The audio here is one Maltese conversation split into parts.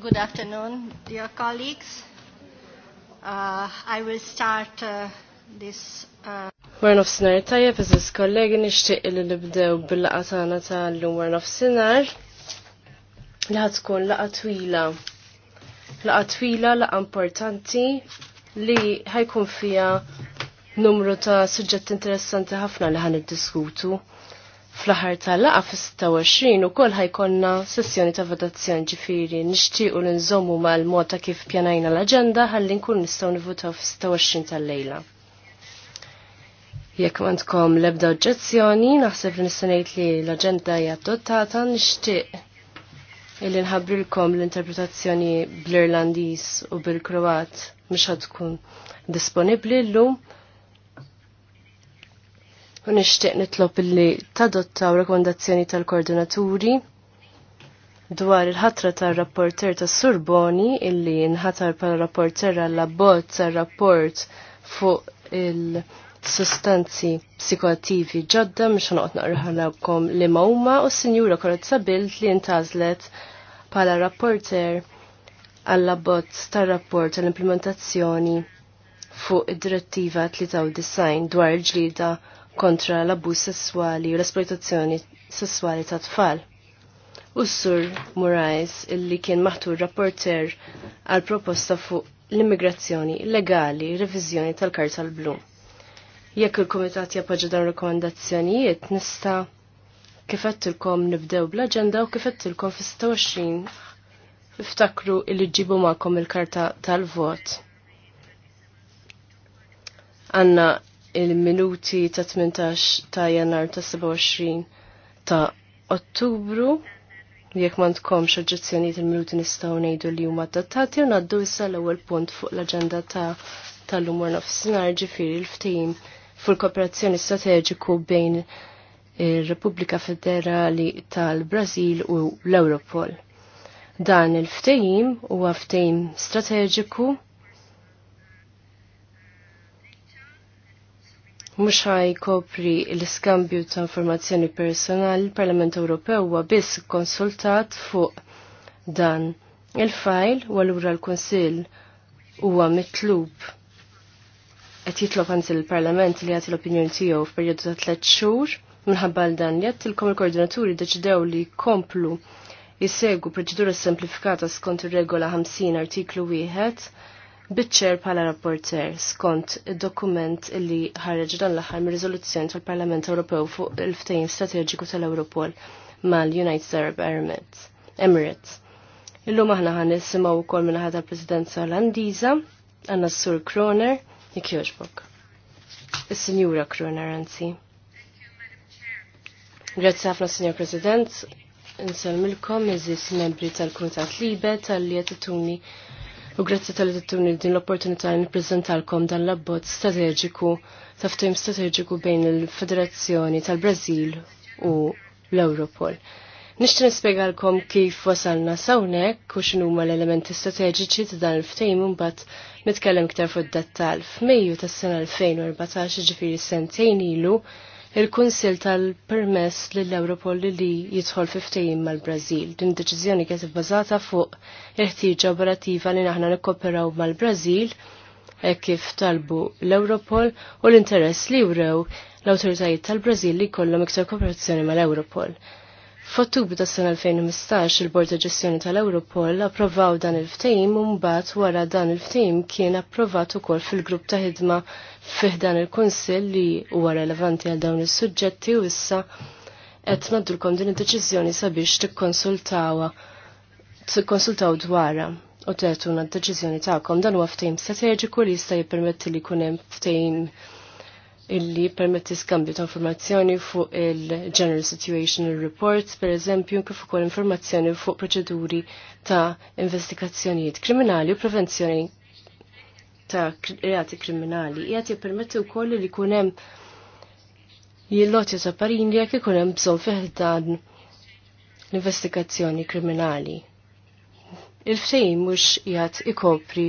Good afternoon, dear colleagues. Uh, I will start uh, this. Uh, Warn of Sinar tajjeb, eżis kollegi nixtieq li nibdew bil-laqa tagħna tal-lum Warn of Sinar Laqa tkun laqa twila. Laqa twila, laqa importanti li ħajkun fija numru ta' suġġett interessanti ħafna li ħan diskutu fl-aħħar tal-laqa fis-26 ukoll ħajkonna sessjoni ta' votazzjoni ġifieri nixtiequ li nżommu mal-mod ta' kif pjanajna l-aġenda ħalli nkun nistgħu nivutaw fis-26 tal-lejla. Jekk mandkom l-ebda oġġezzjoni, naħseb li nista' ngħid li l-aġenda hija adottata nixtieq illi nħabbrilkom l-interpretazzjoni bl-Irlandiż u bil-Kroat mhux tkun disponibbli llum u nixtieq nitlob illi tadottaw rekomendazzjoni tal-koordinaturi dwar il-ħatra tal-rapporter tas Surboni illi nħatar pal rapporter għall abbozz tal-rapport fuq il-sustanzi psikoattivi ġodda mhux noqgħod naqraħalkom li huma u s-Sinjura Korozza sabilt li ntażlet pala rapporter għall abbozz tal-rapport tal-implementazzjoni fuq id-direttiva 93 dwar il-ġlida kontra l-abbuż sessuali u l-esploitazzjoni sessuali ta' tfal. Ussur Murais illi kien maħtur rapporter għal proposta fuq l-immigrazzjoni legali, revizjoni tal-karta l-blu. Jekk il-Komitat jappoġġa dan rekomendazzjonijiet, nista' kifettilkom nibdew bl-aġenda u kifettilkom fi 26 iftakru illi ġibu ma'kom il-karta tal-vot. Għanna il-minuti ta' 18 ta' jannar ta' 27 ta' ottubru. Jekk ma tkomx oġġezzjonijiet il-minuti nistgħu ngħidu li huma adattati u ngħaddu issa l-ewwel punt fuq l-aġenda ta' tal-lum nofsinhar, ġifieri l-ftehim l kooperazzjoni strateġiku bejn ir-Repubblika Federali tal-Brażil u l-Europol. Dan il-ftehim huwa ftehim strateġiku mhux kopri l-iskambju ta' informazzjoni personali, il-Parlament Ewropew huwa biss konsultat fuq dan il-fajl u allura l-Kunsill huwa mitlub qed jitlob anzi l-Parlament li jagħti l-opinjoni tiegħu f'perjodu ta' tliet xhur minħabba dan li għattilkom il-koordinaturi deċidew li komplu jissegu proċedura semplifikata skont ir-regola 50 artiklu 1 biċċer pala rapporter skont dokument li ħareġ dan l-aħħar mir riżoluzzjoni tal-Parlament Ewropew fuq il-ftehim strateġiku tal-Europol mal-United Arab Emirates. Illum aħna ħan nisimgħu wkoll minn ħadd tal-Presidenza Olandiża għandna s-Sur Kroner jekk jogħġbok. Is-Sinjura Kroner anzi. Grazzi ħafna Sinjor President, nsalmilkom iżis membri tal-Kumitat Libe tal-li qed u grazzi tal-dittuni din l-opportunità li nippreżentalkom dan l abbot strateġiku ta' strategiku strateġiku bejn il-Federazzjoni tal-Brażil u l-Europol. Nixti nispjegalkom kif wasalna sawnek u x'inhuma l-elementi strateġiċi ta' dan il-ftehim imbagħad nitkellem ktar fuq dettal. F'Mejju tas-sena 2014 ġifieri sentejn ilu il-Kunsil tal-permess lill-Europol li jidħol fiftejim mal-Brazil. Din deċiżjoni kienet ibbażata fuq il-ħtieġa operativa li naħna nikkoperaw mal-Brazil e kif talbu l-Europol u l-interess li wrew l-autoritajiet tal-Brazil li kollhom iktar kooperazzjoni mal-Europol. F'Ottubru tas sena 2015 il-Bord ta' Ġestjoni tal-Europol approvaw dan il-ftehim u mbagħad wara dan il-ftehim kien approvat ukoll fil-grupp ta' ħidma fih dan il-Kunsill li huwa relevanti għal dawn is-suġġetti u issa qed naddulkom din id-deċiżjoni sabiex tikkonsultawha tikkonsultaw dwarha u tgħiduna d-deċiżjoni tagħkom dan huwa ftehim strateġiku li jista' jippermetti li jkun hemm ftehim illi permetti skambju ta' informazzjoni fuq il-General Situational Reports, per eżempju, kif ukoll informazzjoni fuq proċeduri ta' investigazzjonijiet kriminali u prevenzjoni ta' reati kriminali. Qiegħed jippermetti wkoll li jkun hemm jillotja ta' parin li jekk ikun hemm bżonn fih dan l-investigazzjoni kriminali. Il-ftehim mhux jgħat ikopri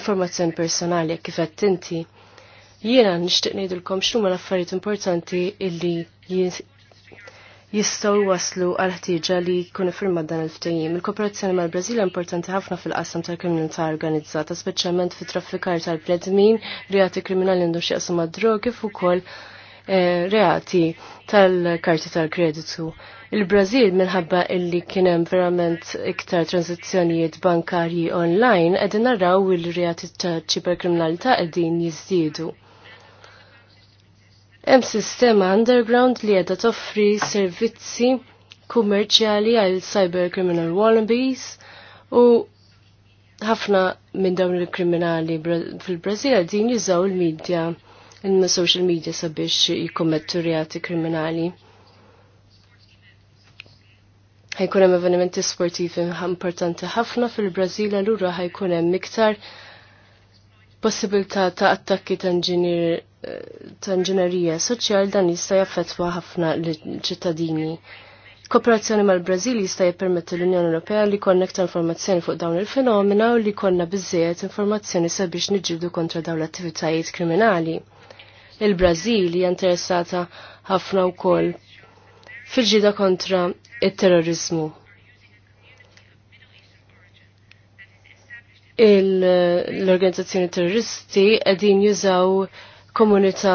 informazzjoni personali jekk kif inti Jiena nixtieq ngħidilkom x'huma l-affarijiet importanti illi jistgħu waslu għal ħtieġa li jkun firma dan il-ftehim. Il-kooperazzjoni mal-Brażil importanti ħafna fil-qasam tal-kriminalità organizzata, speċjalment fit-traffikar tal-bledmin, reati kriminali għandhom x'jaqsam mad-drogi kif ukoll eh, reati tal-karti tal-kreditu. Il-Brazil minħabba illi kienem verament iktar tranzazzjonijiet bankarji online, edin naraw il-reati ta' ċiberkriminalità edin jizdidu. Hemm sistema underground li qiegħda toffri servizzi kummerċjali għal cyber criminal u ħafna minn dawn il-kriminali fil-Brażil din jużaw il-medja il-social media sabiex jikkommettu reati kriminali ħajkun hemm avvenimenti sportivi importanti ħafna fil-Brażil allura ħajkun hemm iktar possibilità ta' attakki ta' inġinier ta' inġinerija soċjal dan jista' jaffettwa ħafna l-ċittadini. Kooperazzjoni mal-Brażil jista' jippermetti l-Unjoni Ewropea li konna aktar informazzjoni fuq dawn il-fenomena u li jkollna biżżejjed informazzjoni sabiex niġġieldu kontra dawn l-attivitajiet kriminali. Il-Brażil hija interessata ħafna wkoll fil-ġida kontra it-terrorizmu. l-organizzazzjoni terroristi qegħdin jużaw komunità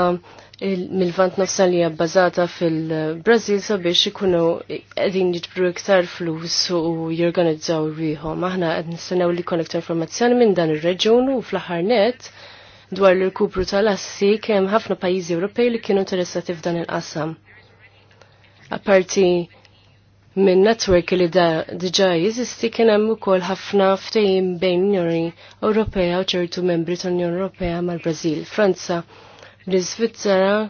mill-vant nofsa li bbażata fil-Brazil sabiex ikunu qegħdin jitbru iktar flus u jorganizzaw riħom. Aħna qed nistennew li jkun informazzjoni minn dan ir-reġun u fl-aħħar net dwar l-irkupru tal-assi kemm ħafna pajjiżi Ewropej li kienu interessati f'dan il-qasam. Apparti minn netwerk li da diġa jeżisti kien hemm ukoll ħafna ftehim bejn unjoni Ewropea u ċertu membri tal-Unjoni Ewropea mal-Brażil, Franza l svizzera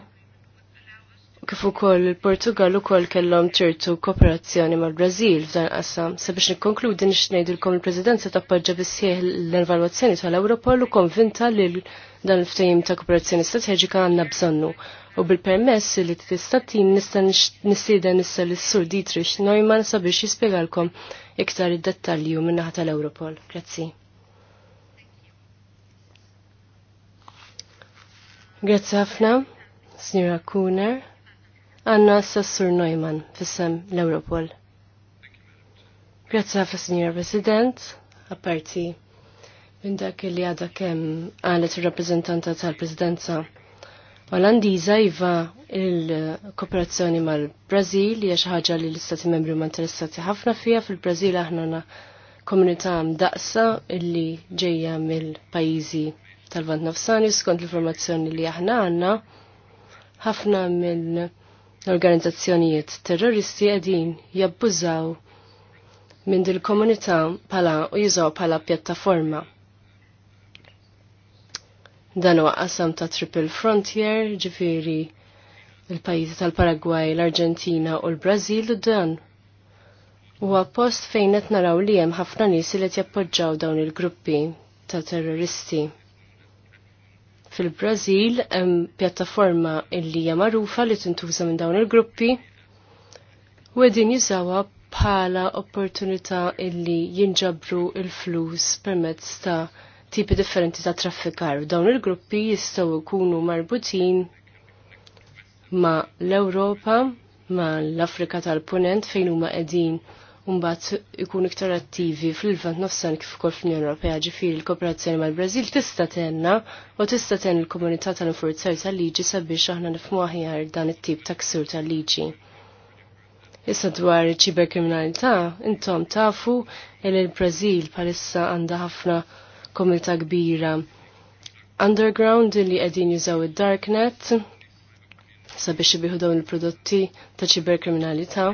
kif ukoll il-Portugal ukoll kellhom ċertu kooperazzjoni mal-Brażil f'dan qasam. Sabiex nikkonkludi nix ngħidilkom il-Presidenza tappoġġa bissieħ l-evalwazzjoni tal-Ewropol u konvinta li dan il-ftehim ta' kooperazzjoni strateġika għandna bżonnu. U bil-permess li tista' tim nista nistieden issa l-Sur Dietrich Neumann sabiex jispjegalkom iktar id-dettalji minnaħa tal-Ewropol. Grazzi. Grazzi ħafna, Snira Kuner. Anna Sassur Neumann, fissem l-Europol. Grazzi ħafna, Snira President, apparti minn dak li għada kem għalet il-rappresentanta tal-Presidenza Olandiza jiva il-kooperazzjoni mal-Brazil, hija xi ħaġa li l-Istati Membri ma interessati ħafna fija fil-Brazil aħna komunità daqsa illi ġejja mill-pajjiżi tal-Vant Nafsani, skont l-informazzjoni li aħna għandna ħafna mill-organizzazzjonijiet terroristi qegħdin jabbużaw minn dil komunità pala u jizaw pala pjattaforma. Dan huwa qasam ta' Triple Frontier, ġifieri il-pajjiżi tal-Paragwaj, l-Arġentina u l-Brażil u dan huwa post fejn qed naraw li hemm ħafna nies li qed jappoġġaw dawn il-gruppi ta' terroristi. Fil-Brazil hemm pjattaforma illi hija magħrufa li tintuża minn dawn il-gruppi u qegħdin jużawha bħala opportunità illi jinġabru il-flus permezz ta' tipi differenti ta' traffikar. Dawn il-gruppi jistgħu jkunu marbutin ma' l-Ewropa, ma' l-Afrika tal-Punent fejn huma qegħdin mbagħad ikun iktar attivi fil-vant nofsan kif ukoll fl-Unjoni Ewropea ġifieri l-kooperazzjoni mal-Brażil tista' tenna u tista' ten il-komunità tal-infurzar tal-liġi sabiex aħna nifhmu aħjar dan it-tip ta' ksur tal-liġi. Issa dwar ċiberkriminalità, intom tafu il il-Brażil bħalissa għandha ħafna komunità kbira underground li qegħdin jużaw id-darknet sabiex ibiħu dawn il-prodotti ta' ċiberkriminalità.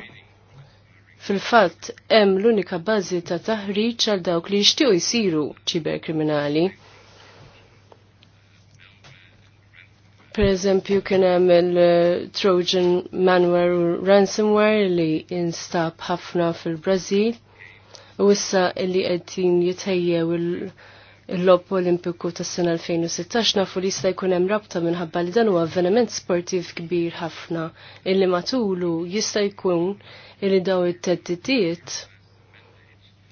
Fil-fatt, hemm l-unika bażi ta' taħriġ għal dawk li jixtiequ jsiru ċiberkriminali. Per eżempju, kien hemm il-Trojan eh, Manware u Ransomware li instab ħafna fil-Brażil u issa li qegħdin jitejjew il- il-lob olimpiku tas sena 2016 nafu li jista' jkun hemm rabta minħabba li dan huwa avveniment sportiv kbir ħafna illi matulu jista' jkun illi daw it teddidiet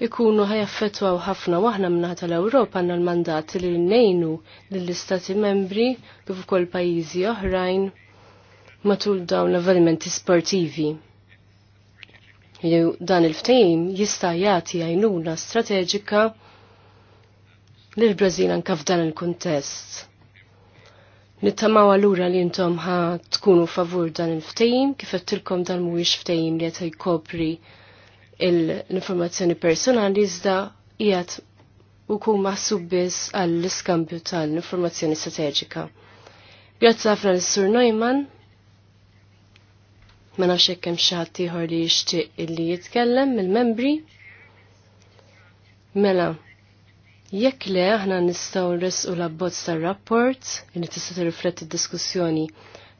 ikunu ħajaffettwaw ħafna waħna minnaħa tal-Ewropa għandna l-mandat li nejnu lill-istati membri kif ukoll pajjiżi oħrajn matul dawn l-avvenimenti sportivi. Jew dan il-ftehim jista' jagħti għajnuna strateġika l-Brazil anka f'dan il-kuntest. Nittamaw allura li jintom ħa tkunu favur dan il-ftejim, kif tilkom dan mhuwiex ftejim li qed jkopri l-informazzjoni personali iżda qiegħed ukoll maħsub biss għall-iskambju tal-informazzjoni strateġika. Grazzi ħafna l-Sur Neumann. Ma nafx hekk hemm xi ħadd li jixtieq illi jitkellem mill-membri. Mela, Jekk le aħna nistgħu nresqu l-abbozz tar-rapport li tista' tirrifletti d-diskussjoni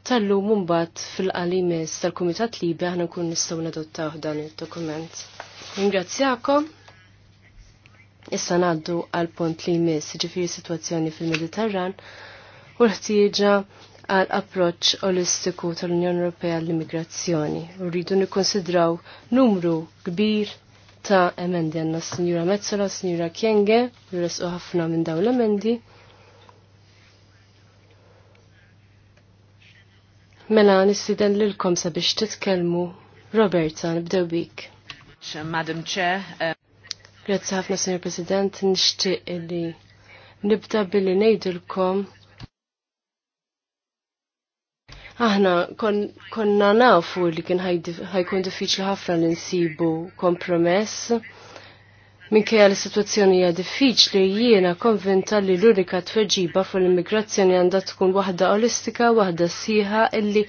tal-lum mbagħad fil qalimes tal-Kumitat Libi aħna nkun nistgħu nadottaw dan id-dokument. Ringrazzjakom. Issa ngħaddu għal punt li jmiss ġifieri sitwazzjoni fil-Mediterran u l-ħtieġa għal approċċ olistiku tal-Unjoni Ewropea għall-immigrazzjoni. Rridu nikkonsidraw numru kbir ta' emendi għanna s-Sinjura Mezzola, s-Sinjura Kienge, jurresqu ħafna minn daw l-emendi. Mela nissiden lilkom sabiex titkellmu. Roberta, nibdew bik. Madam Chair. Uh, Grazzi ħafna, Sr. President, nixtieq li nibda billi ngħidilkom Aħna konna nafu li kien ħajkun diffiċli ħafna li nsibu kompromess. Minkejja li situazzjoni hija diffiċli jiena konvinta li l-unika tweġiba fuq l-immigrazzjoni għandha tkun waħda olistika, waħda sieħa illi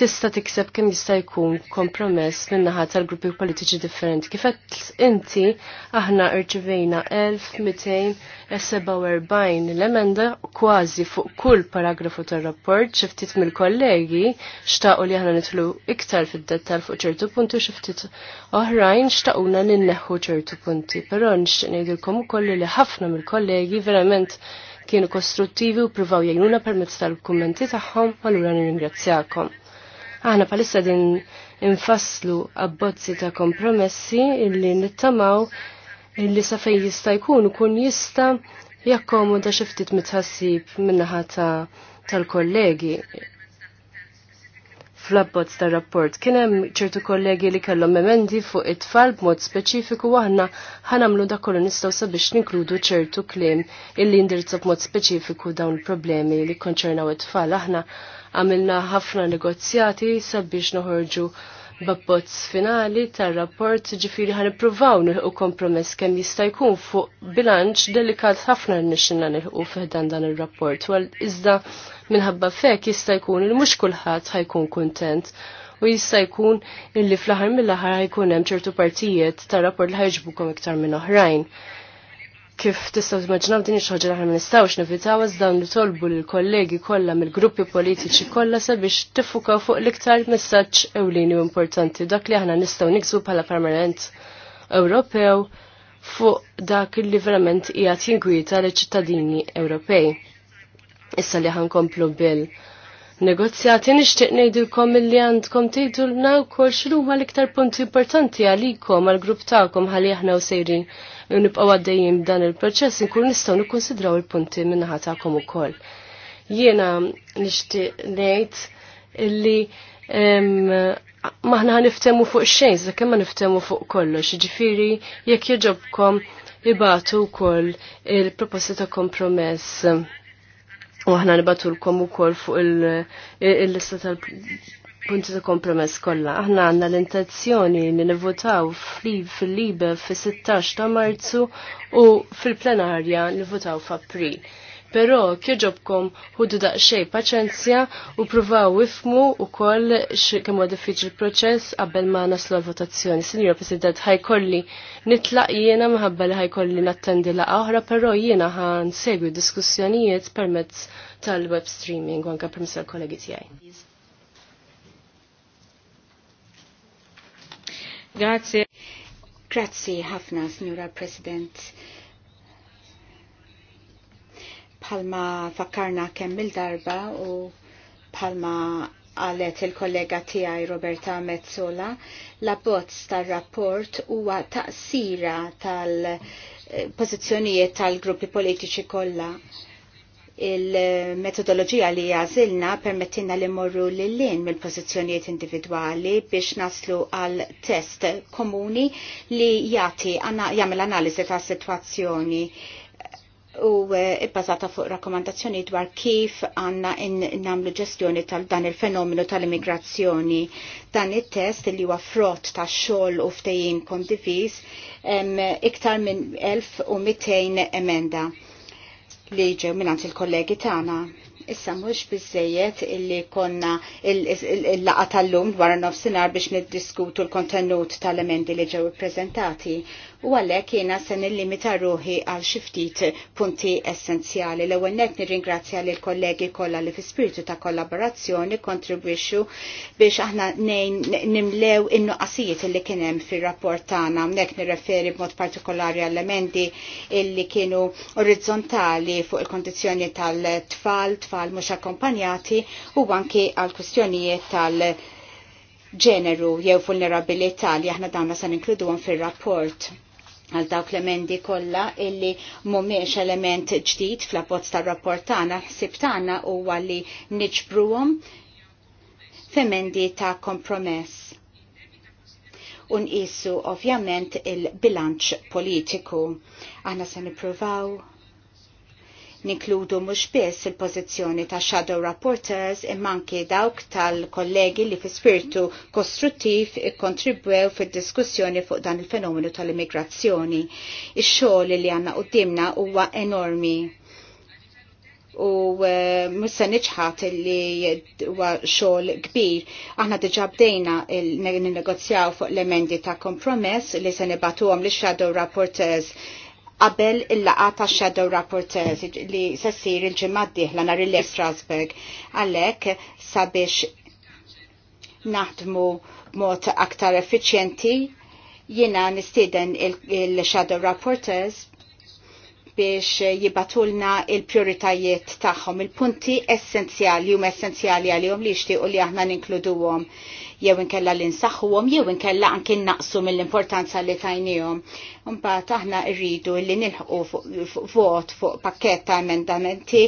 tista' tikseb kemm jista' jkun kompromess min-naħa tal-gruppi politiċi differenti. Kif qed inti aħna irċivejna 1247 l-emenda kważi fuq kull paragrafu tar-rapport xi ftit mill-kollegi xtaqu li aħna nitlu iktar fid-dettall fuq ċertu punti u xi ftit oħrajn xtaquna li nneħħu ċertu punti. Però nixtieq ngħidilkom ukoll li ħafna mill-kollegi verament kienu kostruttivi u provaw jajnuna permezz tal-kummenti tagħhom, allura ringrazzjakom. Aħna palissa din infaslu abbozzi ta' kompromessi illi nittamaw illi sa fejn jista' jkun kun jista' jakkomu xi ftit mitħassib minnaħa ta' tal-kollegi fl-abbozz tar rapport. Kien hemm ċertu kollegi li kellhom emendi fuq it-tfal b'mod speċifiku aħna ħanamlu dak kollu nistgħu sabiex ninkludu ċertu kliem illi indirizzu b'mod speċifiku dawn il-problemi li konċernaw it-tfal. Aħna għamilna ħafna negozjati sabiex noħorġu babbozz finali tar-rapport ġifiri ħan ippruvaw u kompromess kemm jista' jkun fuq bilanċ delikat ħafna nixinna u fħedan dan ir-rapport. Għal iżda minħabba fek jista' jkun il mhux kulħadd ħajkun kontent u jista' jkun illi fl-aħħar mill-aħħar ħajkun hemm ċertu partijiet tar-rapport li ħajġbukom iktar minn oħrajn kif tistaw timmaġinaw din xaġa aħna ma nistgħux nevitaw iżda nitolbu lill kollegi kollha mill-gruppi politiċi kollha sabiex tiffukaw fuq l-iktar messaġġ ewlieni u importanti dak li aħna nistgħu niksu bħala Parlament Ewropew fuq dak li verament qiegħed jingwieta liċ ċittadini Ewropej. Issa li ħankomplu bil negozjati nixtieq ngħidilkom milli għandkom tgħidulna wkoll x'huma l-iktar punti importanti għalikom għall-grupp tagħkom ħalli aħna u sejrin nibqgħu għaddejjin b'dan il-proċess inkun nistgħu nikkonsidraw il-punti min-naħa tagħkom ukoll. Jiena nixtieq ngħid illi maħna niftemu fuq xejn, sakemm ma niftemu fuq kollox, jiġifieri jekk jogħġobkom ibatu wkoll il-proposta ta' kompromess U aħna nibatulkom ukoll fuq il-lista tal-punti ta' kompromess kollha. Aħna għandna l-intenzjoni li nivvotaw fil-libe fis-16 ta' Marzu u fil-plenarja nivvotaw f'April. Però kieġobkom ħuddu daqsxej paċenzja u pruvaw wifmu ukoll kemm huwa diffiċli proċess qabel ma naslu votazzjoni. Signor President ħajkolli nitlaq jiena minħabba li ħajkolli nattendi la oħra, però jiena ħan segwi diskussjonijiet permezz tal-web streaming u anke permezz tal-kollegi tiegħi. Grazie. Grazie ħafna, Signora President. Palma fakkarna kemm il-darba u palma għalet il-kollega tijaj Roberta Mezzola, la bozz tal-rapport huwa taqsira tal-pozizjonijiet tal-gruppi politiċi kollha. Il-metodologija li għazilna permettina li morru l-lin mill pożizzjonijiet individuali biex naslu għal test komuni li jati jagħmel analiżi ta' situazzjoni u eh, ibbażata fuq rakkomandazzjoni dwar kif għanna namlu ġestjoni tal-dan il-fenomenu tal-immigrazzjoni. Dan it-test li huwa frott ta' xogħol u ftejjin kondivis iktar minn 1200 emenda li ġew minn il-kollegi tagħna issa mhux biżejjed illi konna il-laqa tal-lum dwar nofsinhar biex niddiskutu l-kontenut tal-emendi li ġew ippreżentati u għalhekk jiena se nillimita ruħi għal xi ftit punti essenzjali. L-ewwel nett nirringrazzja l kollegi kollha li fi spiritu ta' kollaborazzjoni kontribwixxu biex aħna nejn nimlew in qasijiet li kien hemm fir-rapport tagħna. Hemmhekk nirreferi b'mod partikolari għall emendi illi kienu orizzontali fuq il kondizjoni tal-tfal, tfal mhux akkompanjati u anke għal kwistjonijiet tal- ġeneru jew vulnerabilità li aħna dawna se ninkluduhom fir-rapport għal dawk l-emendi kollha illi mhumiex element ġdid fl appozz tar-rapport ħsibtana ħsib tagħna huwa li niġbruhom f'emendi ta' kompromess. Unqisu ovvjament il-bilanċ politiku. Aħna se nippruvaw Ninkludu mhux biss il-pożizzjoni ta' shadow rapporteurs imma anke dawk tal-kollegi li fi spiritu kostruttiv ikkontribwew fid-diskussjoni fuq dan il-fenomenu tal-immigrazzjoni. Ix-xogħol li għandna qudiemna huwa enormi u eh, mussa nċħat li huwa xogħol kbir. Aħna diġà bdejna negozjaw fuq l-emendi ta' kompromess li se nibatuhom li shadow rapporteurs qabel il-laqa ta' Shadow Rapporteurs li sessir il-ġimgħa d-dieħla nhar il Strasburg għalhekk sabiex naħdmu mod aktar effiċjenti jiena nistieden il-Shadow Rapporteurs biex jibatulna il-prioritajiet tagħhom, il-punti essenzjali um essenzjali għalihom li jixtiequ li aħna ninkluduhom jew inkella li nsaħħuhom jew inkella anke naqsu mill-importanza li tajnihom. Mbagħad aħna rridu li nilħqu vot fuq pakkett ta' emendamenti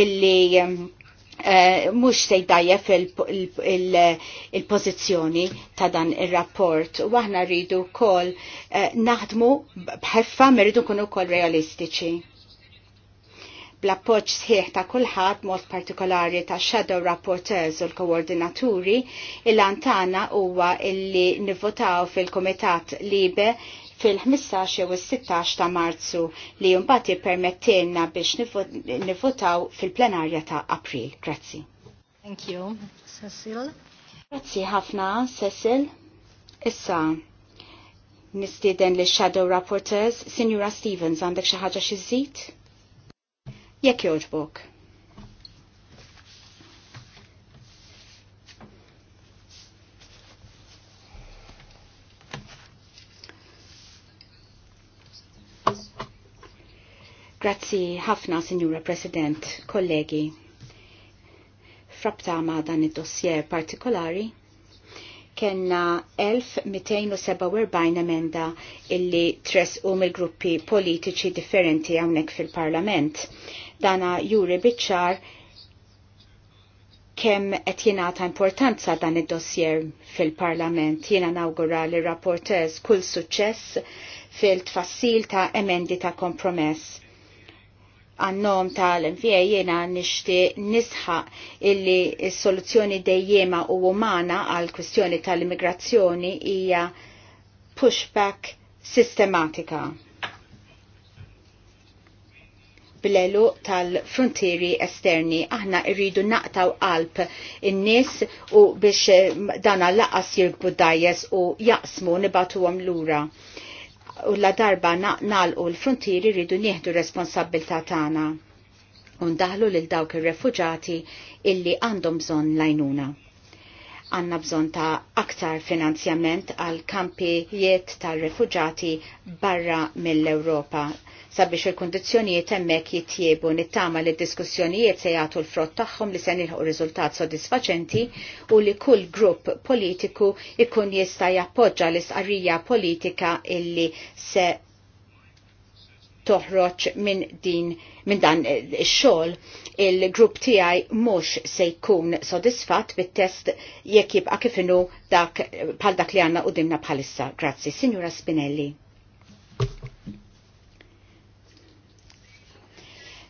illi eh, mhux se jdajjef il pożizzjoni ta' dan ir rapport U aħna rridu wkoll eh, naħdmu bħeffa, mirridu nkunu wkoll realistiċi bl-appoċ sħiħ ta' kulħadd mod partikolari ta' shadow rapporteurs u l-koordinaturi, il-antana huwa illi nivvotaw fil-Komitat Libe fil-15 jew 16 ta' Marzu li jumbati jippermettilna biex nivvotaw fil-plenarja ta' April. Grazzi. Thank you, Cecil. Grazzi ħafna, Cecil. Issa, nistieden li Shadow Rapporteurs, Signora Stevens, għandek xi ħaġa xi żid? jekk joġbok. Grazzi ħafna, Signora President, kollegi. Frabta ma dan id-dossier partikolari, kenna 1247 emenda illi tres um il-gruppi politiċi differenti għawnek fil-parlament. Dana juri biċċar kemm qed jingħata importanza dan id-dossier fil-Parlament. Jiena nawgura li rapportez kull suċċess fil-tfassil ta' emendi ta' kompromess. Għannom tal-MVA jena nishti nisħa illi soluzzjoni dejjema u umana għal kwistjoni tal-immigrazzjoni hija pushback sistematika blelu tal-frontieri esterni. Aħna irridu naqtaw qalb in-nies u biex eh, dan laqas jirgbu dajes u jaqsmu nibatuhom lura u la darba naqnalqu l-frontieri rridu nieħdu responsabilta tagħna u ndaħlu lil dawk ir-refuġati illi għandhom bżonn lajnuna. Għanna bżon ta' aktar finanzjament għal kampijiet tal-refuġati barra mill-Europa sabiex il-kondizjonijiet hemmhekk jitjiebu nittama li d-diskussjonijiet se jagħtu l-frott tagħhom li se nilħu riżultat sodisfaċenti u li kull grupp politiku ikun jista' jappoġġa l-isqarrija politika illi se toħroġ minn din minn dan ix-xogħol il-grupp tiegħi mhux se jkun sodisfatt bit-test jekk jibqa' kif inhu dak bħal dak li għandna qudiemna bħalissa. Grazzi, Sinjura Spinelli.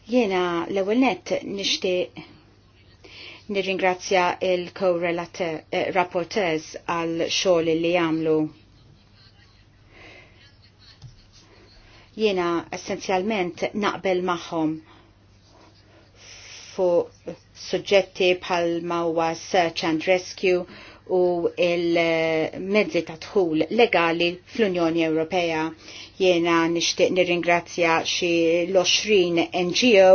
Jena l-ewel net nixtieq nirringrazzja il-co-rapporteurs eh, għal xogħol li jagħmlu. Jiena essenzjalment naqbel magħhom fuq suġġetti bħal huwa search and rescue u il-mezzi ta' dħul legali fl-Unjoni Ewropea. Jena nishtiq nirringrazzja xi l-20 NGO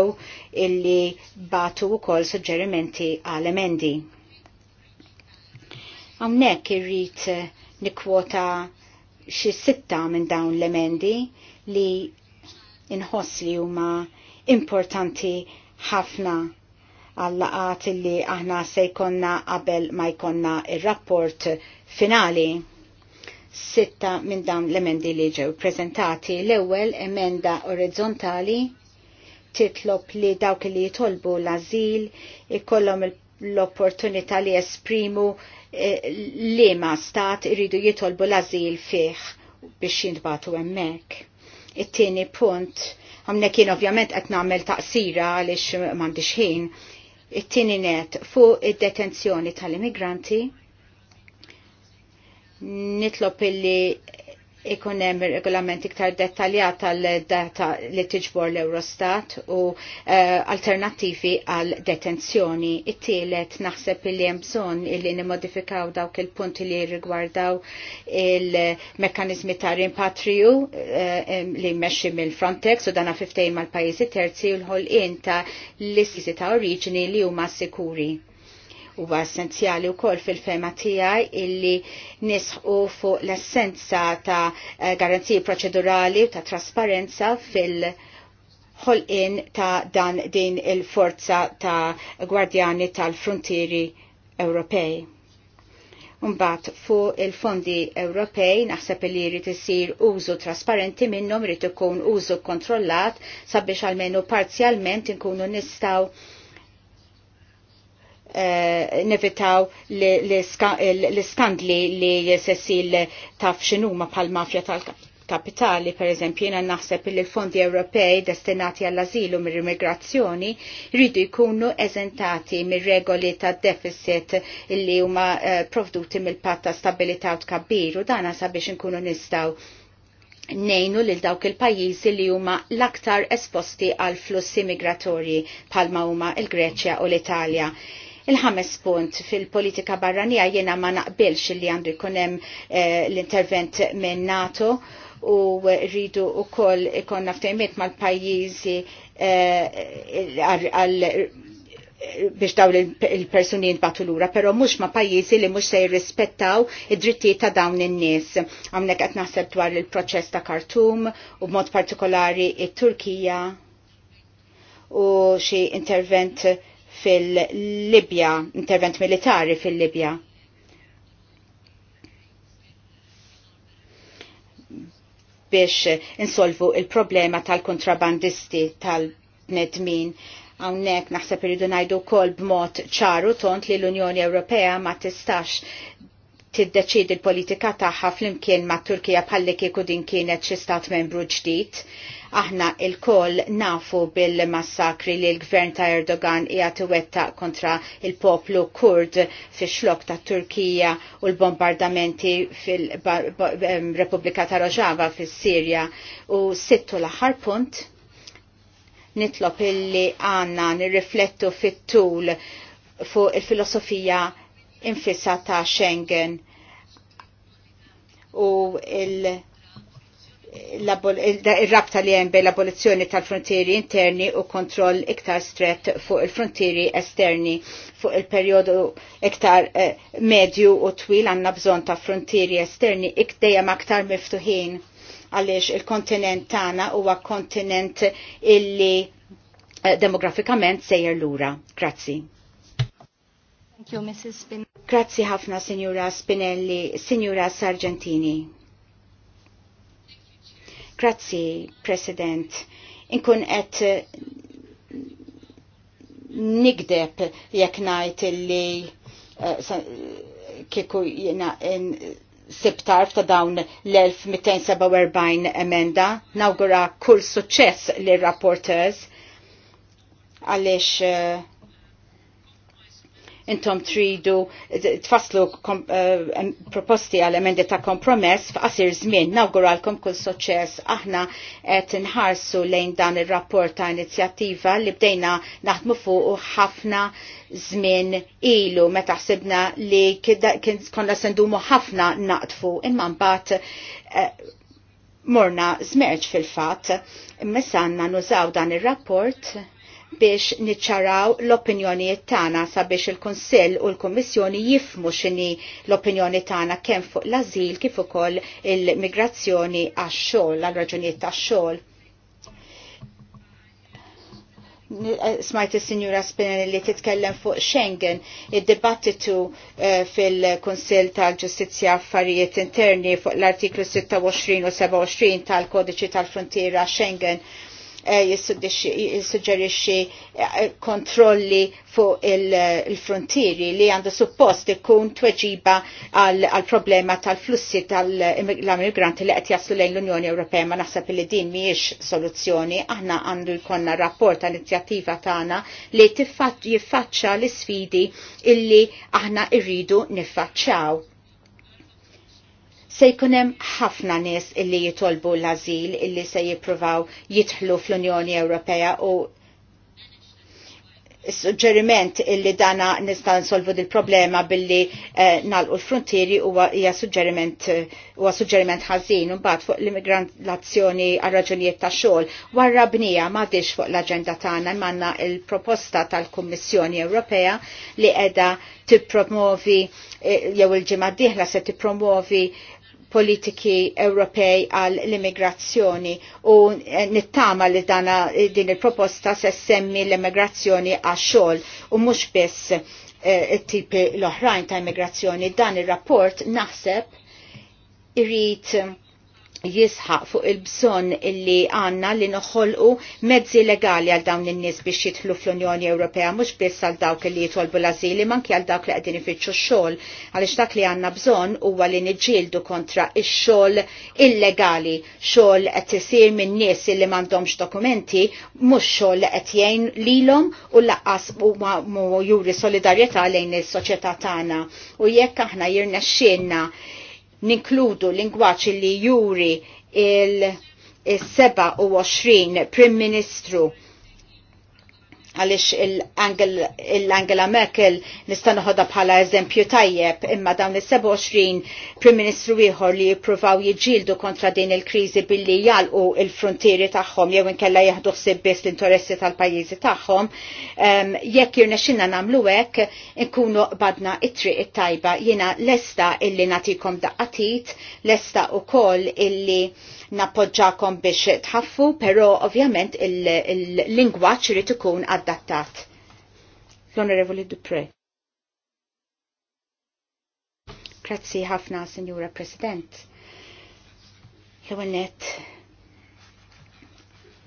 illi batu wkoll suġġerimenti għal emendi. Hawnhekk irrid nikkwota xi sitta minn dawn l-emendi li inħoss li huma importanti ħafna għall-laqat illi aħna se jkollna qabel ma jkonna ir rapport finali sitta minn dawn l-emendi li ġew prezentati. L-ewwel emenda orizzontali titlob li dawk li jitolbu l-azil ikollhom l-opportunità li esprimu eh, liema stat iridu jitolbu l-azil fih biex jintbatu hemmhekk. It-tieni punt għamnek jien ovvjament qed nagħmel taqsira għaliex m'għandix ħin. It-tieni net fuq id-detenzjoni tal-immigranti nitlob illi ikun hemm regolament iktar dettaljat għal data li tiġbor l-Eurostat u uh, eh, alternattivi għal detenzjoni. It-tielet naħseb li hemm bżonn illi nimmodifikaw dawk il-punti li rigwardaw il-mekkaniżmi ta' rimpatriju uh, li meċi mill-Frontex u dana fiftejn mal-pajjiżi terzi u l ħol ta' l-istiżi ta' oriġini li huma sikuri Huwa essenzjali wkoll fil-fema tiegħi illi nisħu fuq l-essenza ta' eh, garanziji proċedurali u ta' trasparenza fil- ħolqin ta' dan din il-forza ta' gwardjani tal-frontieri Ewropej. Umbat fu il-fondi Ewropej naħseb li jrid isir użu trasparenti minnhom jrid ikun użu kontrollat sabiex għalmenu parzjalment inkunu nistgħu Eh, nevitaw l-skandli li sessil taf xinuma pal-mafja tal-kapitali, per eżempju, jena naħseb li l-fondi Ewropej destinati għall-azilu mir-immigrazzjoni rridu jkunu eżentati mir-regoli ta' deficit li huma eh, provduti mill-patta stabilita' u tkabbiru, dana sabiex nkunu nistaw nejnu lil dawk il-pajjiżi li huma l-aktar esposti għal flussi migratorji palma huma il-Greċja u l-Italja. Il-ħames punt fil-politika barranija jiena ma naqbilx li għandu jkunem eh, l-intervent minn NATO u rridu u koll ikonna ftejmiet mal-pajizi eh, għal biex daw il-personi jintbatu l-ura, pero mux ma pajizi li mux se jirrispettaw id-dritti ta' dawn in-nies. Għamnek qed naħseb dwar il-proċess ta' Kartum u b'mod partikolari it-Turkija u xie intervent fil-Libja, intervent militari fil-Libja. biex insolvu il-problema tal-kontrabandisti tal-nedmin. Għawnek naħseb iridu najdu kol b'mod ċaru tont li l-Unjoni Ewropea ma tistax tiddeċid l-politika tagħha flimkien ma' Turkija bħalli kieku din kienet xi stat membru ġdid. Aħna il-koll nafu bil-massakri li l-gvern ta' Erdogan hija iwettaq kontra il-poplu kurd fi xlok ta' Turkija u l-bombardamenti fil-Repubblika ta' Rojava fis-Sirja u sittu l-aħħar punt nitlob illi għanna nirriflettu fit-tul fuq il-filosofija infissa ta' Schengen u il- il-rabta li jembe l-abolizzjoni tal-frontieri interni u kontroll iktar stret fuq il-frontieri esterni fuq il-periodu iktar eh, medju u twil għanna bżon ta' frontieri esterni ikdejjem iktar miftuħin għaliex il-kontinent tagħna huwa kontinent illi eh, demografikament sejjer lura. Grazzi. Thank you, Mrs. Spinelli. Grazzi ħafna, Signora Spinelli, Signora Sargentini. Grazzi, President. Inkun qed eh, nigdeb jekk ngħid illi uh, kieku jiena sibtarf ta' dawn l-1247 emenda. Nawgura kull suċċess lir rapporteurs għalix uh, eh, intom tridu tfasslu eh, proposti għal emendi ta' kompromess f'qasir żmien nawguralkom kull suċċess aħna qed nħarsu lejn dan ir-rapport ta' inizjattiva li bdejna naħdmu fuq ħafna żmien ilu meta ħsibna li konna sendumu ħafna naqtfu imma mbagħad eh, morna zmerġ fil-fat, imma sanna nużaw dan ir-rapport biex niċċaraw l-opinjonijiet tagħna sabiex il-Kunsill u l-Kummissjoni jifmu x'inhi l-opinjoni tagħna kemm fuq l-ażil kif ukoll il-migrazzjoni għax-xogħol għal raġunijiet tax-xogħol. Eh, smajt is-Sinjura Spinelli li titkellem fuq Schengen, id-dibattitu eh, fil-Kunsill tal-Ġustizzja Affarijiet Interni fuq l-artiklu 26 u 27 tal-Kodiċi tal-Frontiera Schengen Eh, jissuġġerixxi eh, kontrolli fuq il-frontieri li għandu suppost ikun tweġiba għal problema tal-flussi tal-immigranti li qed jaslu lejn l-Unjoni Ewropea ma naħseb li din mhijiex soluzzjoni. Aħna għandu jkollna rapport għal inizjattiva tagħna li jiffaċċa l-isfidi illi aħna irridu niffaċċaw se jkunem ħafna nies illi jitolbu l-azil illi se jippruvaw jitħlu fl-Unjoni Ewropea u suġġeriment illi dana nista' nsolvu dil problema billi eh, nalqu l-frontieri huwa hija suġġeriment huwa suġġeriment ħażin imbagħad fuq l-immigrazzjoni għal raġunijiet ta' xogħol warra bnija m'għadix fuq l-aġenda tagħna manna il-proposta tal-Kummissjoni Ewropea li qiegħda tippromovi eh, jew il-ġimgħa dieħla se tippromovi politiki Ewropej għal l-immigrazzjoni u nittama li dana din il-proposta se semmi l-immigrazzjoni għax xogħol u mhux biss eh, it-tipi l-oħrajn ta' immigrazzjoni dan ir-rapport naħseb irrit jisħaq fuq il-bżon illi għanna li noħolqu mezzi legali għal dawn in-nies biex jidħlu fl-Unjoni Ewropea mhux biss għal dawk li jitolbu l-azili manki għal dawk li qegħdin ifittxu x-xogħol għaliex dak li għandna bżonn huwa li niġġieldu kontra x-xogħol illegali, xogħol qed isir minn nies illi m'għandhomx dokumenti, mhux xogħol li qed jgħin lilhom u laqqas huma juri solidarjetà lejn is-soċjetà tagħna. U jekk aħna jirnexxielna ninkludu lingwaċ li juri il-27 Prim Ministru għalix l-Angela Merkel nista' noħodha bħala eżempju tajjeb imma dawn is-27 Prim Ministru ieħor li jippruvaw jiġildu kontra din il-kriżi billi jalqu il-frontieri tagħhom jew inkella jieħdu ħsieb biss l-interessi tal-pajjiżi tagħhom, jekk jirnexxinna nagħmlu hekk inkunu badna it-triq it-tajba jiena lesta illi natikom daqqatit, lesta ukoll illi nappoġġakom biex tħaffu, però ovvjament il-lingwaċ irid ikun adattat. L-Onorevoli Dupre. Grazzi ħafna, Signora President. L-ewwel nett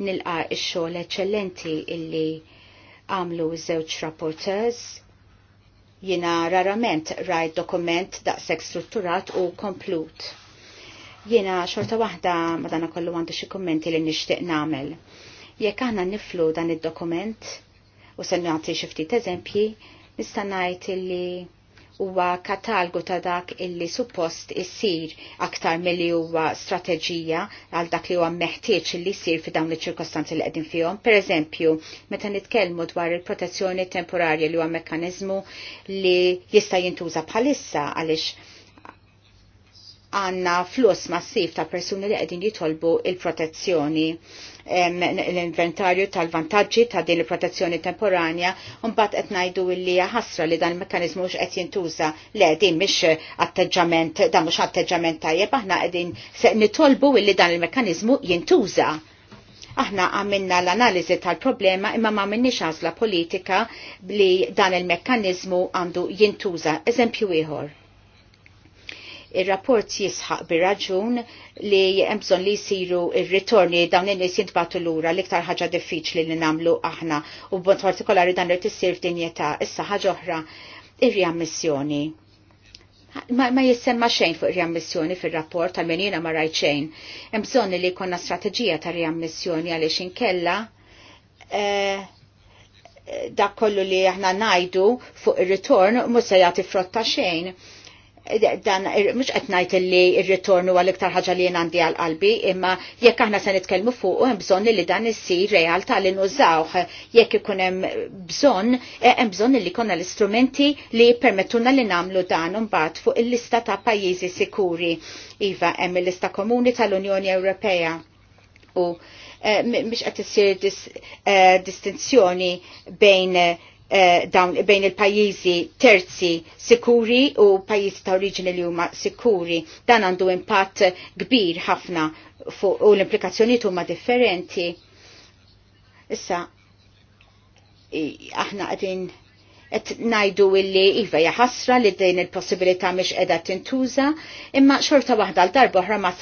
nilqa x-xogħol eċċellenti illi għamlu żewġ rapporteurs jina rarament rajt dokument daqseg strutturat u komplut. Jena xorta waħda madana kollu għandu xi kummenti li nixtieq nagħmel. Jekk aħna niflu dan id-dokument u se nagħti xi ftit eżempji, nista' ngħid illi huwa katalgu ta' dak illi suppost issir aktar milli huwa strateġija għal dak li huwa meħtieġ illi jsir fi dawn il ċirkostanzi li qegħdin fihom. Pereżempju, meta nitkellmu dwar il-protezzjoni temporarja li huwa mekkaniżmu li jista' jintuża bħalissa għaliex għanna flus massiv ta' persuni li għedin jitolbu il-protezzjoni l-inventarju tal-vantagġi ta' din il-protezzjoni temporanja unbat qed ngħidu li jahasra li dan il mekanizmu x qed jintuża le din mhix atteġġament dan mhux atteġġament tajjeb aħna qegħdin se nitolbu li dan il mekanizmu jintuża aħna għamilna l-analizi tal-problema imma ma minnix għazla politika li dan il mekanizmu għandu jintuża. Eżempju ieħor. Ir-rapport jisħaq bi raġun li jemżon li jisiru il ritorni dawn in-nies jintbatu lura l-iktar ħaġa diffiċli li namlu aħna u b'mod partikolari dan li tissir f'dinjeta issa ħaġa oħra ir-riammissjoni ma, ma jissemma xejn fuq riammissjoni fil-rapport għalmen jina ma rajt xejn. Hemm bżonn li jkollna strateġija ta' riammissjoni għaliex inkella eh, eh dak kollu li aħna najdu fuq ir-ritorn mhux se jagħti frotta xejn dan mhux qed ngħid li r-ritornu għal iktar ħaġa li jien għandi għal qalbi, imma jekk aħna se nitkellmu fuq hemm bżonn li dan issir realtà li nużawh jekk ikun hemm bżonn eh, hemm bżonn li jkollna l-istrumenti li jippermettuna li nagħmlu dan mbagħad fuq il-lista ta' pajjiżi sikuri. Iva hemm il-lista komuni tal-Unjoni Ewropea. U eh, mhix qed issir eh, distinzjoni bejn Eh, dawn bejn il-pajjiżi terzi sikuri u pajjiżi ta' oriġini li huma sikuri. Dan għandu impatt kbir ħafna u l-implikazzjonijiet huma differenti. Issa aħna qegħdin qed ngħidu illi iva jaħasra li din il-possibilità mhix qiegħda tintuża, imma xorta waħda l-darba oħra ma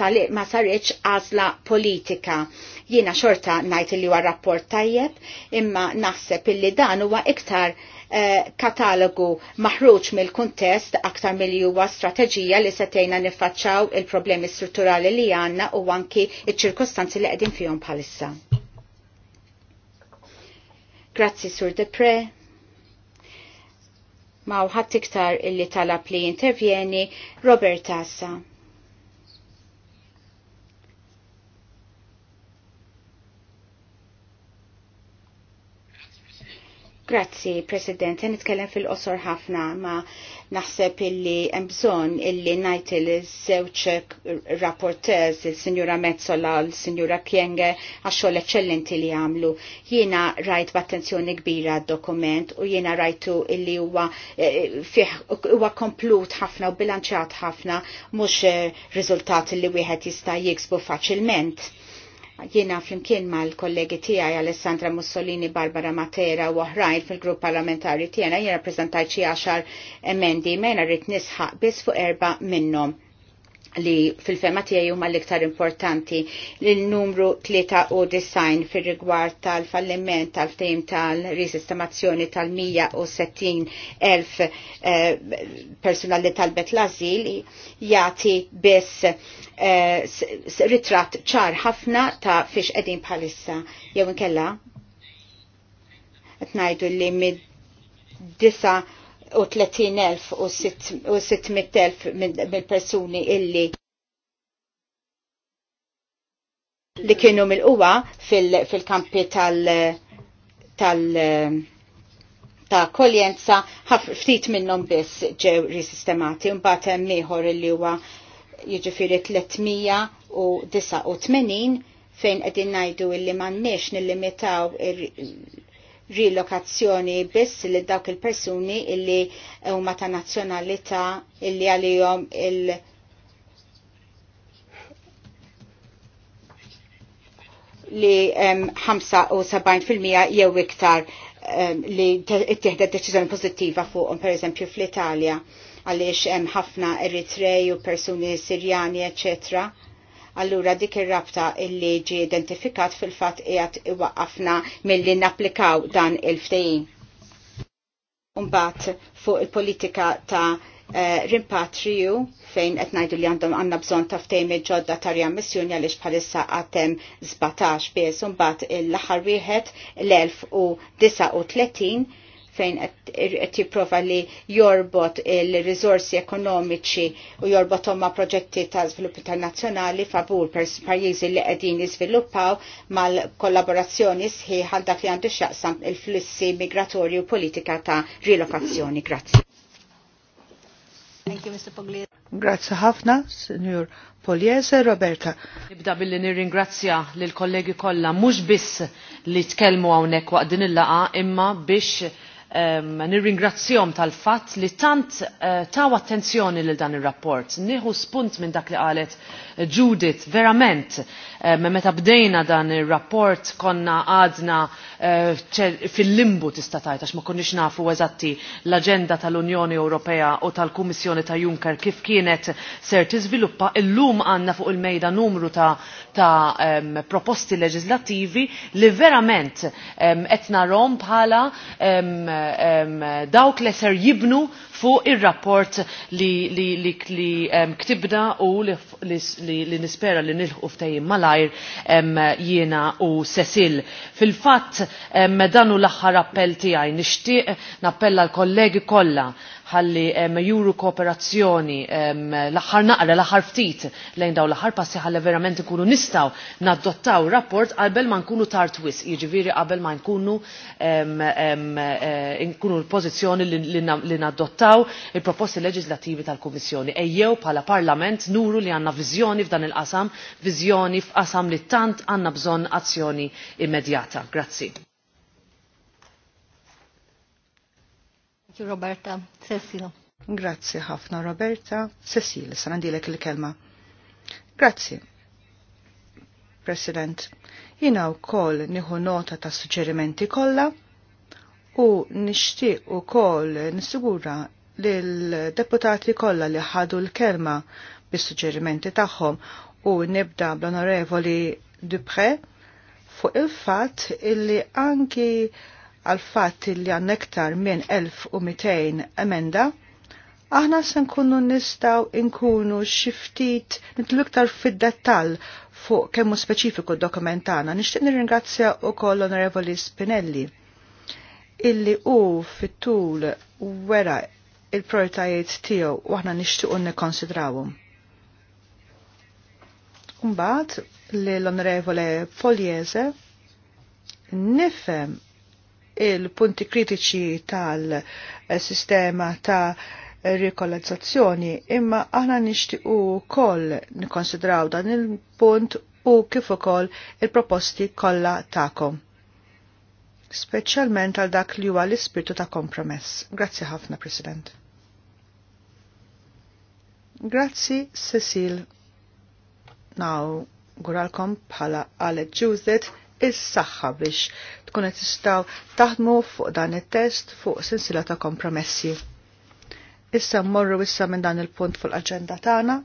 saritx għażla politika Jiena xorta najt li huwa rapport tajjeb, imma naħseb illi dan huwa iktar eh, katalogu maħruġ mill-kuntest aktar milli huwa strateġija li setejna niffaċċaw il-problemi strutturali li għandna u anki iċ-ċirkostanzi li qegħdin fihom bħalissa. Grazzi Sur Depre ma' uħat iktar illi talab li intervjeni Robert Assa. Grazzi, President. Nitkellem fil-qosor ħafna ma naħseb illi hemm bżonn illi ngħid il-żewġ rapporteurs il-Sinjura Mezzola l sinjura Kienge għax-xogħol eċċellenti li għamlu. Jiena rajt b'attenzjoni kbira d-dokument u jiena rajtu illi huwa eh, huwa komplut ħafna u bilanċjat ħafna mhux eh, riżultat li wieħed jista' jiksbu faċilment Jiena flimkien mal-kollegi tiegħi Alessandra Mussolini, Barbara Matera u oħrajn fil-grupp parlamentari tiegħna jiena rappreżentajt xi għaxar emendi mejna rrid nisħaq biss fuq erba' minnhom li fil-fema tiegħi huma l-iktar importanti l numru u design fir-rigward tal-falliment tal-ftehim tal-risistemazzjoni tal-160,000 eh, personali tal talbet l-azil jagħti biss eh, ritratt ċar ħafna ta' fiex qegħdin bħalissa. Jew inkella qed ngħidu li mid disa' u 30.000 u 600.000 mill-persuni illi li kienu mil uwa fil-kampi tal- tal- ta' koljenza ftit minnhom biss ġew risistemati mbagħad hemm ieħor li huwa jiġifieri 389 fejn qegħdin ngħidu illi m'għandniex nillimitaw rilokazzjoni biss li dawk il-persuni illi huma ta' nazzjonalità illi għalihom il- li 75% jew iktar li tieħda deċiżjoni pożittiva fuqhom pereżempju fl-Italja għaliex hemm ħafna Eritrej u persuni Sirjani, eċċetera Allura dik ir-rabta illi ġi identifikat fil-fatt qiegħed iwaqafna milli napplikaw dan il-ftehim. Umbagħad fuq il-politika ta' uh, rimpatriju fejn qed ngħidu li għandhom għandna bżonn ta' ftehim il-ġodda ta' riammissjoni għaliex bħalissa għatem 17 biss imbagħad l-aħħar wieħed l-1039 fejn qed jipprova li jorbot il rizorsi ekonomiċi u jorbothom ma' proġetti ta' żvilupp internazzjonali favur per pajjiżi li qegħdin jiżviluppaw mal-kollaborazzjoni sħiħa dak li għandu x'jaqsam il-flussi migratorji u politika ta' rilokazzjoni. Grazzi. Thank you, Mr. Grazie ħafna, Signor Poliese Roberta. Nibda billi nirringrazzja lil kollegi kollha mhux biss li tkellmu hawnhekk waqt din il laqgħa imma biex Ehm, nirringrazzjom tal-fatt li tant eh, taw attenzjoni lil dan ir-rapport. Nieħu spunt minn dak li qalet eh, Judith, verament, ehm, me meta bdejna dan ir-rapport konna għadna eh, fil-limbu tista' tajt għax ma konniex nafu eżatti l agenda tal-Unjoni Ewropea u tal-Kummissjoni ta' Juncker kif kienet ser tiżviluppa illum għandna fuq il-mejda numru ta', ta um, proposti leġislattivi li verament qed rom bħala dawk li ser jibnu fuq ir-rapport li, li, li, li ktibna u li, li, li nispera li nilħu ftejjim malajr jiena u Sesil. Fil-fatt dan l-aħħar appell tiegħi nixtieq nappella l-kollegi kollha ħalli juru kooperazzjoni l-aħħar naqra, l-aħħar ftit lejn daw l-aħħar passi ħalli verament ikunu nistaw naddottaw rapport qabel ma nkunu tar wis, jiġifieri qabel ma nkunu eh, nkunu l-pożizzjoni li naddottaw il-proposti leġislativi tal-Kummissjoni. Ejjew bħala Parlament nuru li għandna viżjoni f'dan il-qasam, viżjoni f'qasam li tant għandna bżonn azzjoni immedjata. Grazzi. you, Roberta. Cecil. Grazie ħafna, Roberta. Cecil, sanandilek il-kelma. Grazie. President, jina u koll niħu nota ta' suġġerimenti kolla u nishti u kol nisugura l-deputati kolla li ħadu l-kelma bis suġġerimenti tagħhom u nibda bl-onorevoli Dupre fuq il-fat illi anki għal fatt li għan nektar minn 1200 emenda, aħna se nkunu nistaw inkunu xiftit nitlu iktar fid-dettall fuq kemmu speċifiku dokumentana. Nixtieq nirringrazzja wkoll l-Onorevoli Spinelli illi u fit-tul wera il-prioritajiet tiegħu u aħna nixtiequ nikkonsidrawhom. Mbagħad l-Onorevole Poliese nifhem il-punti kritiċi tal-sistema ta' rikolazzazzjoni, imma aħna nixtiqu koll nikonsidraw dan il-punt u kif ukoll il-proposti kollha tagħkom. Speċjalment għal dak li huwa l-ispirtu ta' kompromess. Grazzi ħafna, President. Grazzi, Cecil. Now, guralkom bħala għalet ġużet is-saħħa biex tkun qed tistgħu taħdmu fuq dan it-test fuq silsila ta' kompromessi. Issa mmorru issa minn dan il-punt fuq l-aġenda tagħna.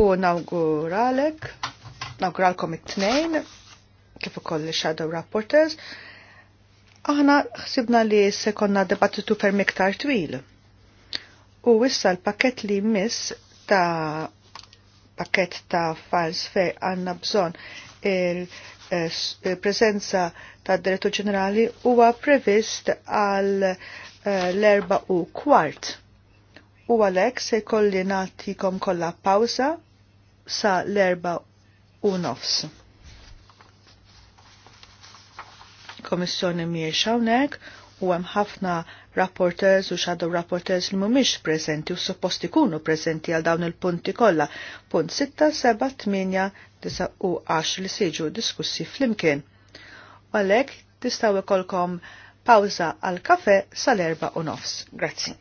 U nawguralek, nawguralkom it-tnejn kif ukoll shadow rapporters. Aħna ħsibna li se konna debattitu per miktar twil. U issa l-pakket li miss ta' pakket ta' files fej għanna bżon il-prezenza ta' direttu ġenerali huwa previst għal eh, l-erba u kwart. U għalek se kolli natikom kolla pawza sa l-erba u nofs. Komissjoni miex hawnhekk u hemm ħafna rapporters u shadow rapporters li mhumiex prezenti u supposti kunu preżenti għal dawn il-punti kollha. Punt 6, 7, 8, u għax li seġu diskussi flimkien. U għalek tistaw ikolkom pawza għal kafe sal-erba u nofs. Grazzi.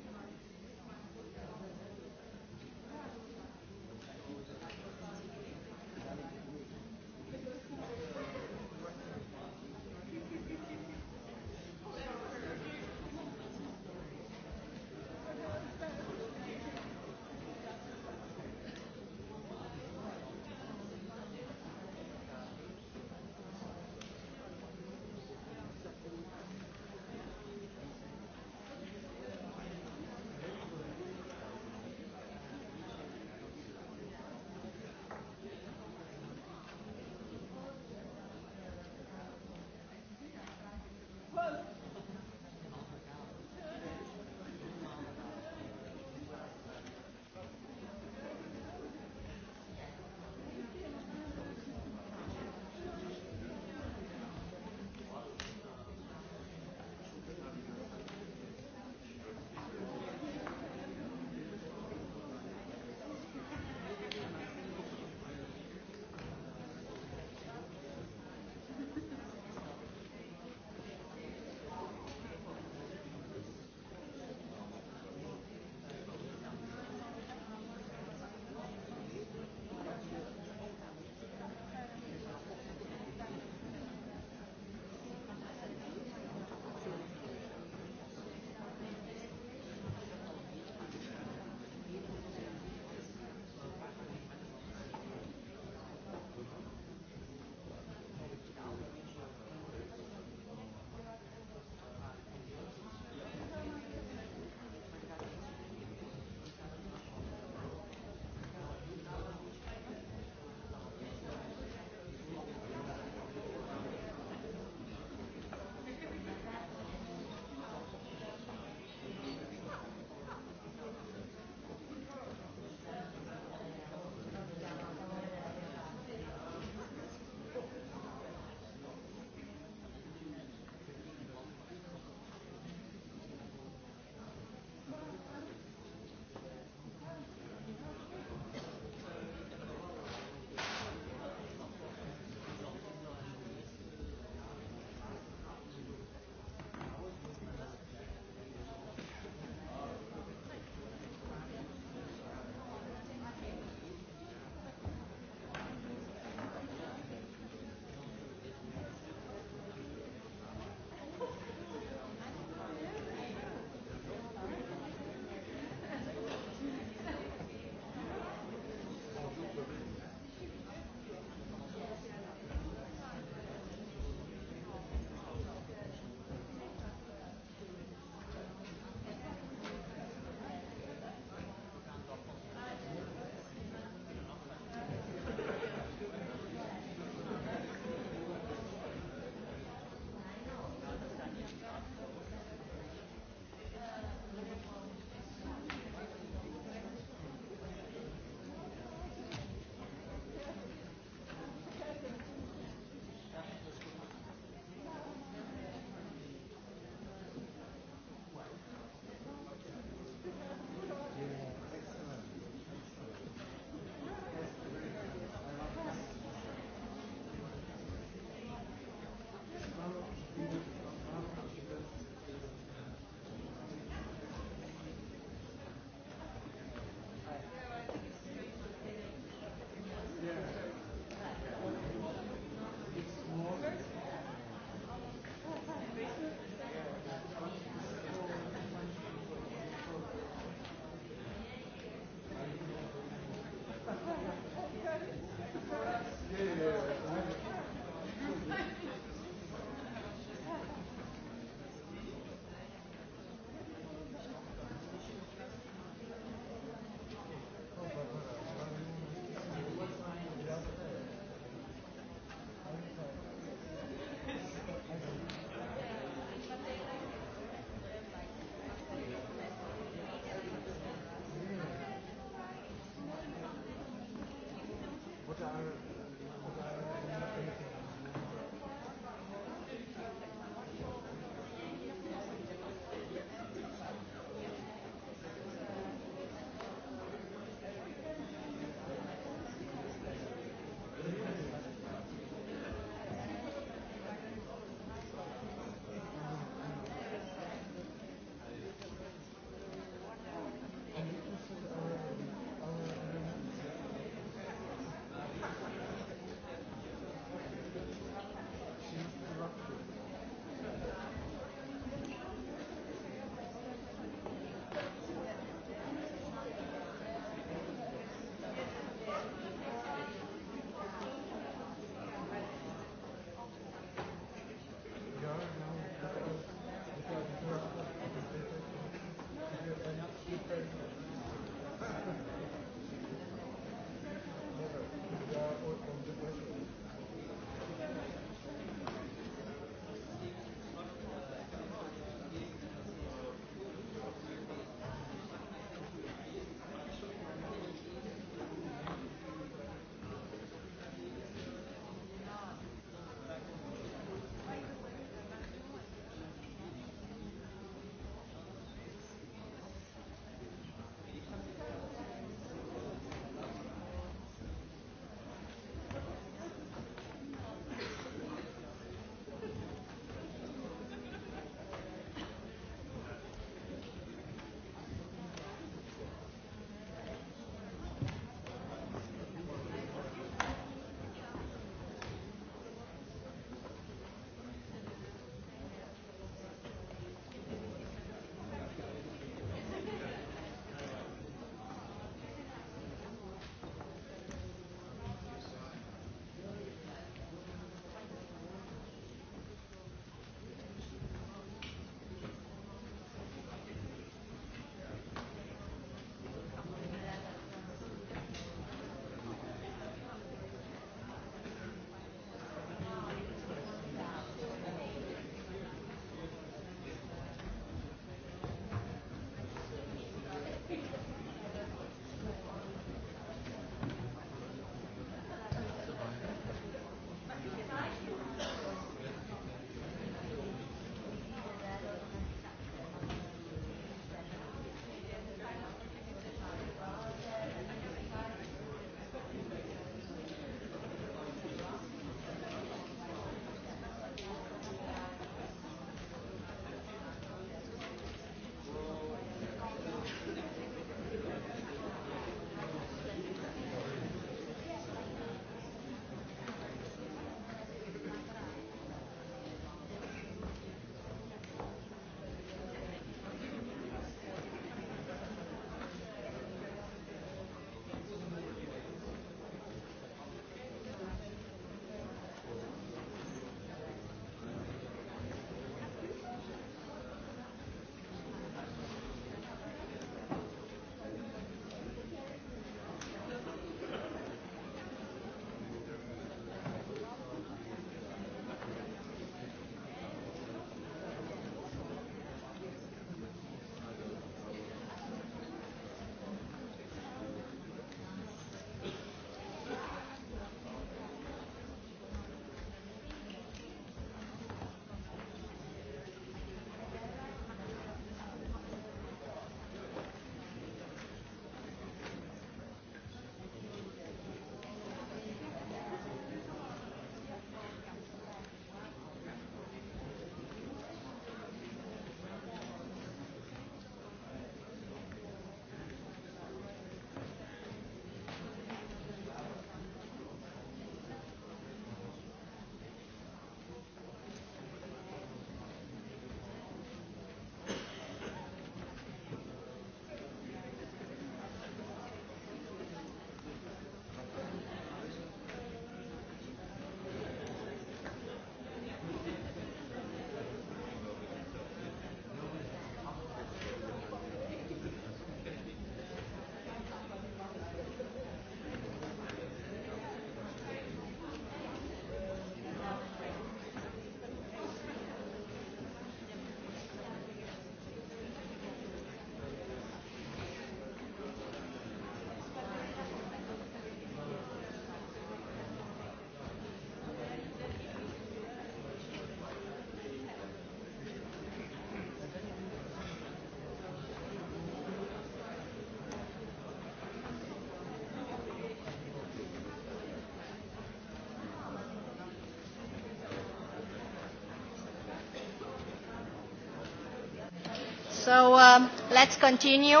So uh, let's continue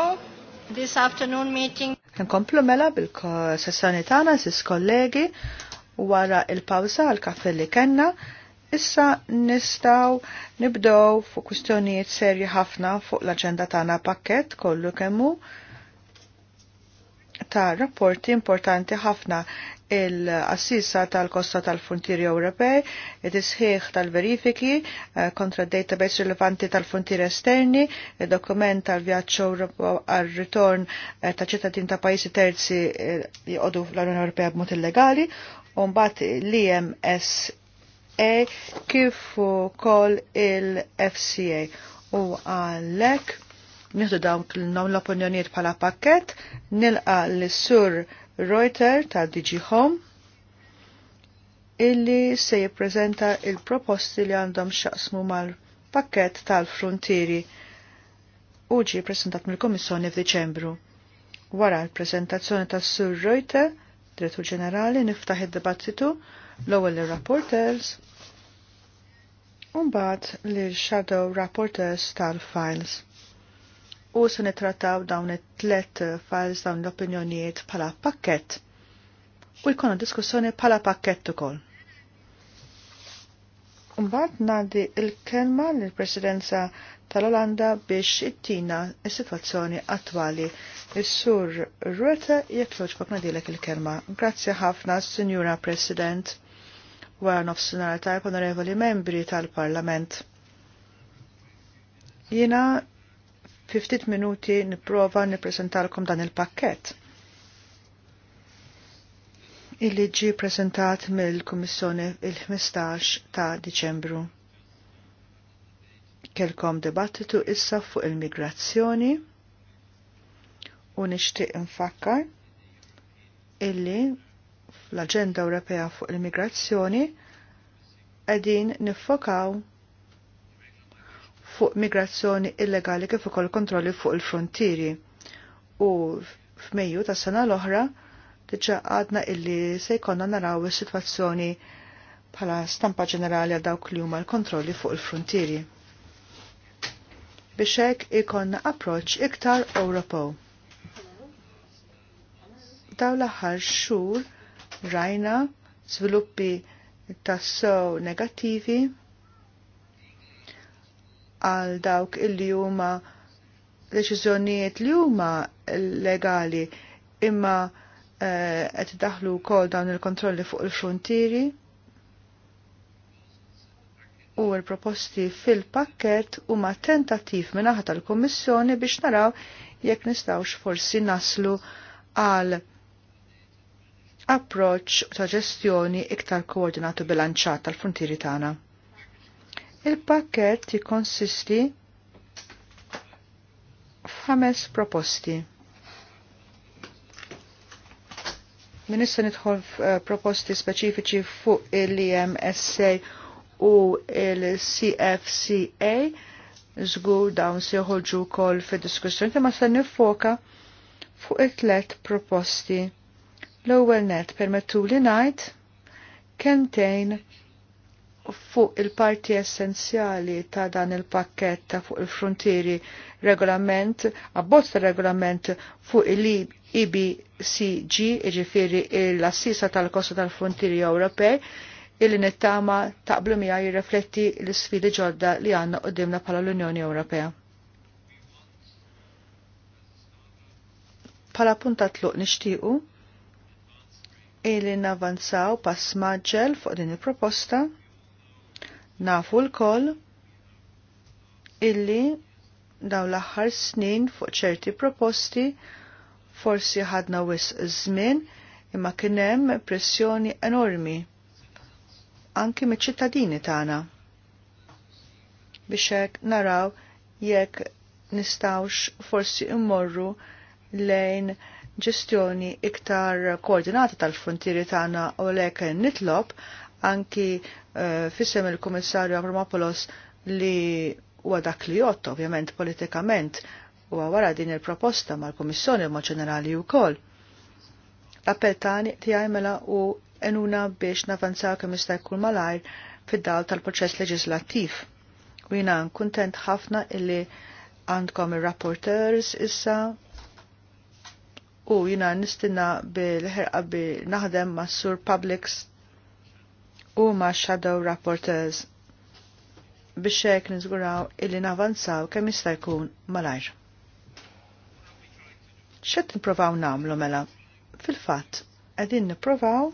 this afternoon meeting. Nkomplu mela bil-sessjoni tagħna sis kollegi wara il-pawza għal kaffe li kenna. Issa nistaw nibdow fuq kwistjonijiet serji ħafna fuq l-aġenda tagħna pakkett kollu kemmu ta' rapporti importanti ħafna il-assisa tal-kosta tal-funtieri Ewropej, id-isħiħ tal-verifiki eh, kontra database rilevanti tal-funtieri esterni, dokument tal-vjaċċ għal-ritorn eh, ta' ċittadin ta' pajjiżi terzi eh, jgħodu l-Unjoni Ewropea b'mod illegali, u mbagħad l imsa kif ukoll il-FCA. U għalhekk nieħdu dawn l-opinjonijiet bħala pakkett, nilqa' l-sur Reuter ta' digi Home illi se jippreżenta il-proposti li għandhom xaqsmu mal-pakket tal-frontieri u prezentat presentat mill-Komissjoni f'Diċembru. Wara l-prezentazzjoni tas Sur Reuter, Direttur Ġenerali, niftaħ id-dibattitu l-ewwel ir-rapporters u mbagħad lil shadow rapporters tal-files u se nitrattaw dawn it-tlet files dawn l-opinjonijiet bħala pakket u jkunu diskussjoni bħala pakket ukoll. Mbagħad nadi il-kelma lill-Presidenza tal-Olanda biex ittina s-sitwazzjoni attwali. Is-Sur Rueta jekk fuq nadilek il-kelma. Grazzi ħafna, Sinjura President wara nofsinhar tajb onorevoli membri tal-Parlament. Jiena 50 minuti niprofa nipresentalkom dan il-pakket illi liġi presentat mill-Kummissjoni il-15 ta' Diċembru. Kelkom dibattitu issa fuq il-migrazzjoni u nixtieq infakkar illi fl-Aġenda Ewropea fuq il-migrazzjoni qegħdin niffokaw fuq migrazzjoni illegali kif ukoll kontrolli fuq il-frontieri. U f'Mejju tas sena l-oħra diġà għadna illi se jkollna naraw is-sitwazzjoni bħala stampa ġenerali għal dawk li huma l-kontrolli fuq il-frontieri. Biex hekk ikonna approċċ iktar Ewropew. Dawn l-aħħar xhur rajna sviluppi tassew negattivi għal dawk illi huma deċiżjonijiet li huma legali imma eh, qed daħlu wkoll dawn il-kontrolli fuq il-frontieri u l-proposti fil-pakket huma ma tentativ aħat tal-Kummissjoni biex naraw jekk nistgħux forsi naslu għal approċċ ta' ġestjoni iktar koordinatu bilanċat tal-frontieri tagħna. Il-pakket jikonsisti f'ħames proposti. issa nidħol proposti speċifiċi fuq il-IMSA u il-CFCA żgur dawn se joħolġu wkoll fid-diskussjoni ma se nifoka fuq it-tlet proposti. L-ewwel net permettu li ngħid kentejn fuq il-parti essenzjali ta' dan il-pakket ta' fuq il-frontieri regolament, abbozz ta' regolament fuq il-IBCG, iġifiri l-assisa tal-kosta tal-frontieri Ewropej, illi nittama taqblu mija jirrefletti l-sfidi ġodda li għanna dimna bħala l-Unjoni Ewropea. Pala punta tluq nishtiqu illi navanzaw pass maġġel fuq din il-proposta Nafu l kol illi daw l-aħħar snin fuq ċerti proposti forsi ħadna wis żmien imma kien hemm pressjoni enormi anki miċ-ċittadini tagħna biex hekk naraw jekk nistawx forsi immorru lejn ġestjoni iktar koordinata tal-frontieri tagħna u lek nitlob anki uh, fissem il-Komissarju Avramopoulos li huwa dak li jott ovvjament politikament u wara din il-proposta mal-Komissjoni ma' ġenerali u kol. L-appell tani għajmela u enuna biex navanzaw kemm jista' jkun malajr fid-dal tal-proċess leġislattiv. U jina kuntent ħafna illi għandkom il rapporteurs issa u jina nistina bil-ħerqa bi naħdem ma' Sur Publics u ma' shadow rapporteurs biex hekk niżguraw illi navanzaw kemm jista' jkun malajr. X'qed nippruvaw nagħmlu mela? Fil-fatt, qegħdin nippruvaw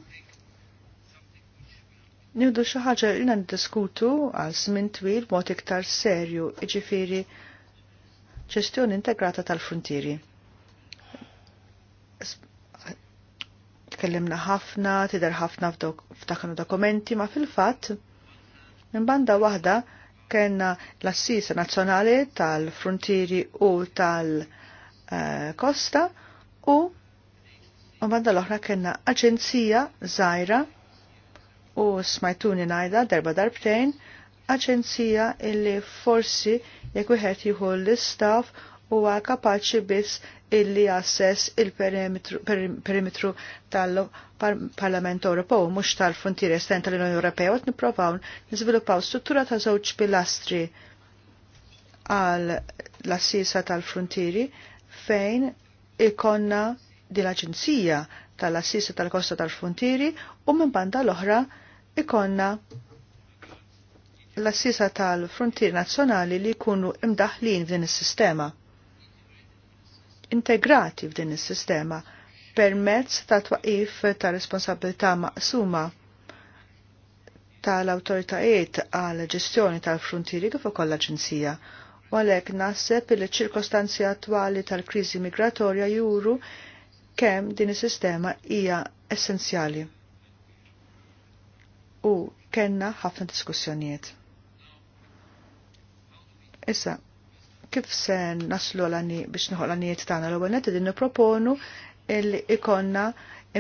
Nibdu xi ħaġa li niddiskutu għal żmien twil mod iktar serju, jiġifieri ġestjoni integrata tal-frontieri. tkellimna ħafna, tidher ħafna f'daknu dokumenti, ma fil-fatt minn banda waħda kellna l-assisa nazzjonali tal-frontieri u tal-kosta u banda l-oħra kellna aġenzija żgħira u smajtuni najda darba darbtejn aġenzija illi forsi jekk wieħed l staff huwa kapaċi biss illi assess il-perimetru tal-Parlament Ewropew mhux tal-frontier estern tal-Unjoni Ewropea qed nippruvaw niżviluppaw struttura ta' żewġ pilastri għal l-assisa tal-frontieri fejn ikonna din l-Aġenzija tal-assisa tal-Kosta tal-Frontieri u minn banda l-oħra ikonna l-assisa tal frontiri Nazzjonali li jkunu imdaħlin f'din is-sistema integrati f'din is-sistema permezz ta' twaqif ta' responsabilità maqsuma tal awtoritajiet għal ġestjoni tal-frontieri kif ukoll l-Aġenzija. U għalhekk naħseb li ċ ċirkostanzi attwali tal-kriżi migratorja juru kemm din is-sistema hija essenzjali. U kenna ħafna diskussjonijiet. Issa, kif se naslu l-għani biex nħu l-għaniet tagħna l-ewwel qed din nipproponu illi ikonna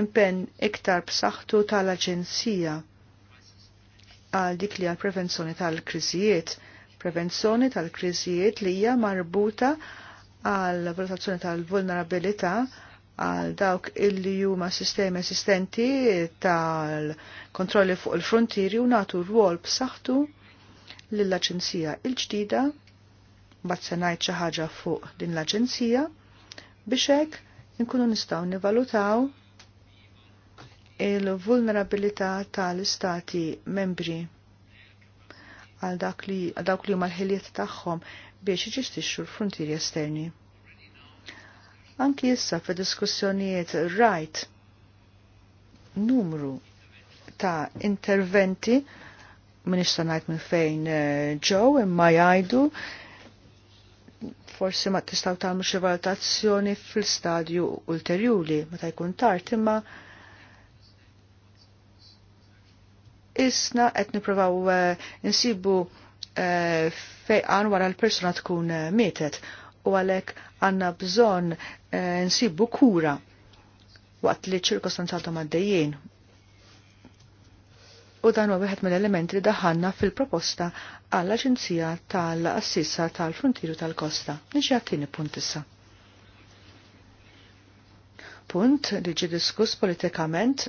impenn iktar b'saħħtu tal-Aġenzija għal dik li għal prevenzjoni tal-kriżijiet, prevenzjoni tal-kriżijiet li hija marbuta għal valutazzjoni tal-vulnerabilità għal dawk illi huma sistemi esistenti tal-kontrolli fuq il-frontieri u natu rwol b'saħħtu lill-Aġenzija il-ġdida il ġdida bat se ngħid xi ħaġa fuq din l-aġenzija biex hekk inkunu nistgħu nivalutaw il-vulnerabilità tal-istati membri għal dawk li huma l-ħiliet tagħhom biex iġistixxu l-frontieri esterni. Anki issa fi diskussjonijiet rajt numru ta' interventi minn ngħid minn fejn eh, ġew imma jgħidu forsi ma tistaw ta' xi valutazzjoni fil-stadju ulterjuri meta jkun tard imma isna qed nippruvaw eh, insibu eh, fejqan wara l-persuna tkun eh, mietet u għalhekk għandna bżonn insibu nsibu kura waqt li ċirkostanzjal ta' maddejjien u dan huwa wieħed mill-elementi li daħanna fil-proposta għall-Aġenzija tal-Assissa tal-Frontieru tal-Kosta. Niġi għattini punt issa. Punt li ġi diskuss politikament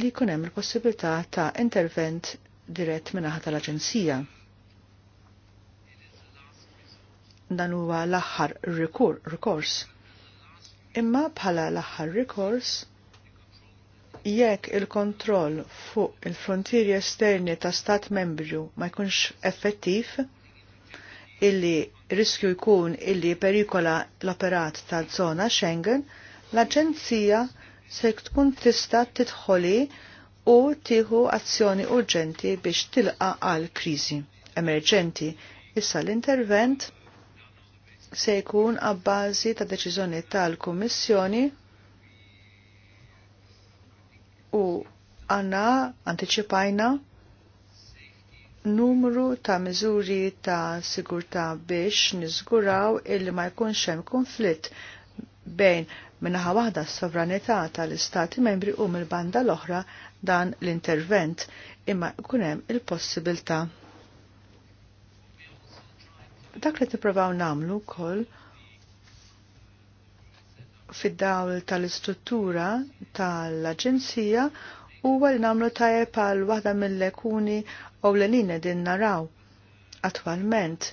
li jkun hemm il-possibilità ta' intervent dirett minaħa tal-Aġenzija. Dan huwa l-aħħar rikors. Imma bħala l-aħħar rikors, jekk il-kontroll fuq il-frontieri esterni ta' stat membru ma jkunx effettiv, illi riskju jkun illi perikola l-operat tal-zona Schengen, l-Aġenzija se tkun tista titħoli u tieħu azzjoni urġenti biex tilqa għal kriżi emerġenti. Issa l-intervent se jkun għabbażi ta' deċiżjoni tal-Kummissjoni u għanna anticipajna numru ta' miżuri ta' sigurta biex niżguraw illi ma jkunx hemm konflitt bejn minnaħa waħda s-sovranità tal-istati membri u mill-banda l-oħra dan l-intervent imma jkun hemm il possibilta Dak li tipprovaw namlu wkoll fid-dawl tal-istruttura tal-Aġenzija huwa għal namlu tajjeb għal waħda mill-lekuni ewlenin din naraw. Attualment,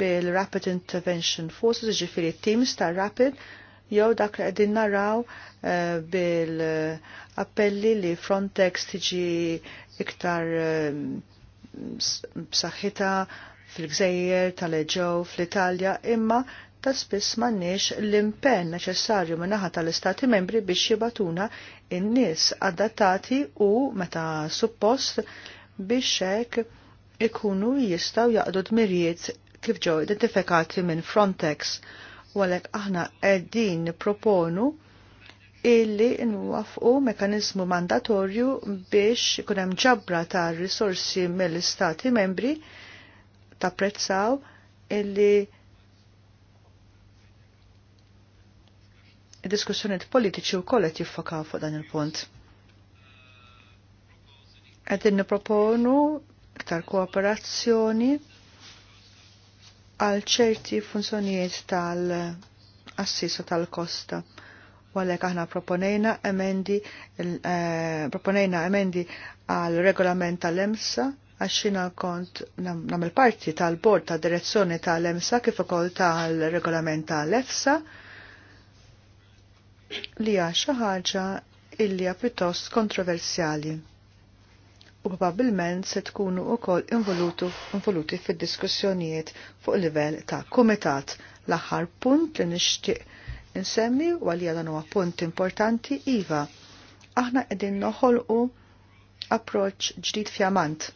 bil-Rapid Intervention Forces, ġifiri teams ta' Rapid, jew dak li qegħdin naraw uh, bil-appelli li Frontex tiġi iktar uh, b'saħħitha fil-Gżejjer, tal-Eġew, fl-Italja, imma ta' spiss m'għandniex l-impenn neċessarju min-naħa tal-Istati membri biex jibatuna in-nies adattati u meta suppost biex hekk ikunu jistgħu jaqdu dmirijiet kif ġew identifikati minn Frontex u għalhekk aħna qegħdin nipproponu illi nwafqu mekanizmu mandatorju biex ikun hemm ġabra ta' risorsi mill-istati membri prezzaw illi id-diskussjoniet politiċi u kollet jiffokaw fuq dan il-punt. Għedin niproponu iktar kooperazzjoni għal ċerti funzjonijiet tal-assisa tal-kosta. Għalek aħna proponejna emendi, eh, proponejna emendi għal regolament tal-EMSA għaxina kont il parti tal-bord tal direzzjoni tal-EMSA kif ukoll tal-regolament tal-EFSA. tal regolament tal efsa li hija xi ħaġa illi pjuttost kontroversjali u probabbilment se tkunu wkoll involutu involuti fid-diskussjonijiet fuq livell ta' kumitat. L-aħħar punt li nixtieq insemmi u għalija dan huwa punt importanti iva. Aħna qegħdin noħolqu approċċ ġdid fjamant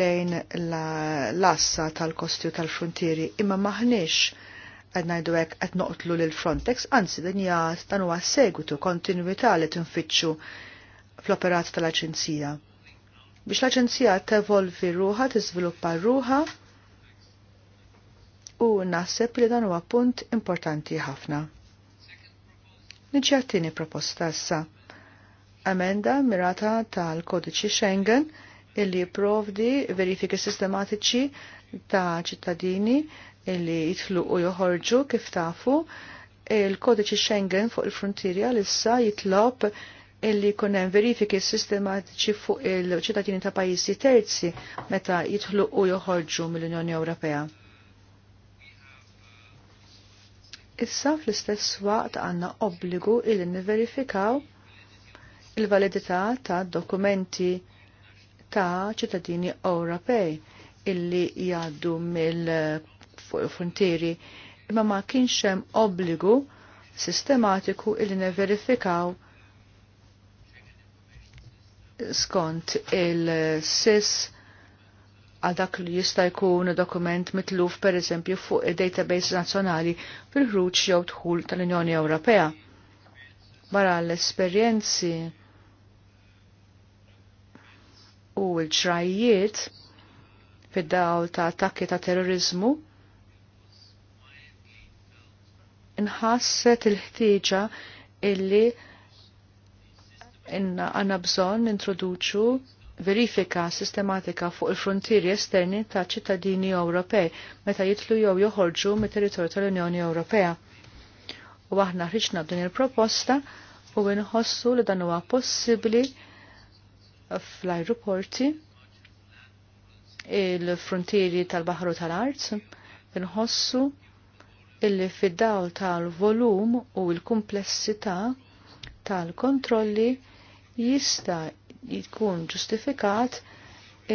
lejn l-assa tal-kostju tal-frontieri imma maħniex qed ngħidu hekk qed noqtlu lil Frontex, anzi din hija dan huwa segwitu kontinwità li tinfittxu fl-operat tal-Aġenzija. Biex l-Aġenzija tevolvi ruħa, tiżviluppa ruħa u naħseb li dan huwa punt importanti ħafna. Niġi għattini proposta issa. Amenda mirata tal-kodiċi Schengen illi provdi verifiki sistematiċi ta' ċittadini illi jitlu u joħorġu kif tafu il-kodiċi Schengen fuq il-frontieri għalissa jitlob illi kunem verifiki sistematiċi fuq il-ċittadini ta' pajjiżi terzi meta jitlu u joħorġu mill-Unjoni Ewropea. Issa fl-istess waqt għanna obbligu illi niverifikaw il-validità ta' dokumenti ta' ċittadini Ewropej illi jgħaddu mill fuq il-frontieri, imma ma kienx hemm obbligu sistematiku li neverifikaw skont il-SIS għal dak li jista' jkun dokument mitluf per eżempju fuq il-database nazzjonali fil-ħruġ jew dħul tal-Unjoni Ewropea. Barra l-esperjenzi u l-ċrajiet fid-dawl ta' attakki ta' terrorizmu nħasset il-ħtieġa illi inna għanna bżon introduċu verifika sistematika fuq il-frontieri esterni ta' ċittadini Ewropej meta jitlu jew joħorġu mit-territorju tal-Unjoni Ewropea. U aħna ħriġna b'din il-proposta u nħossu li dan huwa possibbli fl-ajruporti il-frontieri tal-baħru tal-art inħossu illi fid-dawl tal-volum u l-komplessità tal-kontrolli jista' jkun ġustifikat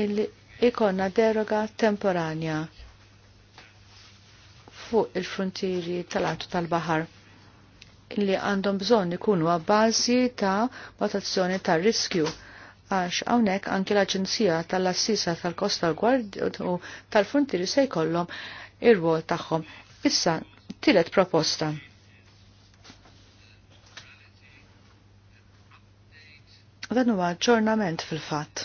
illi ikonna deroga temporanja fuq il-frontieri tal-għatu tal-bahar Illi għandhom bżonn ikunu għabbażi ta' votazzjoni ta' riskju għax hawnhekk anke l-Aġenzija tal-Assisa tal-Kosta Gward u tal-Frontieri se jkollhom ir-rwol tagħhom. Issa, tilet proposta. Dan huwa ġornament fil-fatt.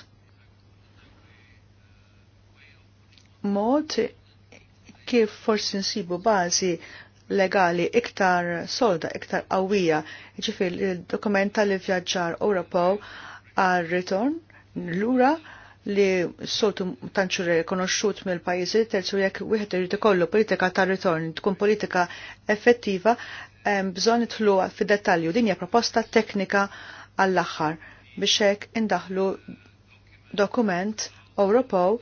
Mod kif forsi nsibu bażi legali iktar solda, iktar qawwija, ġifir il dokumenta li vjaġġar Ewropew għal-ritorn lura li soltu tanċu rekonosciut mill pajizi terzu jekk wieħed irid ikollu politika ta' ritorn tkun politika effettiva bżonn itlu fi dettalju din hija proposta teknika għall-aħħar biex hekk indaħlu dokument Ewropew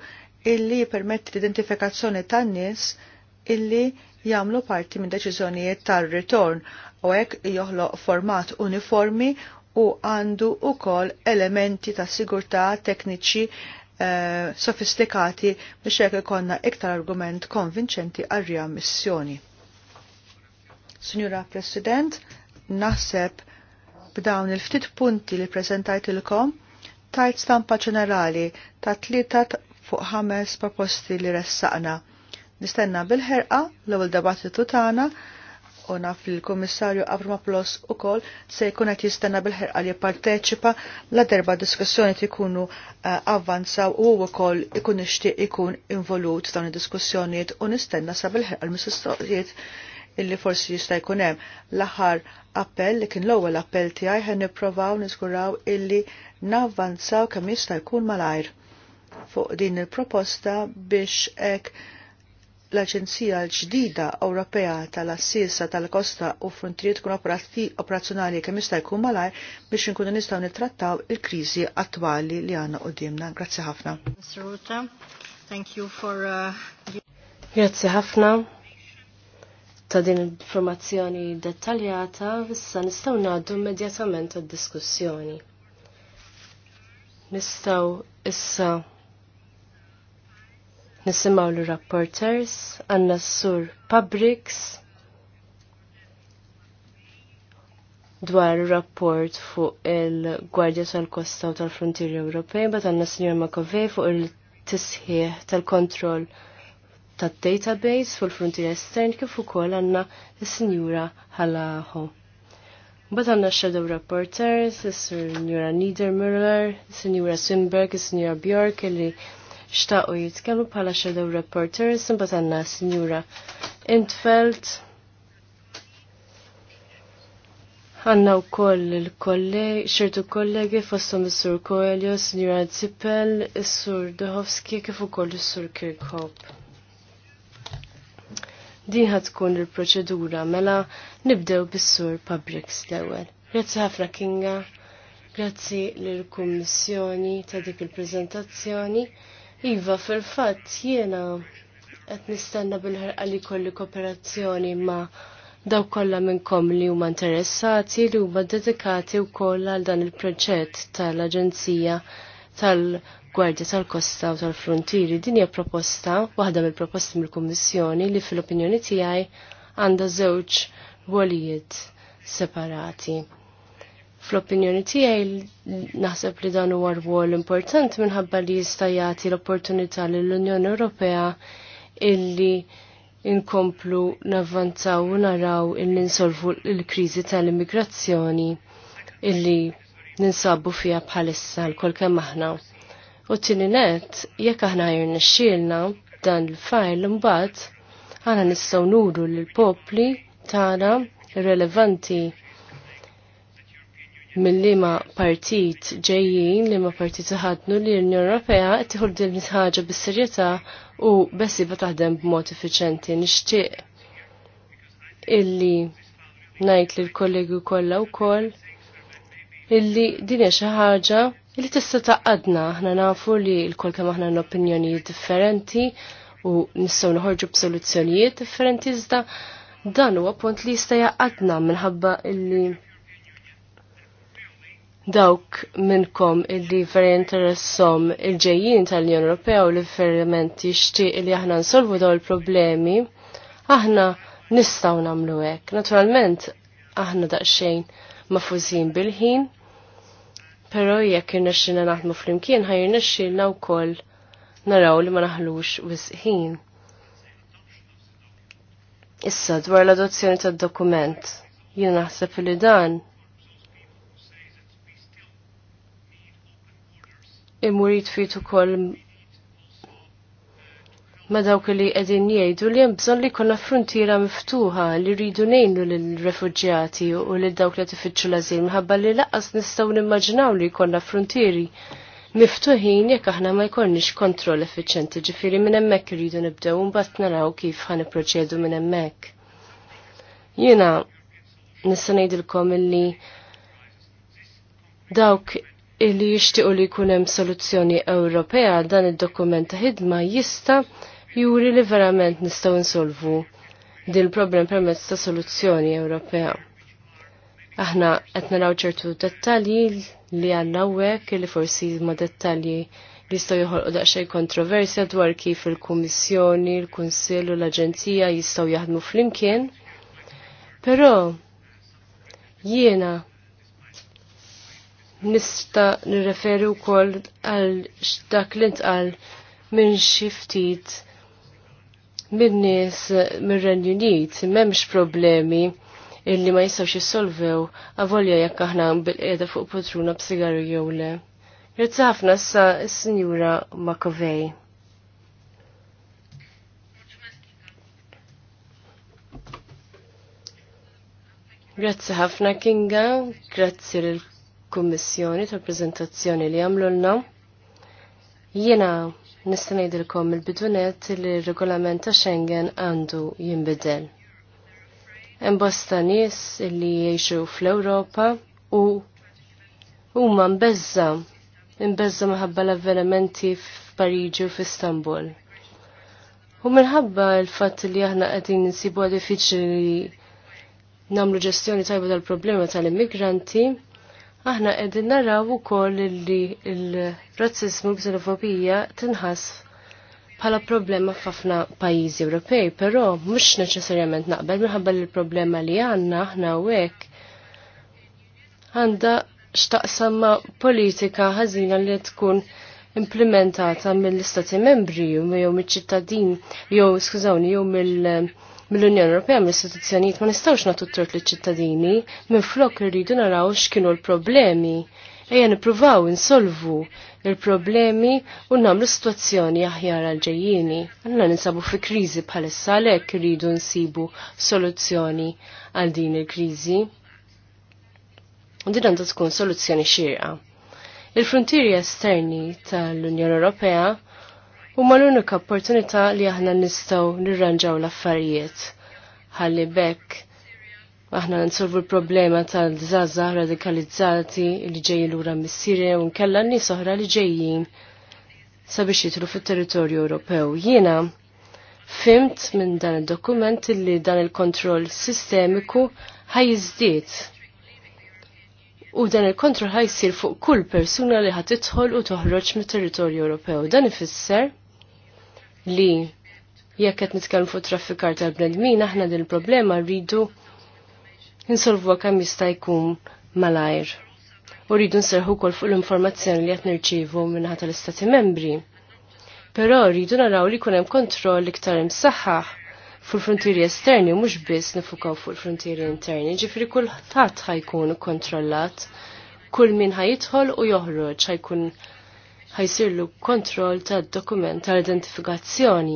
illi jippermetti l-identifikazzjoni tan-nies illi jagħmlu parti minn deċiżjonijiet tar-ritorn u hekk joħloq format uniformi u għandu ukoll elementi ta' sigurtà tekniċi eh, sofistikati biex jek ikonna iktar argument konvinċenti għal riammissjoni. Signora President, naħseb b'dawn il-ftit punti li prezentajt il-kom, tajt stampa ġenerali ta' tlieta fuq ħames proposti li ressaqna. Nistenna bil-ħerqa l-ewwel debattitu tagħna u naf li l-Komissarju Avramopoulos u kol se jkun qed jistenna bil-ħerqa li parteċipa la derba diskussjoni tikunu eh, avvanzaw u u kol ikun ixtieq ikun involut dawn id-diskussjonijiet u nistenna sa bil-ħerqa l illi forsi jista' jkun hemm. L-aħħar appell li kien l-ewwel appell tiegħi ħen nipprovaw niżguraw illi navvanzaw kemm jista' jkun malajr fuq din il-proposta biex hekk l-Aġenzija l-ġdida Ewropea tal-Assisa tal-Kosta u Frontier tkun operazzjonali kemm jista' jkun malaj biex inkunu nistgħu nittrattaw il-kriżi attwali li għandna qudiemna. Grazzi ħafna. Uh, Grazzi ħafna ta' din informazzjoni dettaljata, issa nistgħu ngħaddu immedjatament għad-diskussjoni. Nistgħu issa nisimaw l-rapporters, għanna s-sur Pabriks dwar rapport fuq il-Gwardja tal-Kosta u tal-Frontieri Ewropej, bat għanna s-Sinjor Makovej fuq il-tisħieħ tal-kontroll tad-database fuq il-Frontieri Estern kif ukoll għanna s-Sinjura Halaho. Bat għanna shadow reporters, s-Sinjura Niedermüller, s-Sinjura Swinberg, s-Sinjura Bjork, li xtaqu jitkellmu bħala shadow reporters imbagħad għandna Sinjura Intfeld. Għanna u koll il-kollegi, xertu kollegi fossom il-sur Coelho, Signora Zippel, il-sur Dohovski, kif u koll il-sur Kirkhop. Din ħad tkun il-proċedura, mela nibdew bis-sur Pabrix l-ewel. Grazzi ħafna Kinga, grazzi l-Kummissjoni ta' dik il-prezentazzjoni. Iva, fil-fatt jiena qed nistenna bil-ħarqa li kolli kooperazzjoni ma' daw kollha minnkom li huma interessati li huma dedikati wkoll għal dan il-proġett tal-Aġenzija tal-Gwardja tal-Kosta u tal-Frontieri. Din hija proposta, waħda mill-proposti mill-Kummissjoni li fil-opinjoni tiegħi għandha żewġ wolijiet separati. Fl-opinjoni tiegħi naħseb li dan huwa rwol importanti minħabba li jista' jagħti l-opportunità lill-Unjoni Ewropea illi inkomplu navvanzaw u naraw illi nsolvu l-kriżi tal-immigrazzjoni illi ninsabu fija bħalissa l-kol kemm aħna. U tini nett jekk aħna ħajr nixxielna dan il-fajl imbagħad aħna nistgħu nuru lill popli tagħna relevanti mill-lima partit ġejjin, lima partit ħadnu li l-Unjoni Ewropea tieħu din ħaġa bis-serjetà u besiba taħdem b'mod effiċenti. Nixtieq illi ngħid lill kollegi kollha wkoll illi din hija xi ħaġa illi tista' taqadna aħna nafu li l-kol kemm aħna opinjonijiet differenti u nistgħu noħorġu b'soluzzjonijiet differenti iżda dan huwa punt li jista' jaqadna minħabba illi dawk minnkom illi veri interessom il-ġejjin tal-Unjoni Ewropea u li verament jixtieq li aħna nsolvu daw il-problemi, aħna nistgħu nagħmlu hekk. Naturalment aħna daqsxejn mafużin bil-ħin, però jekk irnexxina naħdmu flimkien ħaj irnexxilna wkoll naraw li ma naħlux wisħin. Issa dwar l-adozzjoni tad-dokument, jien naħseb li dan imurit jitfit ukoll ma dawk li qegħdin jgħidu li hemm bżonn li jkollna frontiera miftuħa li rridu ngħinu lill-refuġjati u lil dawk li qed ifittxu l-ażil minħabba li laqas nistgħu nimmaġinaw li jkollna frontieri miftuħin jekk aħna ma jkollniex kontroll effiċjenti ġifieri minn hemmhekk irridu nibdew u mbagħad naraw kif ħa nipproċedu minn hemmhekk. Jiena nista' ngħidilkom illi dawk illi jixtiequ li jkun hemm soluzzjoni Ewropea dan id-dokument ta' ħidma jista' juri li verament nistgħu insolvu din il-problem permezz ta' soluzzjoni Ewropea. Aħna qed naraw ċertu dettalji li għandna hekk li forsi ma' dettalji li jistgħu joħolqu daqsxejn kontroversja dwar kif il-Kummissjoni, il-Kunsill u l-Aġenzija jistgħu jaħdmu flimkien. Però jiena nista nirreferi u koll għal dak li ntqal minn xiftit minn nis minn Renjunit, memx problemi illi ma jistawx jissolvew għavolja jekk aħna bil-qiegħda fuq potruna b'sigaru jew le. Grazzi ħafna sa s-Sinjura Makovej. Grazzi ħafna Kinga, grazie lil kummissjoni tal-prezentazzjoni li għamlulna. Jena nista' ngħidilkom il-bidunet li r-regolament ta' Schengen għandu jinbidel. Hemm bosta nies li jgħixu fl-Ewropa u huma mbeżza imbeżza minħabba l-avvenimenti f'Pariġi u f'Istanbul. U minħabba l fat li aħna qegħdin insibu diffiċli namlu ġestjoni tajba tal-problema tal-immigranti, Aħna qegħdin naraw ukoll li l-razzismu xenofobija tinħass bħala problema f'ħafna pajjiżi Ewropej, però mhux neċessarjament naqbel minħabba li l-problema li għandna aħna hekk għandha x'taqsamma politika ħażina li tkun implementata mill-istati membri jew mill-ċittadin jew skużawni jew mill mill-Unjoni Ewropea mill-istituzzjonijiet ma nistgħux nagħtu tort liċ-ċittadini minflok irridu naraw x'kienu l-problemi. Ejja nippruvaw insolvu il-problemi u nagħmlu sitwazzjoni aħjar għal ġejjieni. Għandna ninsabu fi kriżi bħalissa għalhekk irridu nsibu soluzzjoni għal din il-kriżi. U din għandha tkun soluzzjoni xierqa. Il-frontieri esterni tal-Unjoni Ewropea huma l-unika opportunità li aħna nistgħu nirranġaw l-affarijiet. Ħalli bekk aħna nsolvu l-problema tal-żaza radikalizzati li ġejjin lura mis-Sirja u nkella nies oħra li ġejjin sabiex jitru fit-territorju Ewropew. Jiena fimt minn dan id-dokument li dan il-kontroll sistemiku ħajjiżdied. U dan il-kontroll ħajsir fuq kull persuna li ħad u toħroġ mit-territorju Ewropew. Dan ifisser li jekk qed nitkellmu fuq traffikar tal-bnedmin aħna din il-problema rridu insolvuha kemm jista' jkun malajr. U rridu nserħu wkoll fuq l-informazzjoni li qed nirċievu minħata tal-Istati Membri. Però rridu naraw li jkun hemm kontroll iktar imsaħħaħ fil-frontieri esterni u mhux biss nifukaw fuq il-frontieri interni, ġifri kulħadd ħajkun kontrollat, kull min ħajidħol u joħroġ ħajkun ħajsirlu kontroll tad-dokument tal-identifikazzjoni.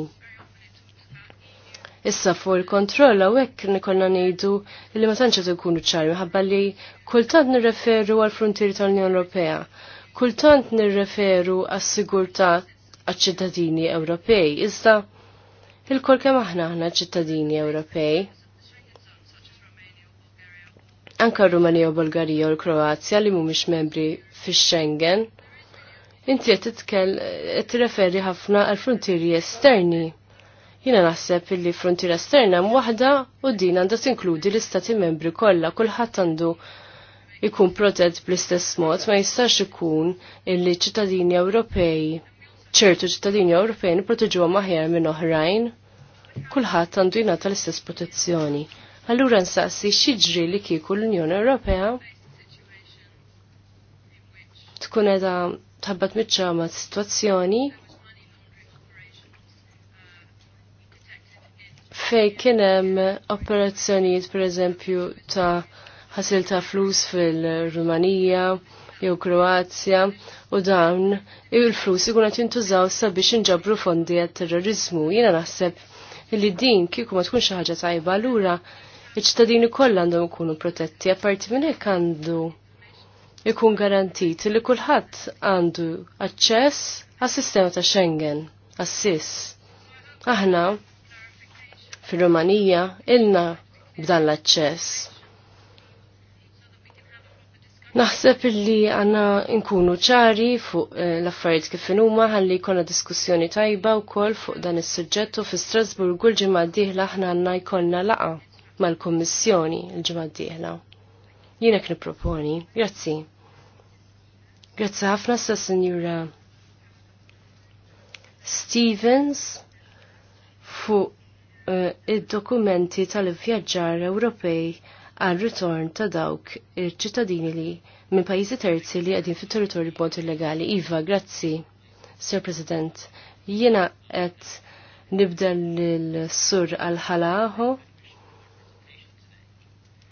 Issa fuq il-kontroll hawnhekk nikolna ngħidu li ma tantx qed ikunu ċari li kultant nirreferu għal frontieri tal-Unjoni Ewropea, kultant nirreferu għas-sigurtà għaċ-ċittadini Ewropej, iżda il-kol kemm aħna aħna ċittadini Ewropej. Anka Rumanija u Bulgarija u l-Kroazja li mhumiex membri fix-Schengen Inti qed titkel tirreferi ħafna għal frontieri esterni. Jiena naħseb li frontiera esterna hemm waħda u din għandha tinkludi l-istati membri kollha kulħadd għandu ikun protett bl-istess mod ma jistax ikun illi ċittadini Ewropej ċertu ċittadini Ewropej niproteġuhom aħjar minn oħrajn. Kulħadd għandu jingħata l-istess protezzjoni. Allura nsaqsi x'jiġri li kieku l-Unjoni Ewropea tkun edha tħabbat mitċama situazzjoni fej kienem operazzjonijiet per eżempju ta' ħasil ta' flus fil-Rumanija jew Kroazja u dawn il-flus ikun tintużaw sabiex inġabru fondi għat-terrorizmu. Jiena naħseb li din kieku ma tkunx ħaġa tajba allura iċ-ċittadini kollha għandhom ikunu protetti apparti minn hekk għandu ikun garantit li kulħadd għandu aċċess għas-sistema ta' Schengen, għas-SIS. Aħna fir-Rumanija ilna b'dan l-aċċess. Naħseb illi għanna nkunu ċari fuq eh, l-affarijiet kif huma ħalli jkollna diskussjoni tajba wkoll fuq dan is-suġġett u fi Strasburg u l-ġimgħa d-dieħla aħna għandna jkollna laqa mal-Kummissjoni l-ġimgħa d-dieħla. Jienek niproponi. Grazzi. Grazzi ħafna sa signora Stevens fuq uh, id-dokumenti tal-vjaġġar Ewropej għal ritorn ta' dawk il-ċittadini li minn pajjiżi terzi li għadin fit-territorju b'mod illegali. Iva, grazzi, Sir President. Jiena qed nibda l-sur għal-ħalaħu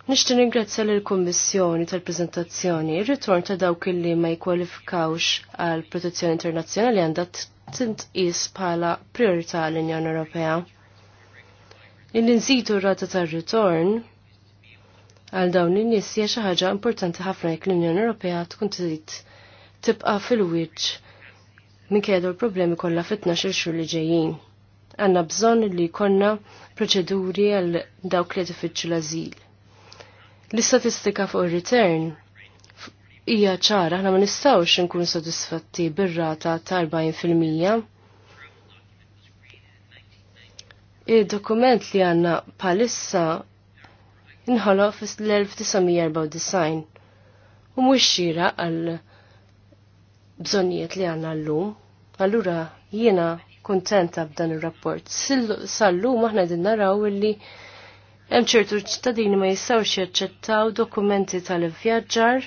Nishtin ringrazzja l-Kommissjoni tal-prezentazzjoni, il-ritorn ta' dawk li ma jkwalifikawx għal protezzjoni internazzjonali għandha tintqis bħala priorità l-Unjoni Ewropea. Illi nżidu r-rata tar-ritorn għal dawn in-nies hija xi ħaġa importanti ħafna jekk l-Unjoni Ewropea tkun trid tibqa' fil-wiċċ minkejja l-problemi kollha fit-12 xhur li ġejjin. Għandna bżonn li jkollna proċeduri għal dawk li tifittxu l-ażil L-istatistika fuq ir-return hija ċara, aħna ma nistgħux nkun sodisfatti bir-rata ta' 40%. Il-dokument li għanna palissa inħolo fis-1994 u mhux xira għal bżonnijiet li għanna l-lum. Allura jiena kontenta b'dan ir-rapport. Sal-lum aħna din naraw illi li Hemm ċertu ċittadini ma jistgħux jaċċettaw dokumenti tal-ivvjaġġar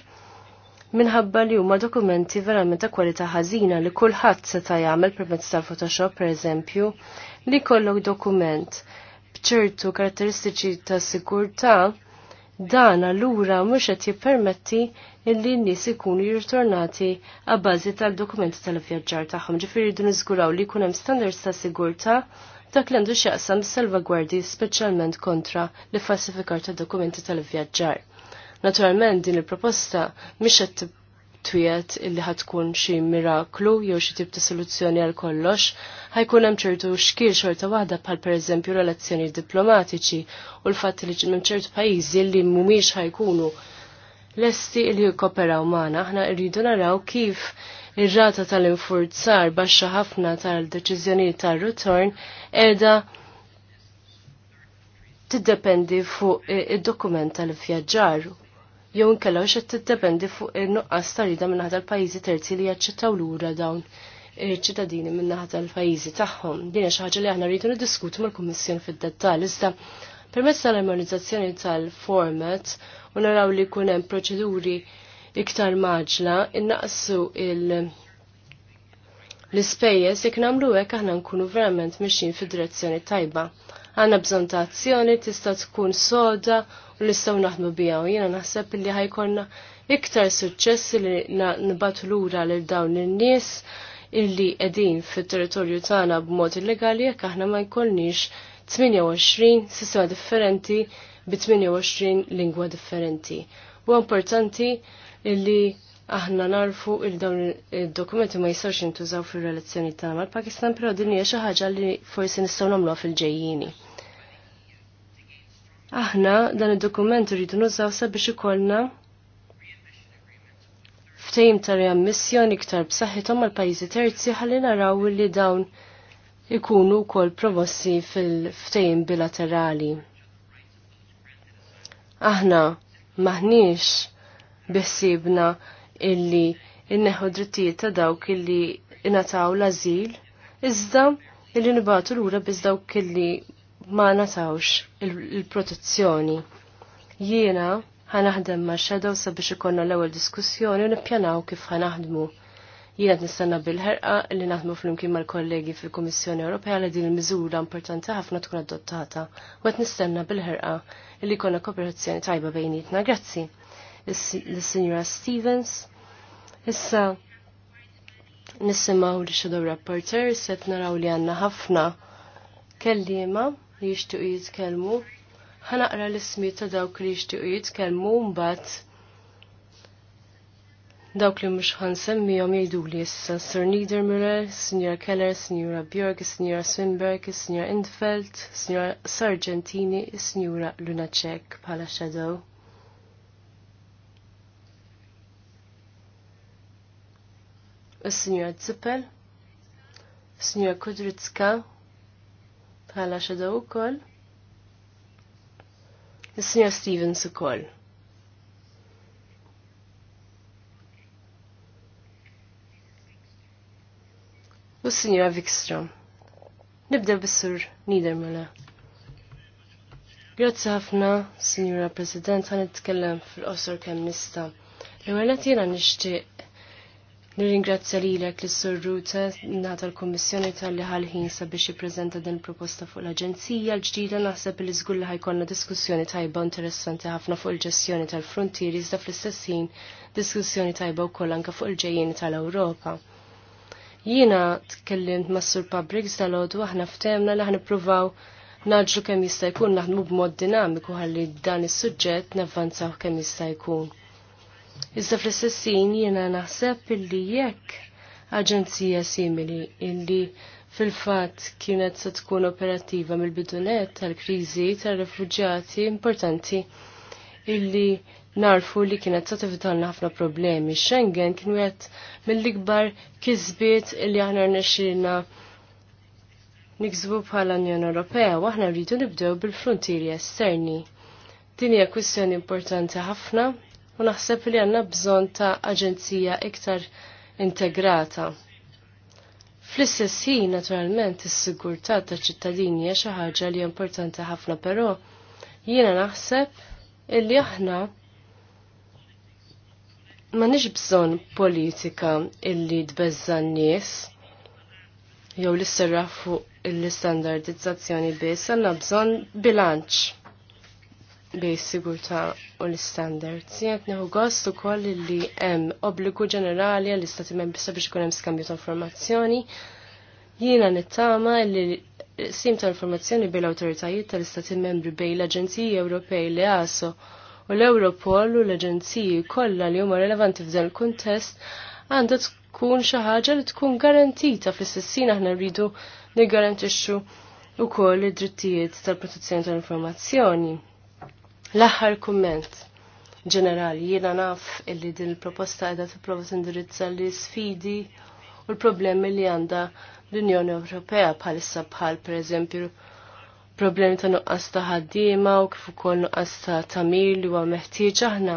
minħabba li huma dokumenti verament ta' kwalità ħażina li kulħadd seta' jagħmel permezz tal-Photoshop pereżempju li jkollok dokument b'ċertu karatteristiċi ta' sigurtà dan allura mhux qed jippermetti illi n-nies ikunu jirtornati għabbażi tal-dokumenti tal-vjaġġar tagħhom. Ġifieri jridu niżguraw li jkun hemm standards ta' sigurtà dak li għandu x'jaqsam salvagwardi speċjalment kontra li falsifikar ta' dokumenti tal-vjaġġar. Naturalment din il-proposta mhix qed twiet illi ħatkun xi miraklu jew xi tip ta' soluzzjoni għal kollox, ħajkun hemm ċertu xkil xorta waħda bħal pereżempju relazzjoni diplomatiċi u l-fatt li minn ċertu pajjiżi li mhumiex ħajkunu lesti li jikkoperaw magħna, aħna rridu naraw kif ir-rata tal-infurzar baxxa ħafna tal-deċiżjonijiet tar-return qiegħda tiddependi fuq id-dokument tal-vjaġġar jew inkella xed tiddependi fuq in-nuqqas tarida minn ħadd pajjiżi terzi li jaċċettaw lura dawn ċittadini minn naħa tal-pajjiżi tagħhom. Din xi ħaġa li aħna rridu niddiskutu mal-Kummissjoni fid-dettall iżda permezz tal-armonizzazzjoni tal-format u naraw li jkun hemm proċeduri iktar maġla, innaqsu il- l-ispejjeż jekk nagħmlu hekk aħna nkunu verament mixin fid-direzzjoni tajba. Għanna bżonn ta' azzjoni tista' tkun soda u nistgħu naħdmu biha u jiena naħseb li ħajkonna iktar suċċess li nbatu lura lil dawn in-nies illi qegħdin fit-territorju tagħna b'mod illegali jekk aħna ma jkollniex 28 sistema differenti bi 28 lingwa differenti. U importanti illi aħna narfu il-dawn il-dokumenti ma jistgħux jintużaw fir-relazzjoni tagħna mal-Pakistan, però din hija xi ħaġa li forsi nistgħu nagħmluha fil-ġejjini. Aħna dan id-dokument rridu nużaw sabiex ikollna ftejm ta' reammissjoni iktar b'saħħithom mal pajjiżi terzi ħalli naraw li dawn ikunu wkoll promossi fil-ftejm bilaterali. Aħna maħniex bessibna illi inneħu drittijiet ta' dawk illi inataw l-azil, iżda illi nibatu l-ura biz dawk illi ma natawx il-protezzjoni. Jiena ħanaħdem ma' xedaw sabiex ikonna l-ewwel diskussjoni u nippjanaw kif ħanaħdmu. Jiena nistenna bil-ħerqa illi naħdmu flimkien mal-kollegi fil-Kummissjoni Ewropea li din il-miżura importanti ħafna tkun adottata u qed nistenna bil-ħerqa illi jkollna kooperazzjoni tajba bejnietna. Grazzi l-Sinjora Stevens. Issa nisimaw li xedow rapporter, set naraw li għanna ħafna kellima li jishtiq jitkelmu. Ħanaqra l-ismi ta' dawk li jishtiq jitkellmu mbat dawk li mhux ħansemmihom jidu li issa Sir Niedermüller, Sr. Keller, Sr. Bjork, Sr. Swinberg, Sr. Indfeld, Sr. Sargentini, Sr. Lunacek bħala Shadow. il-Sinjora Zippel, il Kudritska, bħala xedaw u koll, il Stevens u koll. U s-Sinjora Vikstrom. Nibdew bis-Sur Niedermela. Grazzi ħafna, Sinjora President, għan itkellem fil-qosor kemm nista. L-għalet jena nishtiq Nirringrazzja lilek li sur Ruta nata l-Kommissjoni tal-li ħalħin sabiex jippreżenta din proposta fuq l-Aġenzija l-ġdida naħseb li żgur li ħajkonna diskussjoni tajba interessanti ħafna fuq il-ġestjoni tal-frontieri iżda fl-istess ħin diskussjoni tajba wkoll anke fuq il-ġejjieni tal-Ewropa. Jiena tkellimt ma' Sur Pabriks dal-għodu aħna ftemna li ħnippruvaw naġlu kemm jista' jkun naħdmu b'mod dinamiku ħalli dan is-suġġett navvanzaw kemm jista' jkun. Iżda fl-istessin jiena naħseb illi jekk aġenzija simili illi fil-fat kienet se tkun operattiva mill-bidunet tal-kriżi tal refugġati importanti illi narfu li kienet sa tifitalna ħafna problemi. Schengen kien wieħed mill-ikbar kisbiet illi aħna rnexxilna nikzbu bħala Unjoni Ewropea u aħna rridu nibdew bil-frontieri esterni. Din hija kwistjoni importanti ħafna u naħseb li għanna bżon ta' aġenzija iktar integrata. Fl-istess ħin, naturalment, is-sigurtà ta' ċittadini hija xi ħaġa li importanti ħafna, però jiena naħseb illi aħna ma nix bżonn politika illi tbeżza n-nies jew li serra fuq l-istandardizzazzjoni biss, għandna bżonn bilanċ s sigurtà u l-standards. Jgħet neħu gost u koll li hemm obbligu ġenerali għall-istati membri sabiex kun hemm skambju ta' informazzjoni. Jiena nittama li sim ta' informazzjoni bejn l-awtoritajiet tal-istati membri bejn l-Aġenziji Ewropej li għasu u l-Europol u l-Aġenziji kollha li huma relevanti f'dan il-kuntest għandha tkun xi ħaġa li tkun garantita fl-istessin aħna rridu niggarantixxu ukoll id-drittijiet tal-protezzjoni tal-informazzjoni. L-aħħar kumment ġenerali, jiena naf illi din il-proposta qiegħda tipprova tindirizza li sfidi u l-problemi li għandha l-Unjoni Ewropea bħalissa bħal pereżempju problemi ta' nuqqas ta' ħaddiema u kif ukoll nuqqas ta' tamir li huwa meħtieġ aħna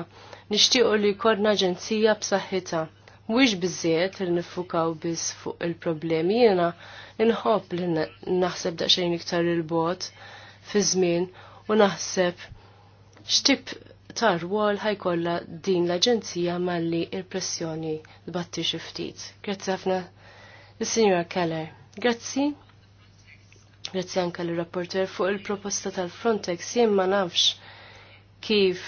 nixtiequ li jkollna aġenzija b'saħħitha. Mhuwiex biżżejjed li niffukaw biss fuq il-problemi jiena inħobb li naħseb daqsxejn iktar il-bot fi żmien u naħseb xtip tar wol ħajkolla din l-Aġenzija malli il-pressjoni tbatti xi ftit. Grazzi ħafna l sinjora Keller. Grazzi. Grazzi anke l-rapporter fuq il-proposta tal-Frontex jien ma nafx kif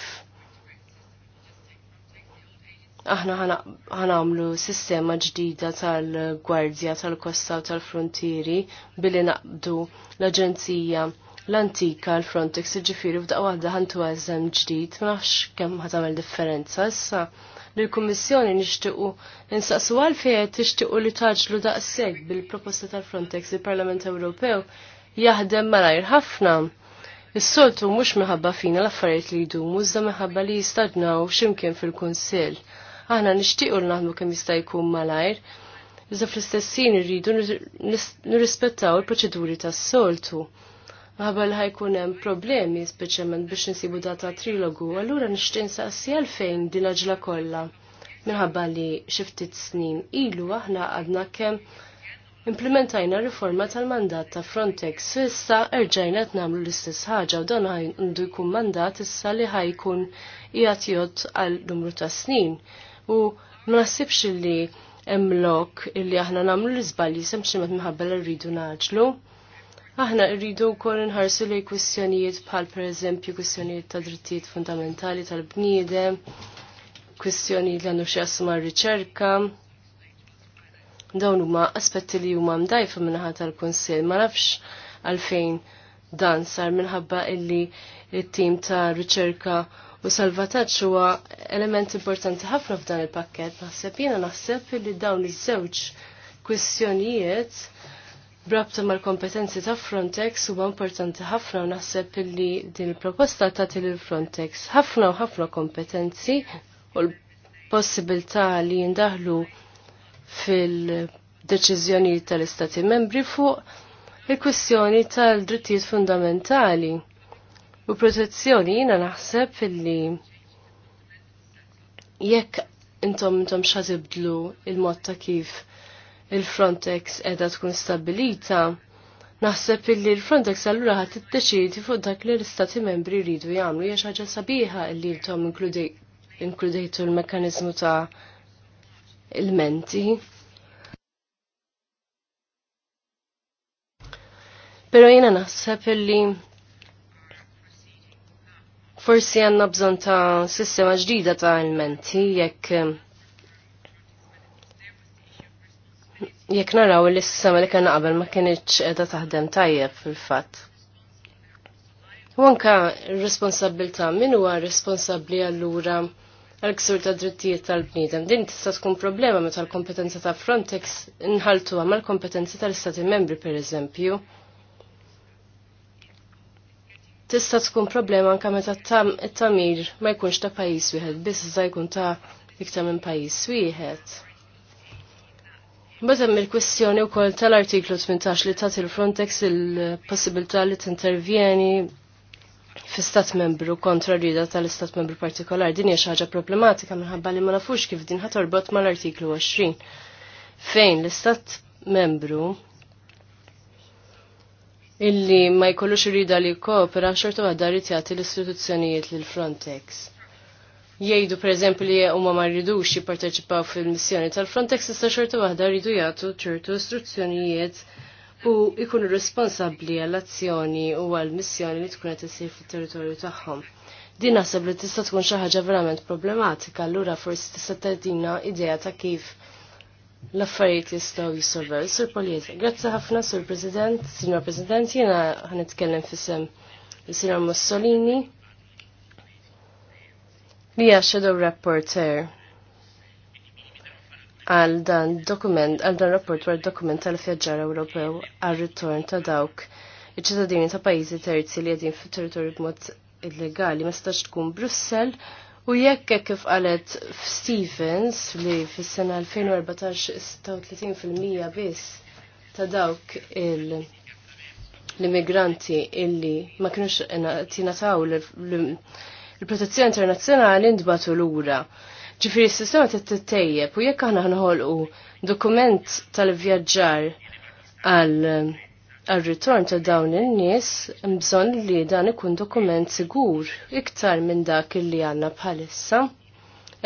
aħna ħanamlu sistema ġdida tal-gwardja tal-kosta u tal-frontieri billi naqbdu l-Aġenzija l-antika l-Frontex ġifiri fdaq waħda ħantu għazem ġdid, ma nafx kemm ħatamel differenza issa l-Kummissjoni nixtiqu insaqsu għal fejet tixtiqu li taġlu daqseg bil-proposta tal-Frontex il-Parlament Ewropew jaħdem malajr ħafna. Is-soltu mhux minħabba fina l-affarijiet li jdumu iżda minħabba li jistadnaw x'imkien fil-Kunsill. Aħna nixtiequ l naħdmu kemm jista' jkun malajr, iżda fl-istessin irridu nirrispettaw il-proċeduri tas-soltu ħabel ħajkun hemm problemi speċjalment biex insibu data trilogu, allura nixtieq nsaqsi għalfejn din l-aġla kollha. Minħabba li xi ftit snin ilu aħna għadna kemm implementajna riforma tal-mandat ta' Frontex issa erġajna qed nagħmlu l-istess ħaġa u dan għandu jkun mandat issa li ħajkun qiegħed jgħod għal numru ta' snin. U ma naħsibx li hemm lok illi aħna nagħmlu l-iżbalji sempliċement minħabba l rridu naġlu. Aħna rridu wkoll inħarsu lej kwistjonijiet bħal pereżempju kwistjonijiet ta' drittijiet fundamentali tal-bniedem, kwistjonijiet li għandu x'jassu mar-riċerka. Dawn huma aspetti li huma mdajfa minnaħa tal-Kunsill, ma nafx għalfejn dan sar minħabba illi it-tim ta' riċerka u salvataġġ huwa element importanti ħafna f'dan il-pakket. Naħseb jiena naħseb illi dawn iż-żewġ kwistjonijiet Brabta mal-kompetenzi ta' Frontex huwa importanti ħafna u naħseb illi din il-proposta ta' il-Frontex ħafna u ħafna kompetenzi u l-possibilità li jindaħlu fil deċizjoni tal-Istati membri fuq il-kwistjoni tal-drittijiet fundamentali u protezzjoni jina naħseb illi jekk intom intom xazibdlu il-mod ta' kif il-Frontex edha tkun stabilita, naħseb illi l-Frontex allura ħat tiddeċidi fuq dak li l-Istati membri jridu jagħmlu hija ħaġa sabiħa illi intom inkludejtu l-mekkaniżmu ta' il-menti. Pero naħseb illi forsi għanna bżon ta' sistema ġdida ta' elementi jekk Jek naraw li s-sistema li kanna qabel ma kienieċ edha taħdem tajjeb fil-fat. Wanka responsabilta min huwa responsabli allura għal-ksur ta' drittijiet tal-bnidem. Din tista' tkun problema meta l-kompetenza ta' Frontex nħaltuha mal-kompetenzi tal-Istati membri per eżempju. Tista' tkun problema anke meta t-tamir ma jkunx ta' pajjiż wieħed, biss iżda jkun ta' iktar minn pajjiż wieħed. Bazem il-kwestjoni u kol tal-artiklu 18 li tat il-Frontex il-possibilità li t-intervjeni fi-stat membru kontra rida tal-istat membru partikolar. Din hija xi ħaġa problematika minħabba li ma nafux kif din ħatorbot mal-artiklu 20 fejn l-istat membru illi ma jkollux rida li koopera xorta waħda jagħti l-istituzzjonijiet lil Frontex jgħidu eżempju li huma ma rridux jipparteċipaw fil-missjoni tal-Frontex issa xorta waħda rridu jagħtu ċertu istruzzjonijiet u jkunu responsabbli għall-azzjoni u għall-missjoni li tkun qed issir fit-territorju tagħhom. Din naħseb li tista' tkun xi ħaġa verament problematika, allura forsi tista' tagħtina idea ta' kif l-affarijiet jistgħu jissolvew. Sur Polieta, grazzi ħafna sur President, Sinjor President, jiena ħanitkellem f'isem is Sinjor Mussolini li Shadow Rapporter għal dan dokument, għal dan rapport dwar dokument tal-vjaġġar Ewropew għal ritorn ta' dawk iċ-ċittadini ta' pajjiżi terzi li għedin fit-territorju b'mod illegali ma stax tkun Brussell u jekk kif qalet Stevens li fis-sena 2014 36% biss ta' dawk il- l-immigranti illi ma kienux l- il-protezzjoni internazzjonali ndbatu lura. Ġifieri s-sistema t tittejjeb u jekk aħna ħanħolqu dokument tal-vjaġġar għal ritorn ta' dawn in-nies bżonn li dan ikun dokument sigur iktar minn dak li għandna bħalissa.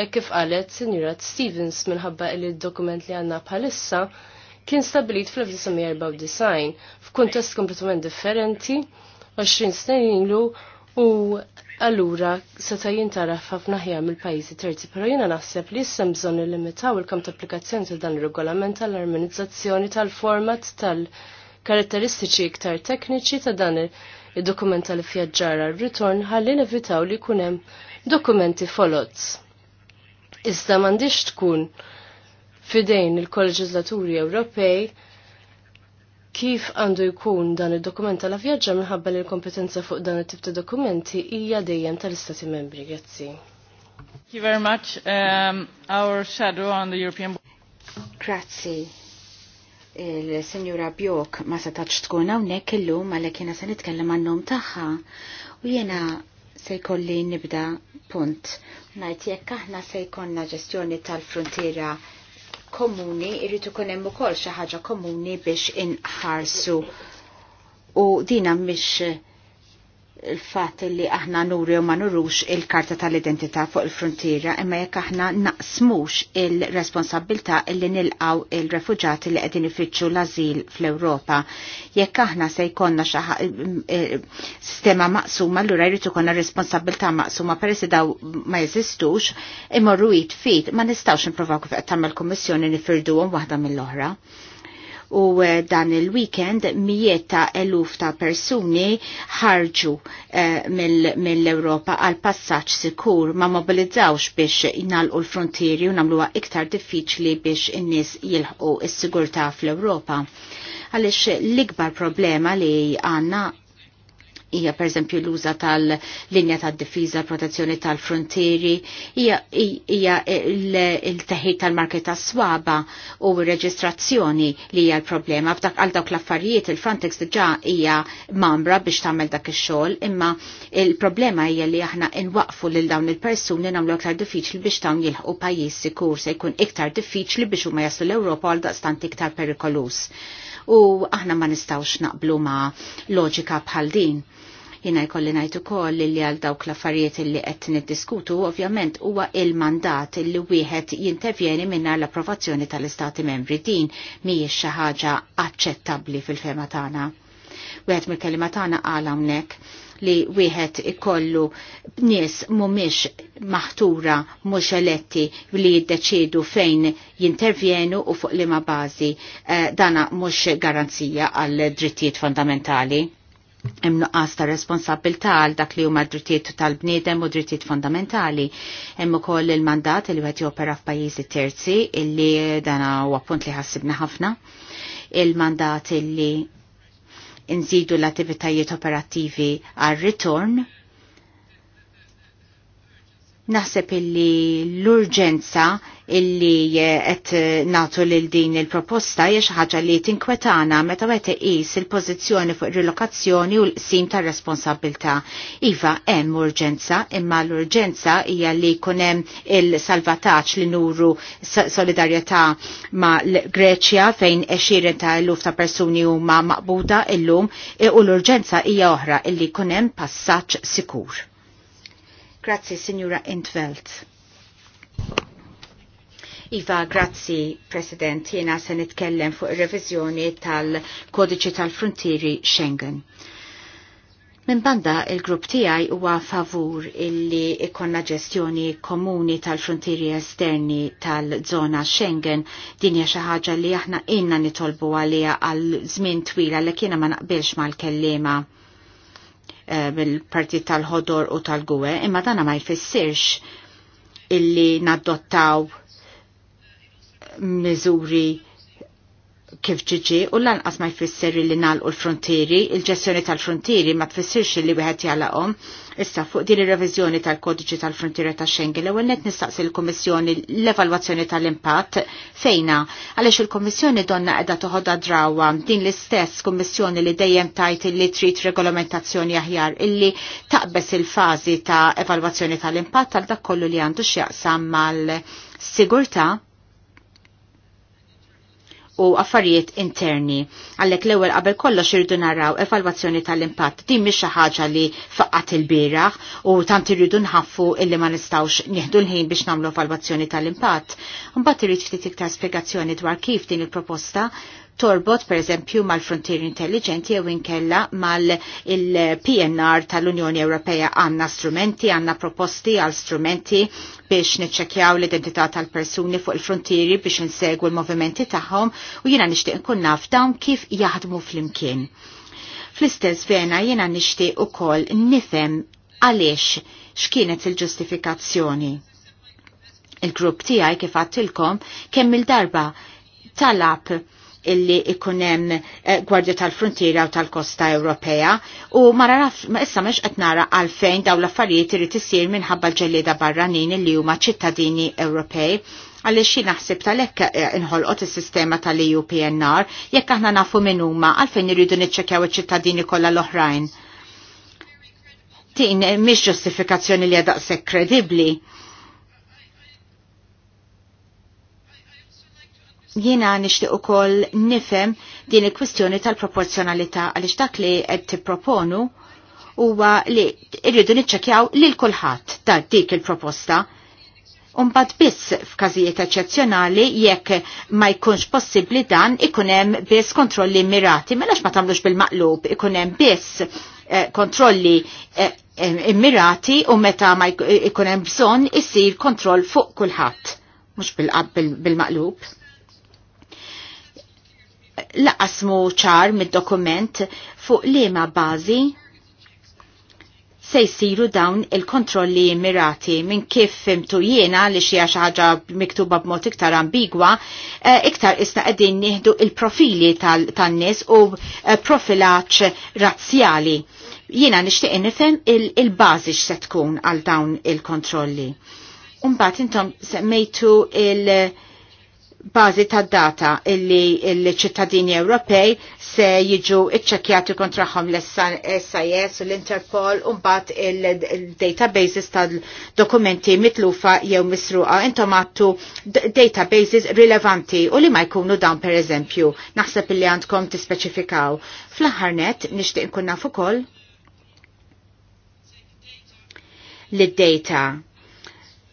E kif qalet Sinjura Stevens minħabba li d-dokument li għandna bħalissa kien stabilit fl-1994 f'kuntest kompletament differenti 20 snin ilu u allura seta' jintara ħafna ħjar mill-pajjiżi terzi, però jiena naħseb li issa bżonn illimitaw il kam ta' applikazzjoni ta' dan ir-regolament tal-armonizzazzjoni tal-format tal-karatteristiċi iktar tekniċi ta' dan id-dokument tal-vjaġġar għal-ritorn ħalli nevitaw li jkun hemm dokumenti folots. Iżda m'għandix tkun fidejn il-kolleġislaturi Ewropej kif għandu jkun dan il-dokument għal vjaġġa minħabba li l-kompetenza fuq dan it-tip ta' dokumenti hija dejjem tal-Istati Membri. Grazzi. Thank you very much. Um, our shadow on the European Grazzi. Il-Senjura Bjok ma setax tkun hawnhekk illum għalhekk jiena se nitkellem għan-nom tagħha u jiena se jkolli nibda punt. Ngħid jekk aħna se jkollna ġestjoni tal-frontiera komuni irrid ikun hemm ukoll xi ħaġa komuni biex inħarsu u dina mhix il-fat li aħna nuri u ma nurux il-karta tal-identità fuq il-frontiera imma jekk aħna naqsmux il-responsabilta li nilqaw il-refuġati li qegħdin ifittxu l-azil fl-Ewropa. Jekk aħna se jkollna xi sistema maqsuma allura jrid ikolna responsabilta maqsuma peress daw ma jeżistux imorru jitfid ma nistgħux nippruvaw kif qed tagħmel kummissjoni nifirduhom waħda mill-oħra u eh, dan il-weekend mijiet ta' eluf ta' persuni ħarġu eh, mill-Europa mil għal passaċ sikur ma' mobilizzawx biex u l-frontieri u namluwa iktar diffiċli biex in-nies jilħqu sigurta sigurtà fl-Europa. Għalix l-ikbar problema li għanna hija pereżempju l-uża tal-linja tad-difiża, protezzjoni tal-frontieri, hija il-teħid tal-market tas-swaba u r-reġistrazzjoni li hija l-problema. F'dak għal dawk l-affarijiet il-Frontex diġà hija m'ambra biex tagħmel dak ix-xogħol, imma il-problema hija li aħna nwaqfu lil dawn il-persuni nagħmlu aktar diffiċli biex dawn jilħqu pajjiż sikur se jkun iktar diffiċli biex huma jaslu l-Ewropa għal daqstant iktar perikolus u aħna ma nistawx naqblu ma loġika bħal din. Jina jkolli najtu kol li għal dawk l-affarijiet li qed niddiskutu ovvjament huwa il-mandat li wieħed jintervjeni minna l-approvazzjoni tal-Istati membri din mhijiex xi ħaġa aċċettabbli fil-fema tagħna. Wieħed mill-kelima tagħna qal hawnhekk li wieħed ikollu nies mhumiex maħtura mhux eletti li jiddeċiedu fejn jintervjenu u fuq liema bażi eh, dana mhux garanzija għal drittijiet fondamentali hemm nuqqas ta' responsabilità għal dak li huma drittijiet tal-bniedem u drittijiet fondamentali. Hemm ukoll il-mandat li wieħed jopera f'pajjiżi terzi illi dan huwa punt li ħassibna ħafna. Il-mandat illi nżidu l-attivitajiet operattivi għal-ritorn Naħseb illi l-urġenza illi qed natu lil din il-proposta hija xi ħaġa li tinkwetana meta wieħed iqis il-pożizzjoni fuq rilokazzjoni u l-qsim tar-responsabilità. Iva hemm urġenza, imma l-urġenza hija li jkun hemm il-salvataġġ li nuru solidarjetà ma' Greċja fejn għexieren ta' eluf ta' persuni huma maqbuda illum e u l-urġenza hija oħra illi jkun hemm passaġġ sikur. Grazzi, Signora Intveld. Iva, grazzi, President. Jena se nitkellem fuq ir tal-kodiċi tal-frontieri Schengen. Min banda il-grupp tijaj huwa favur illi ikonna ġestjoni komuni tal-frontieri esterni tal-zona Schengen din hija xi ħaġa li aħna inna nitolbu għaliha għal żmien twila li kiena ma naqbilx mal-kellima. Eh, mill-partit tal-ħodor u tal-gwe, imma dana ma jfissirx illi naddottaw miżuri kif ġiġi u lanqas ma jfisser li u l-frontieri, il-ġestjoni tal-frontieri ma tfissirx li wieħed jalaqhom. Issa fuq din ir-reviżjoni tal-kodiċi tal-frontiera ta' Schengen l-ewwel nistaqsi l-Kummissjoni l-evalwazzjoni tal-impatt fejna għaliex il-Kummissjoni donna qiegħda toħodha drawa din l-istess Kummissjoni li dejjem tajt li trid regolamentazzjoni aħjar illi taqbes il-fażi ta' evalwazzjoni tal-impatt għal dak kollu li għandu x'jaqsam mal-sigurtà u affarijiet interni. Għallek l-ewel qabel kollox irridu naraw evalwazzjoni tal-impatt. Din mhix xi ħaġa li faqqat il-bieraħ u tant irridu nħaffu illi ma nistgħux nieħdu l-ħin biex nagħmlu evalwazzjoni tal-impatt. Mbagħad irid ftit iktar spjegazzjoni dwar kif din il-proposta torbot per eżempju mal-frontier intelligenti jew inkella mal-PNR tal-Unjoni Ewropea għanna strumenti, għanna proposti għal strumenti biex niċċekjaw l-identità tal-persuni fuq il-frontieri biex insegwu l-movimenti tagħhom u jiena nixtieq nkun naf dawn kif jaħdmu fl-imkien. Fl-istess vena jiena nixtieq ukoll nifhem għaliex x'kienet il-ġustifikazzjoni. Il-grupp tiegħi kif għattilkom kemm il-darba talab illi ikunem eh, gwardja tal-frontiera u tal-kosta Ewropea u ma raf ma issa mhux qed nara għalfejn daw l-affarijiet irid isir minħabba ġellida ġellieda barranin illi huma ċittadini Ewropej għalli xie naħseb tal-ekk eh, inħolqot is-sistema tal eupnr jekk aħna nafu minn huma għalfejn irridu niċċekjaw iċ-ċittadini kollha l-oħrajn. Tin eh, mhix ġustifikazzjoni li għadaqshekk kredibbli jiena nixtieq ukoll nifhem din il-kwistjoni tal-proporzjonalità għaliex dak li qed tipproponu huwa li irridu li lil kulħadd ta' dik il-proposta. Umbad biss f'każijiet eċċezzjonali jekk ma jkunx possibbli dan ikun hemm biss kontrolli mirati, melax ma tagħmlux bil-maqlub, ikun hemm biss eh, kontrolli eh, eh, immirati u meta ma jkun hemm bżonn isir kontroll fuq kulħadd mux bil-maqlub laqasmu ċar mid-dokument fuq liema bażi se jsiru dawn il-kontrolli mirati minn kif fimtu jiena li xi ħaġa miktuba b'mod iktar ambigwa, eh, iktar isna qegħdin nieħdu il-profili tan-nies u eh, profilaċ razzjali. Jiena nixtieq nifhem il-bażi x'se tkun għal dawn il-kontrolli. Umbat intom semmejtu il-, -il bazi ta' data illi l-ċittadini Ewropej se jiġu iċċekjati kontraħom l-SIS u l-Interpol u mbagħad il-databases ta' dokumenti mitlufa jew misruqa intom għattu databases rilevanti u li ma jkunu dawn per eżempju. Naħseb illi għandkom tispeċifikaw. Fl-aħħar nishtiq nixtieq nkun naf ukoll l-data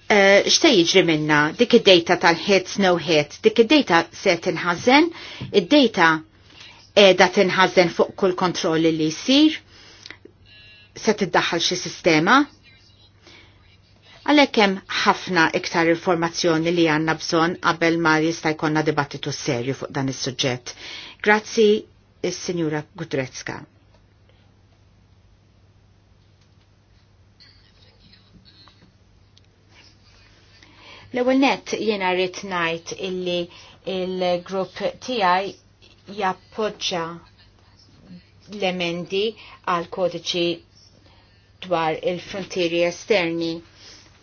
Uh, eh, xta jiġri minna dik id-data tal-hits no hit, dik id-data se tinħazen, id-data edha tinħazen fuq kull kontrolli li jisir, se tiddaħħal xi sistema. Għalhekk hemm ħafna iktar informazzjoni li għandna bżonn qabel ma jista' jkollna dibattitu serju fuq dan is-suġġett. Grazzi is-Sinjura Gudrezka. L-ewwel nett jiena rrid ngħid illi il-grupp tiegħi jappoġġa l-emendi għal kodiċi dwar il-frontieri esterni.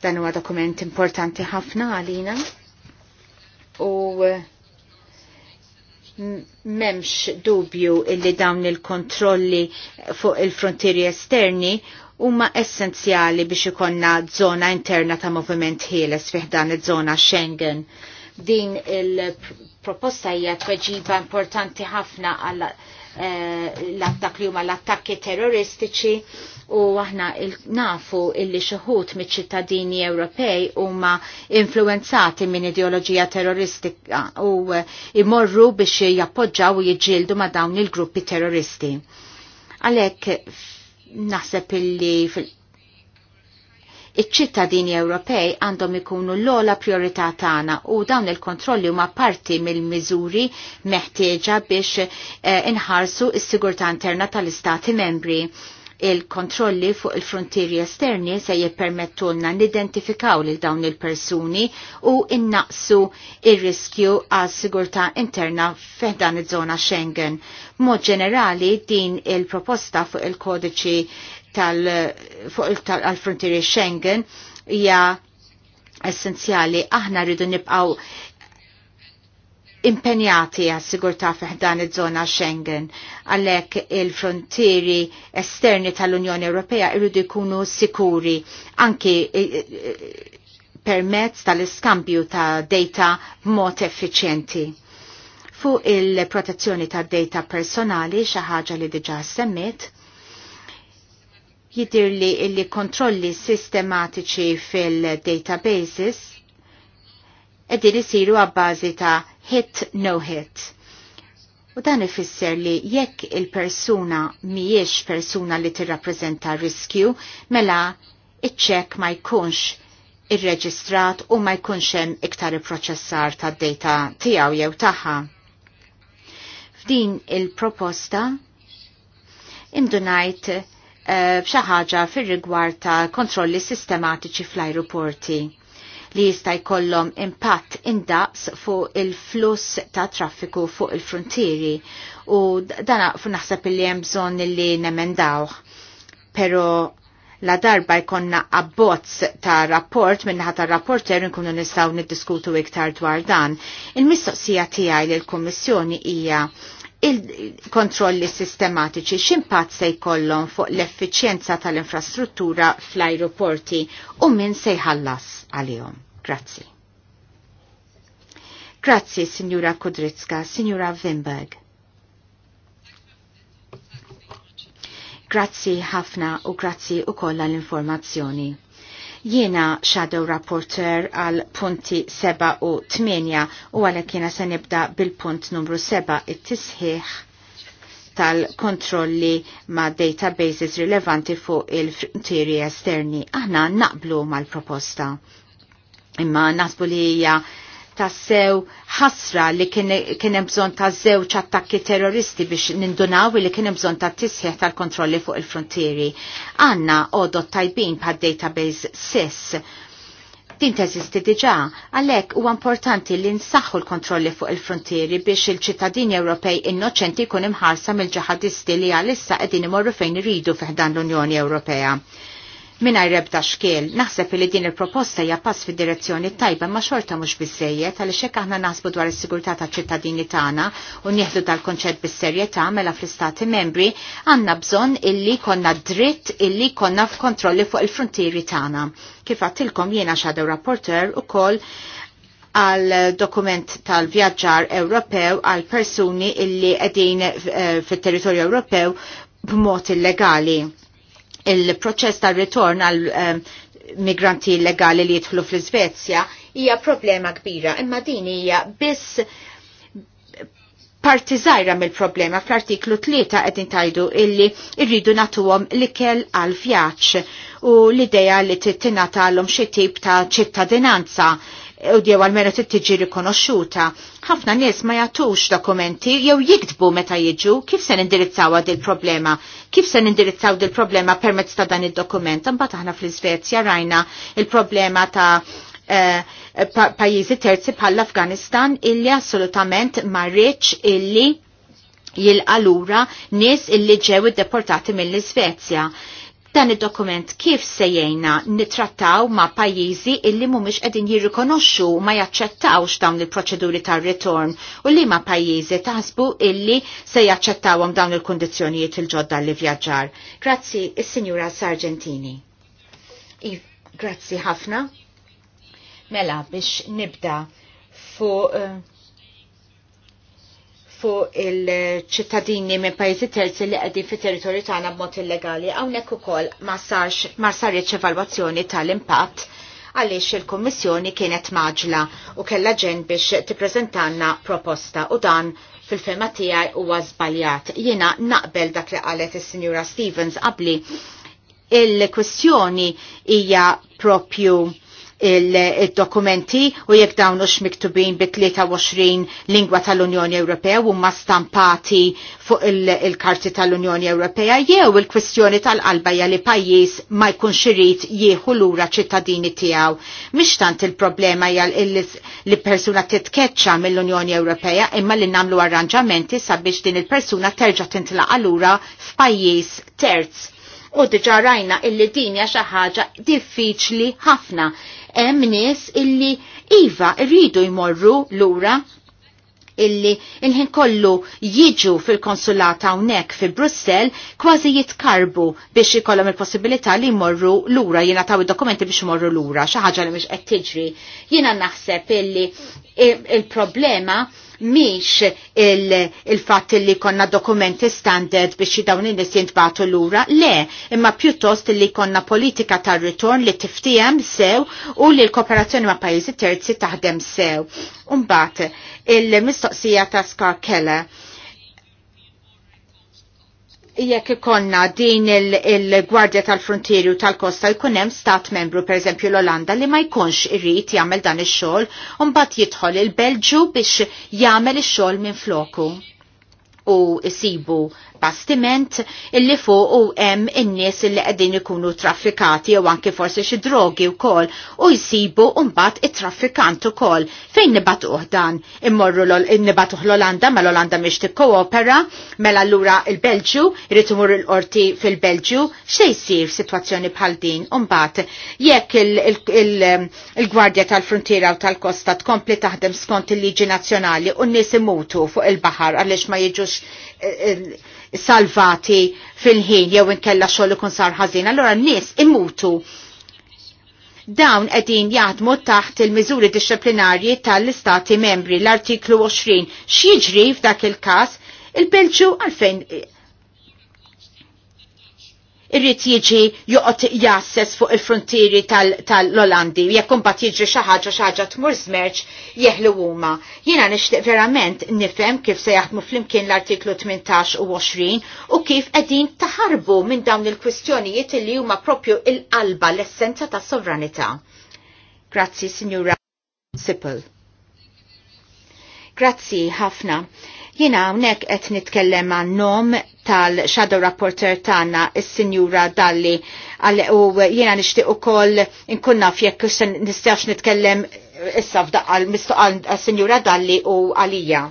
Dan huwa dokument importanti ħafna għalina u memx dubju illi dawn il-kontrolli fuq il-frontieri esterni huma essenzjali biex ikonna zona interna ta' moviment ħieles fih dan iż-żona Schengen. Din il-proposta hija tweġiba importanti ħafna għal eh, l-attak li huma l-attakki terroristiċi u aħna nafu illi xuħut mit ċittadini Ewropej huma influenzati minn ideoloġija terroristika u eh, imorru biex jappoġġaw u jiġġieldu ma' dawn il-gruppi terroristi. Għalhekk naħseb illi fil iċ-ċittadini Ewropej għandhom ikunu l-ola priorità tagħna u dawn il-kontrolli huma parti mill-miżuri meħtieġa biex eh, inħarsu s-sigurtà interna tal-Istati membri Il-kontrolli fuq il-frontieri esterni se jippermettulna nidentifikaw lil dawn il-persuni u innaqsu il-riskju għal sigurta interna f'dan iż-żona Schengen. Mod ġenerali din il-proposta fuq il-kodiċi tal-frontieri tal Schengen hija essenzjali aħna rridu nibqaw impenjati għas sigurtà fiħdan iż-żona Schengen għalhekk il-frontieri esterni tal-Unjoni Ewropea irridu jkunu sikuri anki e, e, e, permezz tal-iskambju ta' data b'mod effiċjenti. Fuq il-protezzjoni ta' data personali xi ħaġa li diġà semmit, jidir li kontrolli sistematiċi fil-databases edin isiru għabbażi ta' hit no hit. U dan ifisser li jekk il-persuna miex persuna li tirrappreżenta riskju, mela iċċek ma jkunx irreġistrat u ma jkunx hemm iktar il-proċessar tad-data tiegħu jew tagħha. F'din il-proposta imdunajt eh, b'xi ħaġa fir-rigward ta' kontrolli sistematiċi fl-ajruporti li jista' jkollhom impatt indaqs fuq il-fluss ta' traffiku fuq il-frontieri u dana fu naħseb li hemm bżonn li nemendawh. Pero la darba jkonna abbozz ta' rapport minnaħat ta' rapporter nkunu nistaw niddiskutu iktar dwar dan. Il-mistoqsija tiegħi lill kummissjoni hija il-kontrolli sistematiċi ximpat se jkollhom fuq l-effiċjenza tal-infrastruttura fl-ajruporti u min se jħallas għalihom. Grazzi. Grazzi, Signora Kudritska, Signora Wimberg. Grazzi ħafna u grazzi u koll l-informazzjoni. Jiena shadow rapporteur għal punti 7 u 8 u għalhekk jiena se nibda bil-punt numru 7 it-tisħiħ tal-kontrolli ma' databases rilevanti fuq il-frontieri esterni. Aħna naqblu mal-proposta. Imma nasbu li hija tassew ħasra li kien hemm bżonn ta' żewġ attakki terroristi biex nindunaw li kien hemm bżonn ta' tisħeħ tal-kontrolli fuq il-frontieri. Anna għodot tajbin bħad database SIS. Din teżisti diġà, għalhekk huwa importanti li nsaħħu l-kontrolli fuq il-frontieri biex il-ċittadini Ewropej innoċenti jkun imħarsa mill-ġihadisti li għalissa qegħdin imorru fejn iridu fiħdan l-Unjoni Ewropea minna rebda xkiel. Naħseb li din il-proposta hija pass direzzjoni tajba ma xorta mhux bizzeje, għaliex hekk aħna naħsbu dwar is-sigurtà taċ-ċittadini tagħna u nieħdu dal-konċett bis-serjetà mela fl-istati membri għandna bżonn illi konna dritt illi konna f'kontrolli fuq il-frontieri tagħna. Kif tilkom jiena xadew rapporter ukoll għal dokument tal-vjaġġar Ewropew għal persuni illi qegħdin eh, fit-territorju Ewropew b'mod illegali il-proċess tal-ritorn għal ehm, migranti illegali li jidħlu fl-Svezja hija problema kbira, imma din hija biss parti zaħira mill-problema fl-artiklu 3 qed intajdu illi irridu natuhom l-ikel għal vjaġġ u l-ideja li tittina talhom xi tip ta' ċittadinanza u jew għalmenu t-tġi rikonoxxuta. Ħafna nies ma jagħtux dokumenti jew jiktbu meta jiġu kif se nindirizzaw għad il-problema. Kif se nindirizzaw il problema permezz ta' dan id-dokument. Imbagħad aħna fl-Iżvezja rajna il-problema ta' eh, pajjiżi terzi bħall-Afganistan illi assolutament ma rridx illi jil-għalura nies illi ġew deportati mill-Iżvezja Dan id-dokument kif sejjena nitrattaw ma' pajjiżi illi mhumiex qegħdin jirrikonoxxu ma jaċċettawx dawn il-proċeduri tar-ritorn u li ma' pajjiżi taħsbu illi se jaċċettawhom dawn il-kundizzjonijiet il-ġodda li vjaġġar. Grazzi is-Sinjura Sargentini. Grazzi ħafna. Mela biex nibda fuq uh, eh, fuq il-ċittadini minn pajjiżi terzi li qegħdin fit-territorju tagħna b'mod illegali hawnhekk ukoll ma sarx ma sarx evalwazzjoni tal-impatt għaliex il-Kommissjoni kienet maġla u kella ġen biex tippreżentanna proposta u dan fil-fema tiegħi huwa żbaljat. Jiena naqbel dak li qalet is-Sinjura Stevens qabli il-kwestjoni hija propju il-dokumenti u jekk dawn ux miktubin bi 23 lingwa tal-Unjoni Ewropea u ma stampati fuq il-karti tal-Unjoni Ewropea jew il-kwistjoni tal-qalba li pajjiż ma jkunx irid jieħu lura ċittadini tiegħu. Mix tant il-problema jgħal li persuna titkeċċa mill-Unjoni Ewropea imma li nagħmlu arranġamenti sabiex din il-persuna terġa' tintlaqa lura f'pajjiż terz u diġa rajna illi din hija xi ħaġa diffiċli ħafna hemm nies illi iva rridu jmorru lura illi il-ħin kollu jiġu fil-konsulata hawnhekk fi Brussell kważi jitkarbu biex ikollhom il-possibilità li jmorru lura jiena taw id-dokumenti biex jmorru lura xi ħaġa li mhux qed tiġri. Jiena naħseb illi il-problema il problema miex il fat il li konna dokumenti standard biex dawn in-nies l lura, le, imma pjuttost li konna politika tar-ritorn li tiftijem sew u li l-kooperazzjoni ma' pajjiżi terzi taħdem sew. Umbat, il-mistoqsija ta' Skar Keller jekk ikonna din il-Gwardja il tal-Frontieri tal-Kosta jkun hemm stat membru pereżempju l-Olanda li ma jkunx irrid jagħmel dan ix-xogħol u mbagħad jidħol il-Belġu biex jagħmel ix-xogħol minn floku u jsibu bastiment illi fuq u hemm in-nies illi qegħdin ikunu traffikati jew anke forsi xi drogi wkoll u jsibu mbagħad it-traffikant ukoll. Fejn nibatuh dan? Immorru nibatuh l-Olanda ma mela l-Olanda mhix tikkoopera, mela allura il-Belġju irid imur il-qorti fil-Belġju x'se jsir sitwazzjoni bħal din u mbagħad jekk il-Gwardja tal-Frontiera u tal-Kosta tkompli taħdem skont il-liġi nazzjonali u n-nies imutu fuq il-baħar għaliex ma jiġux eh, eh, salvati fil-ħin jew inkella xogħol ikun sar ħażin, allura n-nies immutu dawn qegħdin jaħdmu taħt il miżuri dixxiplinarji tal-istati membri l-artiklu 20. X'jiġri f'dak il-każ il-Belġu għalfejn irrid jiġi joqgħod jasses fuq il-frontieri tal-Olandi, tal jekk imbagħad jiġri xi ħaġa xi ħaġa tmur żmerġ jeħlu huma. Jiena nixtieq verament nifhem kif se jaħdmu flimkien l-artiklu 18 u 20 u kif qegħdin taħarbu minn dawn il-kwistjonijiet li huma propju il-qalba l-essenza tas sovranità. Grazzi, Signora Sippel. Grazzi ħafna. Jina hawnhekk qed nitkellem għan-nom tal-Shadow Rapporter tagħna il sinjura Dalli u jiena nixtieq ukoll inkun naf jekk nistax nitkellem issa f'daqqa mistoqal il sinjura Dalli u għalija.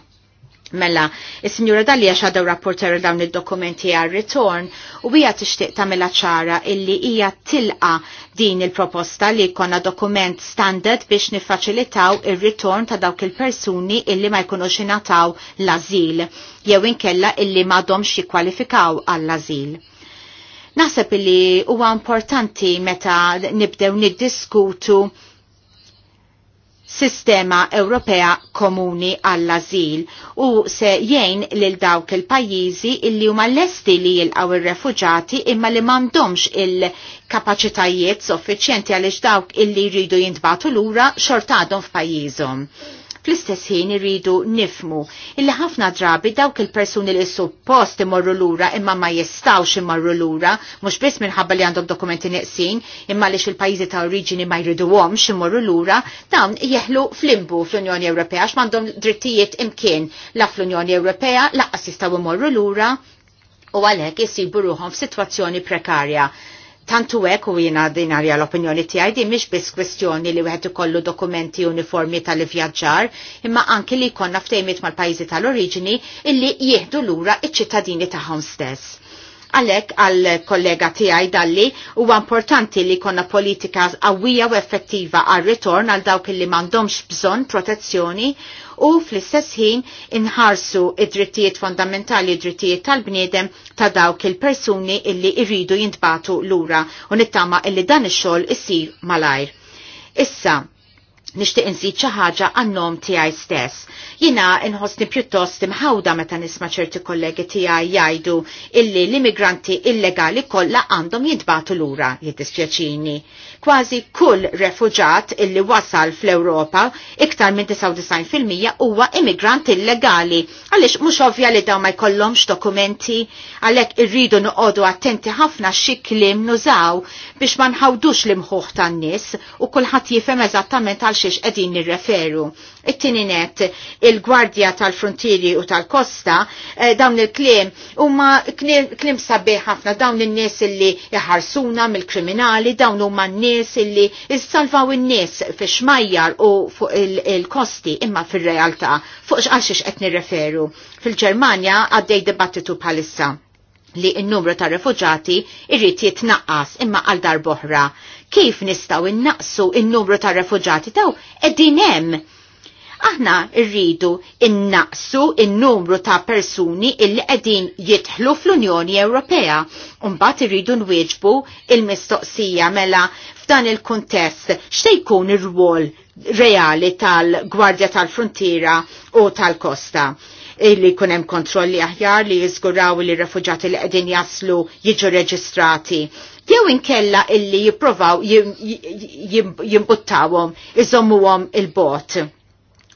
Mela, il-Sinjura Dalija xadaw rapporter dawn il-dokumenti għal-return u bija tixtiq tamela ċara illi hija tilqa din il-proposta li konna dokument standard biex nifacilitaw il-return ta' dawk il-persuni illi ma jkunux inataw l-azil, jew inkella illi ma domx jikwalifikaw għall-azil. Naħseb illi huwa importanti meta nibdew niddiskutu sistema Ewropea komuni għall-azil u se jgħin lil dawk il-pajjiżi illi huma lesti li jilqgħu ir-refuġati imma li m'għandhomx il-kapaċitajiet soffiċjenti għaliex dawk illi jridu jintbatu lura xortadhom f'pajjiżhom fl-istess ħin irridu nifmu illi ħafna drabi dawk il-persuni li suppost imorru lura imma ma jistawx imorru lura mhux biss minħabba li għandhom dokumenti neqsin imma li il-pajjiżi ta' oriġini ma jriduhomx imorru lura dawn jeħlu flimbu fl-Unjoni Ewropea għax m'għandhom drittijiet imkien la fl-Unjoni Ewropea laqqas jistgħu imorru lura u għalhekk isibu ruhom f'sitwazzjoni prekarja tantu hekk u jiena dinarja l-opinjoni tiegħi din mhix biss kwestjoni li wieħed ikollu dokumenti uniformi tal-ivvjaġġar, imma anki li jkollna ftejmiet mal-pajjiżi tal-oriġini illi jieħdu lura iċ-ċittadini tagħhom stess. Għalek għal-kollega tijaj dalli u importanti li konna politika għawija u effettiva għal-ritorn għal dawk li mandomx bżon protezzjoni u fl-istess ħin inħarsu id-drittijiet fondamentali id-drittijiet tal-bniedem ta' dawk il-persuni illi irridu jintbatu l-ura u nittama illi dan ix-xogħol isir malajr. Issa, nishtiq insit xi ħaġa għannom tiegħi stess. Jina inħossni pjuttost imħawda meta nisma ċerti kollegi tiegħi jgħidu illi l-immigranti illegali kollha għandhom jintbatu lura jiddispjaċini. Kważi kull refuġat illi wasal fl-Ewropa iktar minn 99% huwa immigrant illegali għaliex mhux ovvja li dawn ma jkollhomx dokumenti għalhekk irridu noqogħdu attenti ħafna xi kliem nużaw biex ma nħawdux l-imħuħ tan-nies u kulħadd jifhem eżattament għal xiex qegħdin nirreferu. It-tieni net il-Gwardja tal-Frontieri u tal-Kosta eh, dawn il-kliem huma klim sabiħ ħafna dawn in-nies illi jħarsuna mill-kriminali, dawn huma n-nies illi jissalvaw in-nies fix-xmajjar u fuq il-kosti imma fir-realtà fuq għal etni qed nirreferu. Fil-Ġermanja għaddej dibattitu bħalissa li n-numru ta' refugġati irrit jitnaqqas imma għal darboħra. Kif nistaw in-naqsu n-numru ta' refugġati taw qegħdin hemm? Aħna rridu innaqsu in-numru ta' persuni illi qegħdin jitħlu fl-Unjoni Ewropea. Mbagħad irridu nwieġbu il-mistoqsija mela f'dan il-kuntest x'se jkun ir-rwol reali tal-Gwardja tal-Frontiera u tal-Kosta li kunem kontrolli aħjar li jizguraw li refugjati li qegħdin jaslu jiġu reġistrati. Jew inkella illi jipprovaw jimbuttawhom iżommuhom il-bot.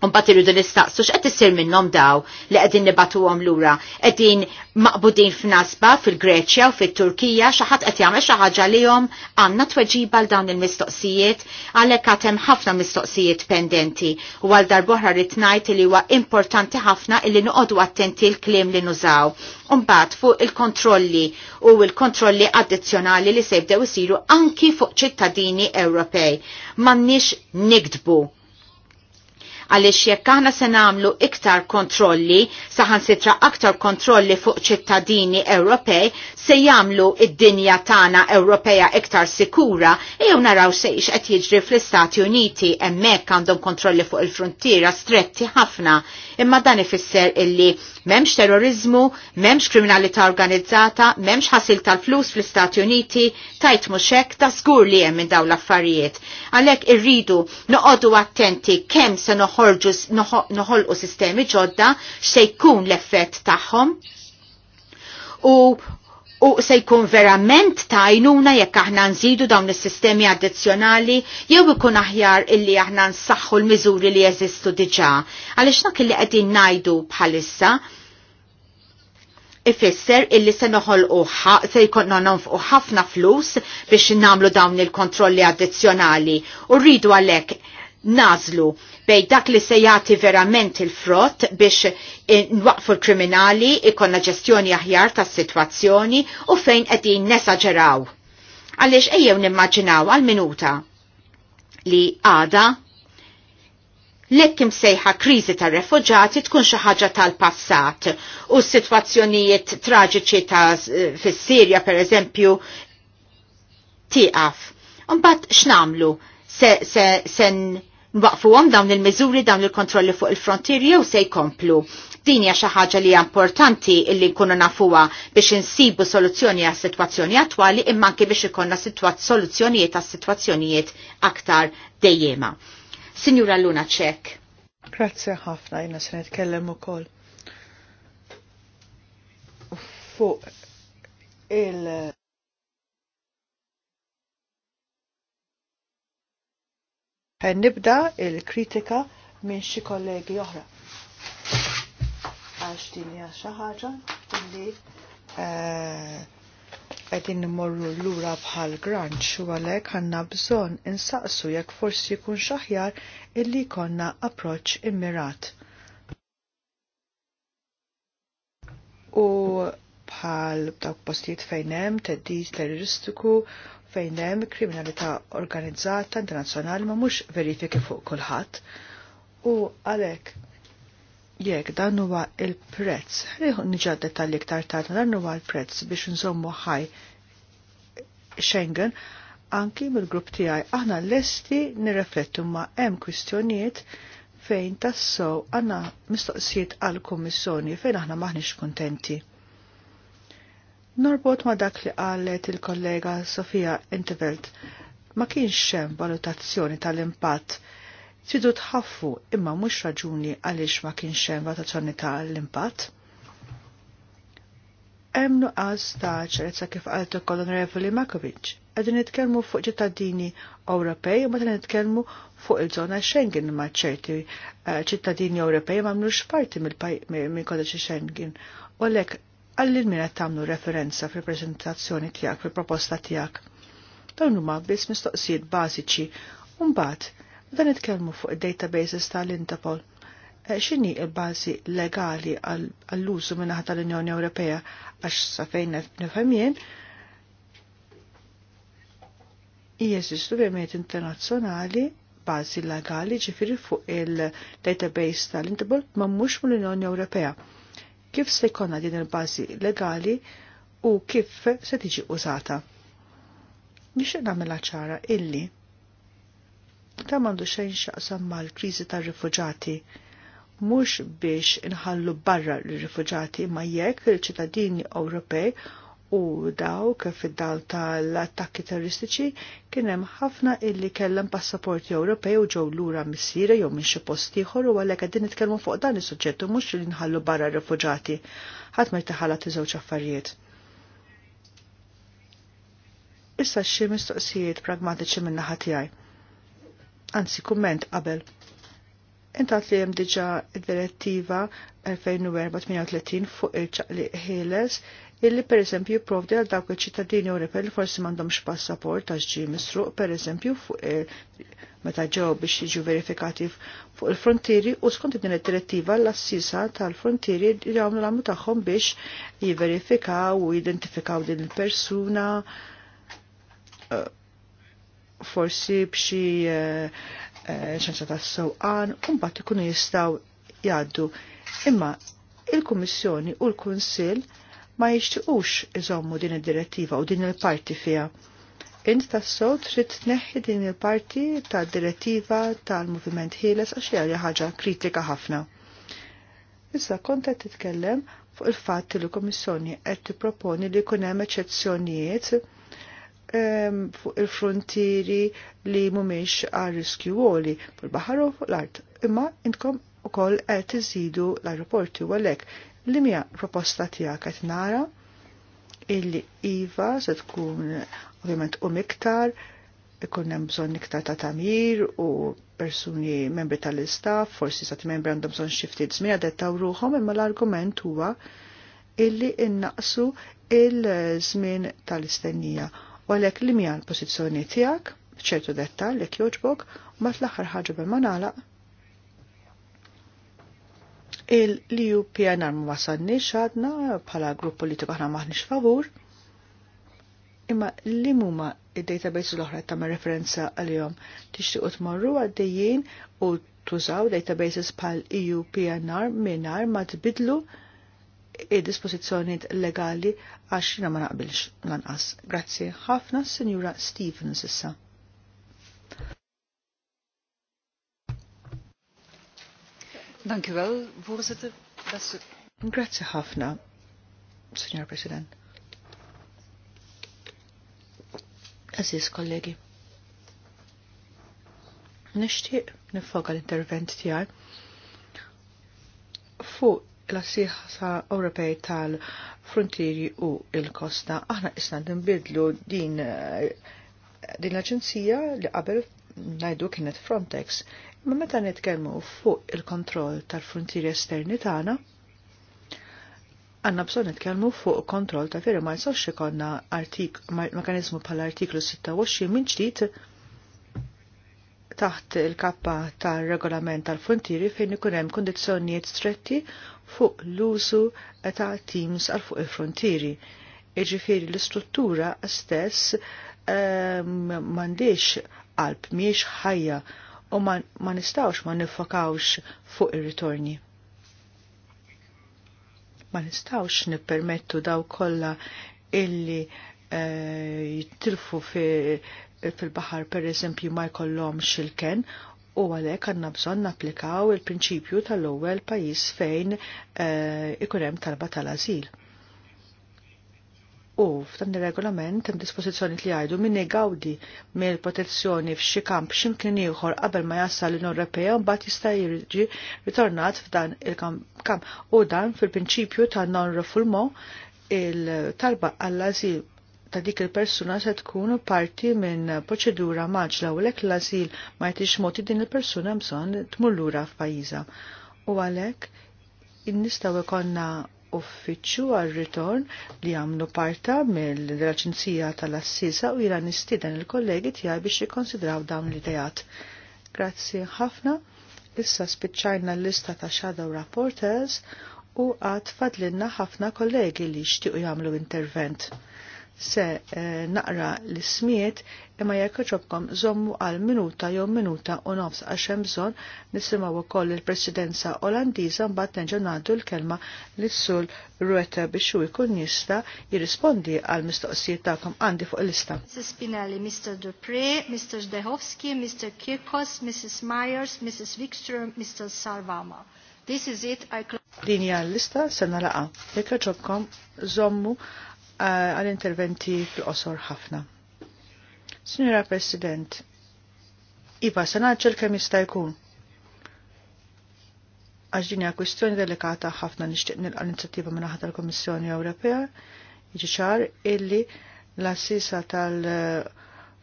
Unbat irridu nistaqsu x'qed issir minnhom daw li qegħdin nibatuhom lura. Qegħdin maqbudin f'nasba fil-Greċja u fit-Turkija xi ħadd qed jagħmel xi ħaġa lihom għandna tweġiba l dawn il-mistoqsijiet għalhekk għad hemm ħafna mistoqsijiet pendenti u għal darb'oħra rrid ngħid li huwa importanti ħafna illi noqogħdu attenti l-kliem li nużaw. mbagħad fuq il-kontrolli u l-kontrolli addizzjonali li se jibdew isiru anki fuq ċittadini Ewropej. M'għandniex nigdbu għaliex jekk aħna se nagħmlu iktar kontrolli, saħansitra aktar kontrolli fuq ċittadini Ewropej se jagħmlu id-dinja tagħna Ewropea iktar sikura jew naraw ix qed jiġri fl-Istati Uniti hemmhekk għandhom kontrolli fuq il-frontiera stretti ħafna imma dan ifisser illi Memx terrorizmu, memx kriminalità organizzata, memx ħasil tal-flus fl-Istati Uniti, tajt muxek ta' zgur li hemm minn daw l-affarijiet. Għalhekk irridu noqogħdu attenti kemm se noħorġu noħolqu sistemi ġodda x'se jkun l-effett tagħhom u u se jkun verament tajnuna jekk aħna nżidu dawn is-sistemi addizzjonali jew ikun aħjar illi aħna nsaħħu l-miżuri li jeżistu diġà. Għaliex dak li qegħdin ngħidu bħalissa ifisser illi se noħolqu se jkun nonfqu ħafna flus biex nagħmlu dawn il-kontrolli addizzjonali u rridu għalhekk nażlu bej dak li se jagħti verament il-frott biex nwaqfu l-kriminali ikonna ġestjoni aħjar tas-sitwazzjoni u fejn qegħdin nesaġeraw. Għaliex ejjew nimmaġinaw għal-minuta li għada lekkim sejħa kriżi tar refugġati tkun xi ħaġa tal-passat u s-sitwazzjonijiet traġiċi ta' fis-Sirja pereżempju tieqaf. Mbagħad x'namlu? Se, se, sen għom dawn il-miżuri dawn il-kontrolli fuq il-frontieri jew se jkomplu. Din hija xi ħaġa li hija importanti illi nkunu nafuha biex insibu soluzzjoni għas sitwazzjoni attwali imma anke biex ikollna soluzzjonijiet għas sitwazzjonijiet aktar dejjema. Sinjura Luna Ċek. Grazzi ħafna jiena se nitkellem ukoll fuq il- E, nibda il-kritika minn xi kollegi oħra. Għax din hija xi ħaġa li e, qegħdin nimorru lura bħal grant u għalhekk għandna bżonn insaqsu jekk forsi jkun xaħjar illi konna approċċ immirat. U bħal dawk postijiet fejn hemm teddis terroristiku fejn hemm kriminalità organizzata internazzjonali ma mhux verifiki fuq kulħadd u għalhekk jekk dan huwa l prezz rieħu niġa dettalji iktar tard dan huwa l-prezz biex nżommu ħaj Schengen anki mill-grupp tiegħi aħna lesti nirreflettu ma hemm kwistjonijiet fejn tassow għandna mistoqsijiet għall kummissjoni fejn aħna maħniex kuntenti Norbot ma dak li qalet il-kollega Sofija Entevelt ma kienx hemm valutazzjoni tal-impatt tridu tħaffu imma mhux raġuni għaliex ma kienx hemm valutazzjoni tal-impatt. Hemm nuqqas ta' ċerezza kif qalt ukoll Onorevoli Makovic. Qegħdin nitkellmu fuq ċittadini Ewropej u meta nitkellmu fuq il-żona Schengen ma' ċerti eh, ċittadini Ewropej ma mnux parti mill-kodeċi Schengen. U għalhekk għallin mira tamlu referenza fil prezentazzjoni tijak, fil proposta tijak. Dawn huma biss mistoqsijiet bażiċi, bat dan itkellmu fuq databases tal-Interpol. Eh, x'inhi l-bażi legali għall-użu minn tal-Unjoni Ewropea għax sa fejn nifhem jien jeżistu internazzjonali bażi legali ġifiri fuq il-database tal-Interpol ma mux mill-Unjoni Ewropea kif se jkollna din il-bażi legali u kif se tiġi użata. Nixtieq nagħmilha ċara illi ta' mandu xejn x'aqsam mal-kriżi tar rifugġati mhux biex inħallu barra l rifugġati ma jekk il-ċittadini Ewropej u dawk fid-dal tal-attakki terroristiċi kien hemm ħafna illi kellhom passaporti Ewropej u ġew lura missiera jew minn xi post ieħor u għalhekk qegħdin nitkellmu fuq dan is-suġġett u mhux li nħallu barra r rifuġjati ħadd ma jtaħalat żewġ affarijiet. Issa xi mistoqsijiet pragmatiċi minn naħa tiegħi. Anzi, kumment qabel. Intat li hemm diġà id-direttiva 2034 fuq il-ċaqli ħieles illi per eżempju jipprovdi għal dawk il-ċittadini Ewropej li forsi m'għandhomx passaport għax ġie misruq per eżempju eh, meta ġew biex jiġu verifikati fuq il-frontieri u skont din id-direttiva l-assisa tal-frontieri għamlu l għamlu tagħhom biex jiverifikaw u jidentifikaw din il-persuna eh, forsi b'xi ċansa eh, ta' sewqan, u mbagħad ikunu jistgħu jgħaddu. Imma il-Kummissjoni u l-Kunsill ma jixtiqux iżommu din id-direttiva u din il-parti fija. Int tassow trid tneħħi din il-parti tad-direttiva tal-Moviment Ħieles għax hija ħaġa kritika ħafna. Issa kont qed titkellem fuq il-fatt li l-Kummissjoni qed tipproponi li jkun hemm eċezzjonijiet ehm, fuq il-frontieri li mhumiex għal riskju għoli il baħar u fuq l-art. Imma intkom u koll għed iżidu l-aeroporti u għalek li mija proposta tijak għed nara illi IVA se tkun ovvjament u miktar ikun hemm bżonn iktar ta' tamir u persuni membri tal-istaff, forsi sa' membri għandhom bżonn xi ftit żmien għadet tawruhom imma l-argument huwa illi innaqsu il-żmien tal-istennija. U għalhekk li mija l-pożizzjoni tiegħek, ċertu dettal jekk jogħġbok, ma mat aħħar ħaġa bil ma il PNR ma wasalniex għadna bħala grupp politiku aħna maħniex favur, imma li muma id-database l ohra ta' ma' referenza għal-jom tixtiqu tmorru għaddejjien u tużaw databases pal EU PNR minar ma tbidlu id-dispozizjoniet legali għax ma naqbilx lanqas. Grazzi ħafna, Sinjura Stevens issa. Dank u wel, voorzitter. Grazie ħafna, signor President. Aziz kollegi. Nishtiq nifoka l-intervent tijaj fuq l-assiħsa Ewropej tal-frontieri u il-kosta. Aħna isna nbidlu din eh, din l-aġenzija li qabel najdu kienet Frontex, ma meta nitkellmu fuq il-kontroll tal-frontieri esterni tagħna, għanna bżon nitkellmu fuq kontroll ta' firma ma jsawx ikonna artik mekanizmu bħal artiklu 26 minn ġdid taħt il-kappa tal-regolament tal-frontieri fejn ikun hemm kundizzjonijiet stretti fuq l-użu ta' teams għal fuq il-frontieri. Iġifieri l-istruttura stess mandiex ehm, qalb, miex ħajja u ma nistawx ma nifokawx fuq ir-ritorni. Ma nistawx nippermettu daw kollha illi eh, jittilfu fil-bahar per eżempju ma jkollhomx il u għalhekk għandna bżonn napplikaw il-prinċipju tal-ewwel pajjiż fejn eh, ikun hemm talba tal-ażil. U f'dan ir-regolament hemm dispożizzjoni li jgħidu min gawdi mill protezzjoni f'xi kamp x'imkien ieħor qabel ma jasal l-Unjoni Ewropea mbagħad jista' jiġi ritornat f'dan il-kamp u dan fil-prinċipju ta' non refulmo il-talba għall-azil ta' dik il-persuna se tkun parti minn proċedura maġla u lek l-azil ma jtix moti din il-persuna bżonn tmullura f'pajjiża. U għalhekk nistaw ikonna uffiċċju għal-ritorn li għamlu parta mill raċinzija tal-Assisa u jira nistieden il-kollegi tiegħi biex jikkonsidraw dawn l-idejat. Grazzi ħafna. Issa spiċċajna l-lista ta' Shadow Rapporters u għad fadlinna ħafna kollegi li xtiqu jagħmlu intervent se eh, naqra l-ismiet imma jekk ġobkom zommu għal minuta jew minuta u nofs għaxem bżon nisimaw nisimgħu il-Presidenza Olandiża mbagħad neġgħu ngħaddu l-kelma lis-sul Rueta biex hu jkun jista' jirrispondi għal mistoqsijiet tagħkom għandi fuq l lista Mrs. Spinelli, Mr. Dupre, Mr. Zdehovski, Mr. Kirkos, Mrs. Myers, Mrs. Wikström, Mr. Sarvama. This is it, I close. Linja l-lista sena laqa. Jekk ġobkom zommu għal-interventi fil-qosor ħafna. Signora President, iba sanaċel kemm jista' jkun. Għax din hija kwistjoni delikata ħafna nixtieq għal inizjattiva minnaħat tal komissjoni Ewropea jiġi ċar illi l-assisa tal-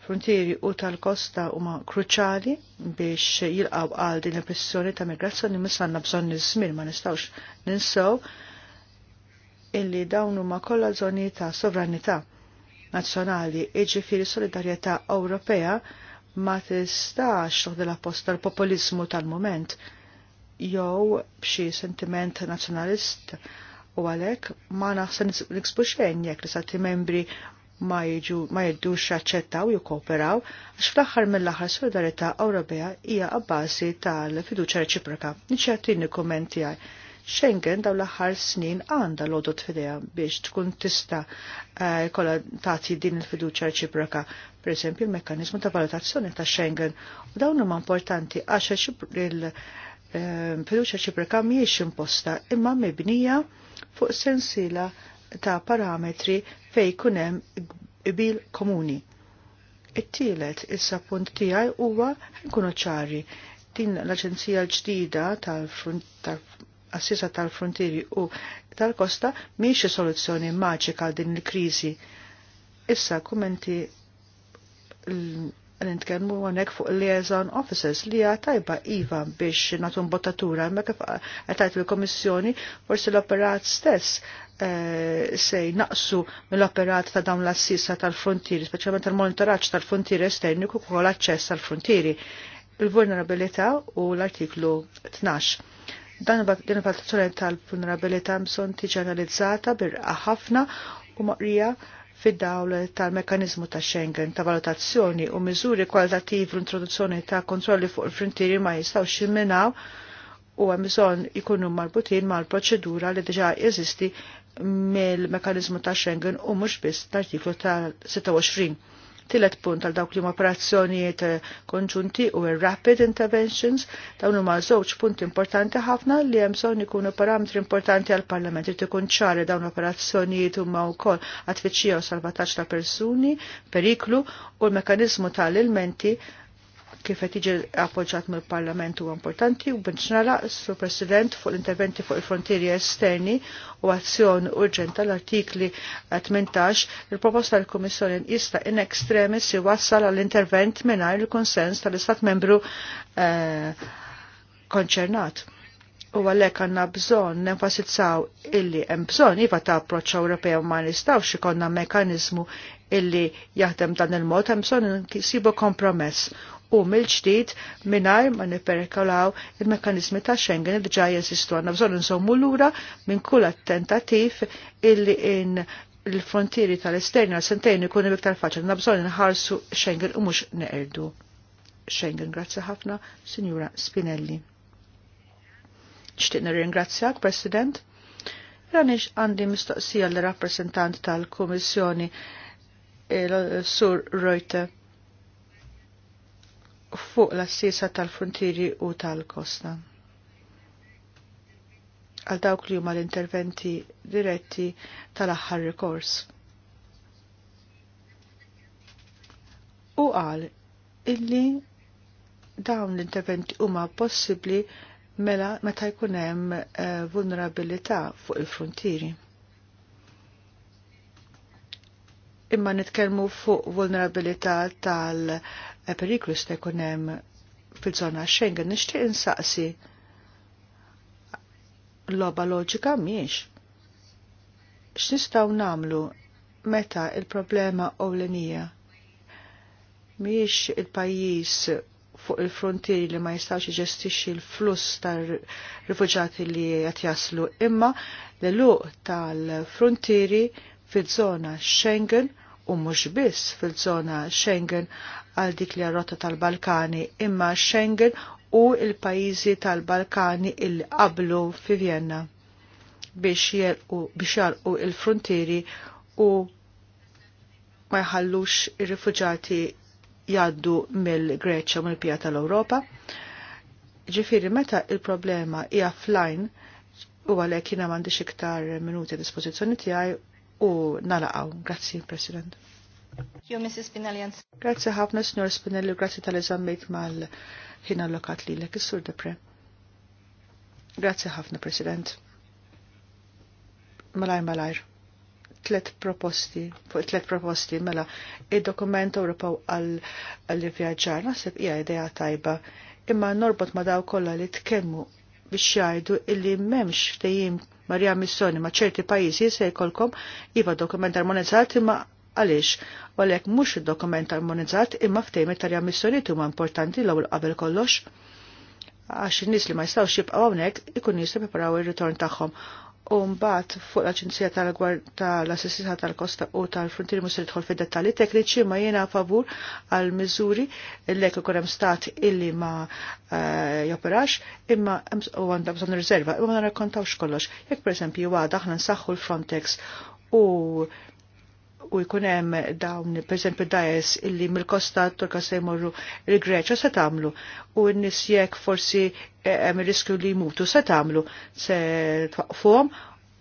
frontieri u tal-kosta huma kruċali biex jilqaw għal din il-pressjoni ta' migrazzjoni mis għandna bżonn niż ma nistgħux ninsew so, illi dawn huma kollha żoni ta' sovranità nazzjonali, iġifieri solidarjetà Ewropea ma tistax toħdel appost tal-populizmu tal-moment jew b'xi sentiment nazzjonalist u għalhekk ma naħsen niksbu xejn jekk li stati membri ma jiġu ma jiddux jaċċettaw jikkooperaw għax fl-aħħar mill-aħħar solidarjetà Ewropea hija abbażi tal-fiduċja reċiproka. Nixxattini kummenti għaj Schengen daw l-aħħar snin għandha l-odot fideja biex tkun tista eh, kolla tagħti din il fiduċa reċiproka. Per esempio, il mekanizmu ta' valutazzjoni ta' Schengen u dawn huma importanti għax il- eh, fiduċa ċiprika miex imposta imma mibnija fuq sensila ta' parametri fej kunem bil komuni. It-tielet issa punt tiegħi huwa nkunu ċari din l-Aġenzija l-ġdida tal tal-Funt-Frunt assisa tal-frontieri u tal-kosta miexi soluzzjoni maġika għal din il-kriżi. Issa kummenti nitkellmu għonek fuq liaison officers li hija tajba iva biex natun bottatura imma kif għetajt l komissjoni forsi l-operat stess eh, sej se naqsu mill-operat ta' dawn l-assisa tal-frontieri, speċjalment tal monitoraċ tal-frontieri esterni u kol aċċess tal-frontieri. Il-vulnerabilità u l-artiklu 12 Dan il valutazzjoni tal-vulnerabilità mson tiġi analizzata birqa ħafna u moqrija fid-dawl tal-mekanizmu ta' Schengen ta' valutazzjoni u miżuri kwalitativi l-introduzzjoni ta' kontrolli fuq il-frontieri ma jistawx jimminaw u hemm bżonn ikunu marbutin mal-proċedura li diġà jeżisti mill-mekanizmu ta' Schengen u mhux biss l-artiklu ta' 26. Tillet punt għal dawk li operazzjonijiet eh, konġunti u rapid interventions, dawn huma żewġ punt importanti ħafna li hemm bżonn ikunu parametri importanti għal parlament li ikun ċari dawn operazzjonijiet huma wkoll għat tfittxija u salvataġġ ta' persuni, periklu u l-mekanizmu tal-ilmenti kif qed jiġi appoġġjat mill-Parlament huwa importanti u bint nagħlaq sur President fuq l-interventi fuq il-frontieri esterni u azzjoni urġent tal-artikli 18 il-proposta tal-Kummissjoni jista' in extremis jwassal għall-intervent mingħajr il-konsens tal-Istat membru eh, konċernat. U għalek għanna bżon nenfasizzaw illi hemm bżon iva ta' approċċ Ewropew ma nistgħux ikollna mekanizmu illi jaħdem dan il-mod hemm bżonn nsibu kompromess u mill-ġdid mingħajr ma niperkolaw il mekanizmi ta' Schengen li ġaj jeżistu għandna nżommu l lura minn kull attentativ illi in l-frontieri tal-esterni għal sentejn ikun iktar faċli nabżon nħarsu Schengen u mhux neqerdu. Schengen, grazzi ħafna, Signora Spinelli. Ġtiq nirringrazzjak, President. Ranix għandi mistoqsija l rappresentant tal-Kummissjoni, sur Reuter fuq l-assisa tal-frontieri u tal-kosta. Għal dawk li huma l-interventi diretti tal-aħħar rikors. U qal illi dawn l-interventi huma possibbli mela meta jkun hemm eh, vulnerabilità fuq il-frontieri. Imma nitkellmu fuq vulnerabilità tal- E' periklu sta jkun hemm fil-żona Schengen nixtieq insaqsi loba loġika miex. X'nistgħu nagħmlu meta il-problema ewlenija miex il-pajjiż fuq il-frontieri li ma jistax iġestixxi l-fluss tar-rifuġati li qed jaslu imma l-luq tal-frontieri fil-żona Schengen u mhux biss fil-żona Schengen għal dik li rotta tal-Balkani imma Schengen u il-pajizi tal-Balkani il qablu fi Vienna biex jelqu il-frontieri u ma jħallux ir-rifuġati jaddu mill-Greċja u mill-Pija tal-Ewropa. Ġifiri, meta il-problema hija flajn u għalek jiena m'għandix iktar minuti a dispożizzjoni tiegħi u nalaqgħu. Grazzi, President. You, Mrs. Spinelli. Grazie ħafna, Signor Spinelli, grazie tal-eżammejt mal ħina allokat li l-ek, Sur Depre. Grazie ħafna, President. Malajr, malajr. Tlet proposti, fuq tlet proposti, mela, il-dokument Ewropew għal-vjaġġar, nasib hija idea tajba, imma norbot ma daw kollha li tkemmu biex jgħidu illi memx tejjim Marja Missoni ma ċerti pajjiżi se jkollkom iva dokument armonizzati ma Għaliex, għalek mux il-dokument armonizzat imma ftejmet tal missjoniet huma importanti l għol qabel kollox għax in-nies li ma jistgħux jibqaw hawnhekk ikun jistgħu preparaw ir-ritorn tagħhom. U mbagħad fuq l-Aġenzija tal-Assistita tal-Kosta u tal-Frontier mhux jidħol fid-dettalji tekniċi ma jiena favur għal miżuri lek ikun hemm stat illi ma eh, joperax imma u għandha bżonn riserva imma ma narrakkontawx kollox. Jekk pereżempju għadha aħna nsaħħu l-Frontex u u jkun hemm dawn pereżempju dajes illi mill-kosta turka se jmorru il-Greċa se tagħmlu u n-nies jekk forsi eh, hemm riskju li jmutu se tagħmlu se twaqfuhom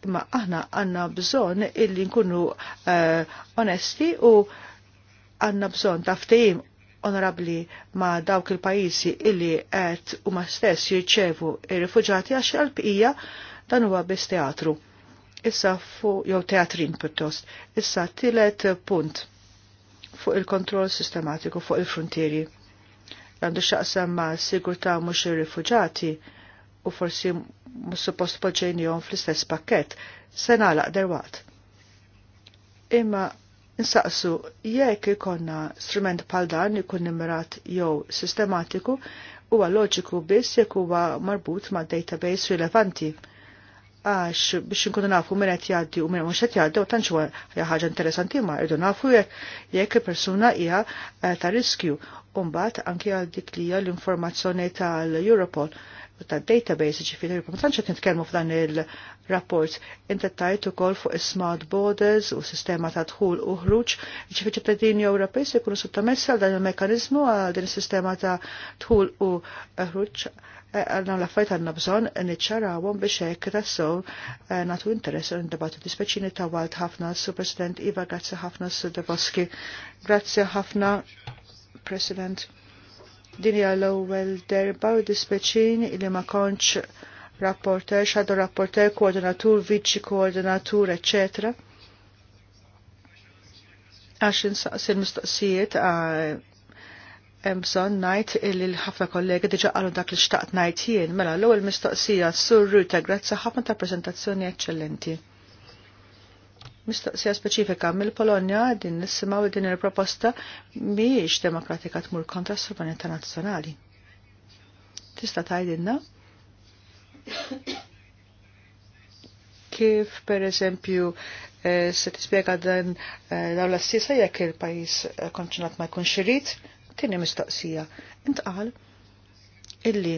imma aħna għandna bżonn illi nkunu uh, onesti u għandna bżonn ta' onorabli ma' dawk il-pajjiżi illi qed huma stess jirċevu ir-rifuġati għax għal dan huwa biss teatru Issa fuq jew teatrin pjuttost. Issa tielet punt fuq il-kontroll sistematiku fuq il-frontieri. Għandu xaqsam ma' sigurta mux il-rifugġati u forsi mux suppost poġġejnijom fl-istess pakket, se nagħlaq derwaqt. Imma Nsaqsu, jekk ikonna strument pal dan ikun nimmerat jew sistematiku, huwa loġiku biss jekk huwa marbut ma' database rilevanti għax biex nkunu nafu minn qed jgħaddi u minn mhux qed jgħaddi u tantx huwa ħaġa interessanti ma rridu nafu jekk persuna hija eh, ta' riskju. U mbagħad anke għal dik li hija l-informazzjoni tal-Europol u tad-database ġifieri ma tantx qed nitkellmu f'dan il-rapport. Inti tajt ukoll fuq is-smart borders u sistema ta' dħul u ħruġ, ġifieri ċittadini Ewropej se jkunu sottomessi għal dan il-mekkaniżmu għal din is-sistema ta' dħul u ħruġ għalna eh, l-affajt għanna bżon nitċarawom biex hekk tassow eh, natu interess għan debatu dispeċini ta' għalt ħafna su President Iva, grazzi ħafna su Deboski, grazzi ħafna President. Dini għal l-ewwel derba u dispeċin li ma konċ rapporter, xadu rapporter, koordinatur, viċi koordinatur, eccetera Għaxin insaqs il-mistoqsijiet eh, Emson najt li l-ħafna kollegi diġa għalu dak li xtaqt najt jien, mela l ewwel mistoqsija surru ta' grazza ħafna ta' prezentazzjoni eccellenti. Mistoqsija speċifika mill-Polonja din u din il-proposta miex demokratika tmur kontra s-sovranità nazzjonali. Tista' tgħidilna? Kif per eżempju eh, se tispjega dan eh, l-assisa jekk il-pajjiż eh, konċinat ma jkunx irid? Tini mistoqsija. Intqal illi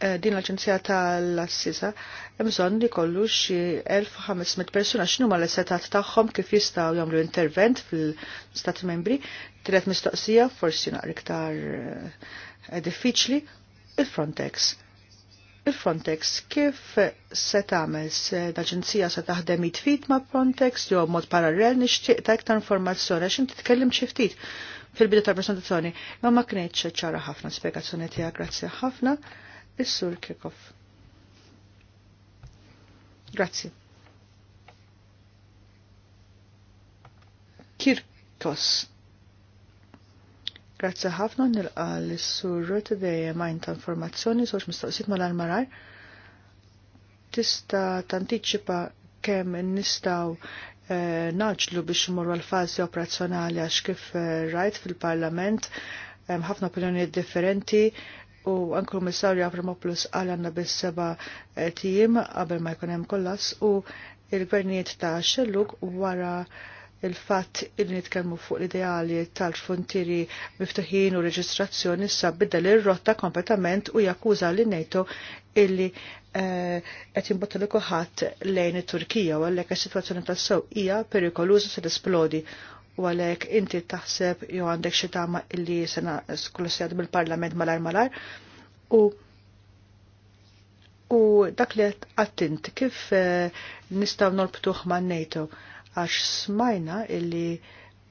eh, din l-Aġenzija tal-Assisa bżonn li kollu xi 1500 persuna x'numa l-setat tagħhom kif jistgħu jagħmlu intervent fil stat Membri, tret mistoqsija forsi naqra iktar eh, diffiċli il-Frontex. Il-Frontex kif se tagħmel l-Aġenzija se taħdem jitfit ma' Frontex jew mod parallel nixtieq ta' iktar informazzjoni għax inti tkellem xi ftit fil-bidu tal-presentazzjoni, ma ma kienieċ ċara ħafna spiegazzjoni tiegħek, grazzi ħafna, is-sur Kirkov. Grazzi. Kirkos. Grazzi ħafna nilqa l-sur dejjem majn ta' informazzjoni, sox mistoqsit mal almaraj Tista' tantiċipa kemm nistaw Eh, naġlu biex morru għal-fazi operazzjonali għax kif eh, rajt fil-parlament ħafna opinjonijiet differenti u anke l-Kummissarju Avramopoulos għal għanna biss seba tim qabel ma jkun hemm kollas u il-gvernijiet ta' xelluk wara il-fatt il nitkellmu fuq l-ideali tal-frontieri miftuħin u reġistrazzjoni issa bidda l-rotta kompletament u jakkuża li NATO illi qed imbotta li kulħadd lejn it-Turkija u għalhekk is-sitwazzjoni tas-sew hija perikoluża se tisplodi u għalhekk inti taħseb jew għandek xi tama illi sena sklusjat mill-Parlament malar malar u u dak li għattint kif eh, nistaw nolbtuħ ma' NATO għax smajna illi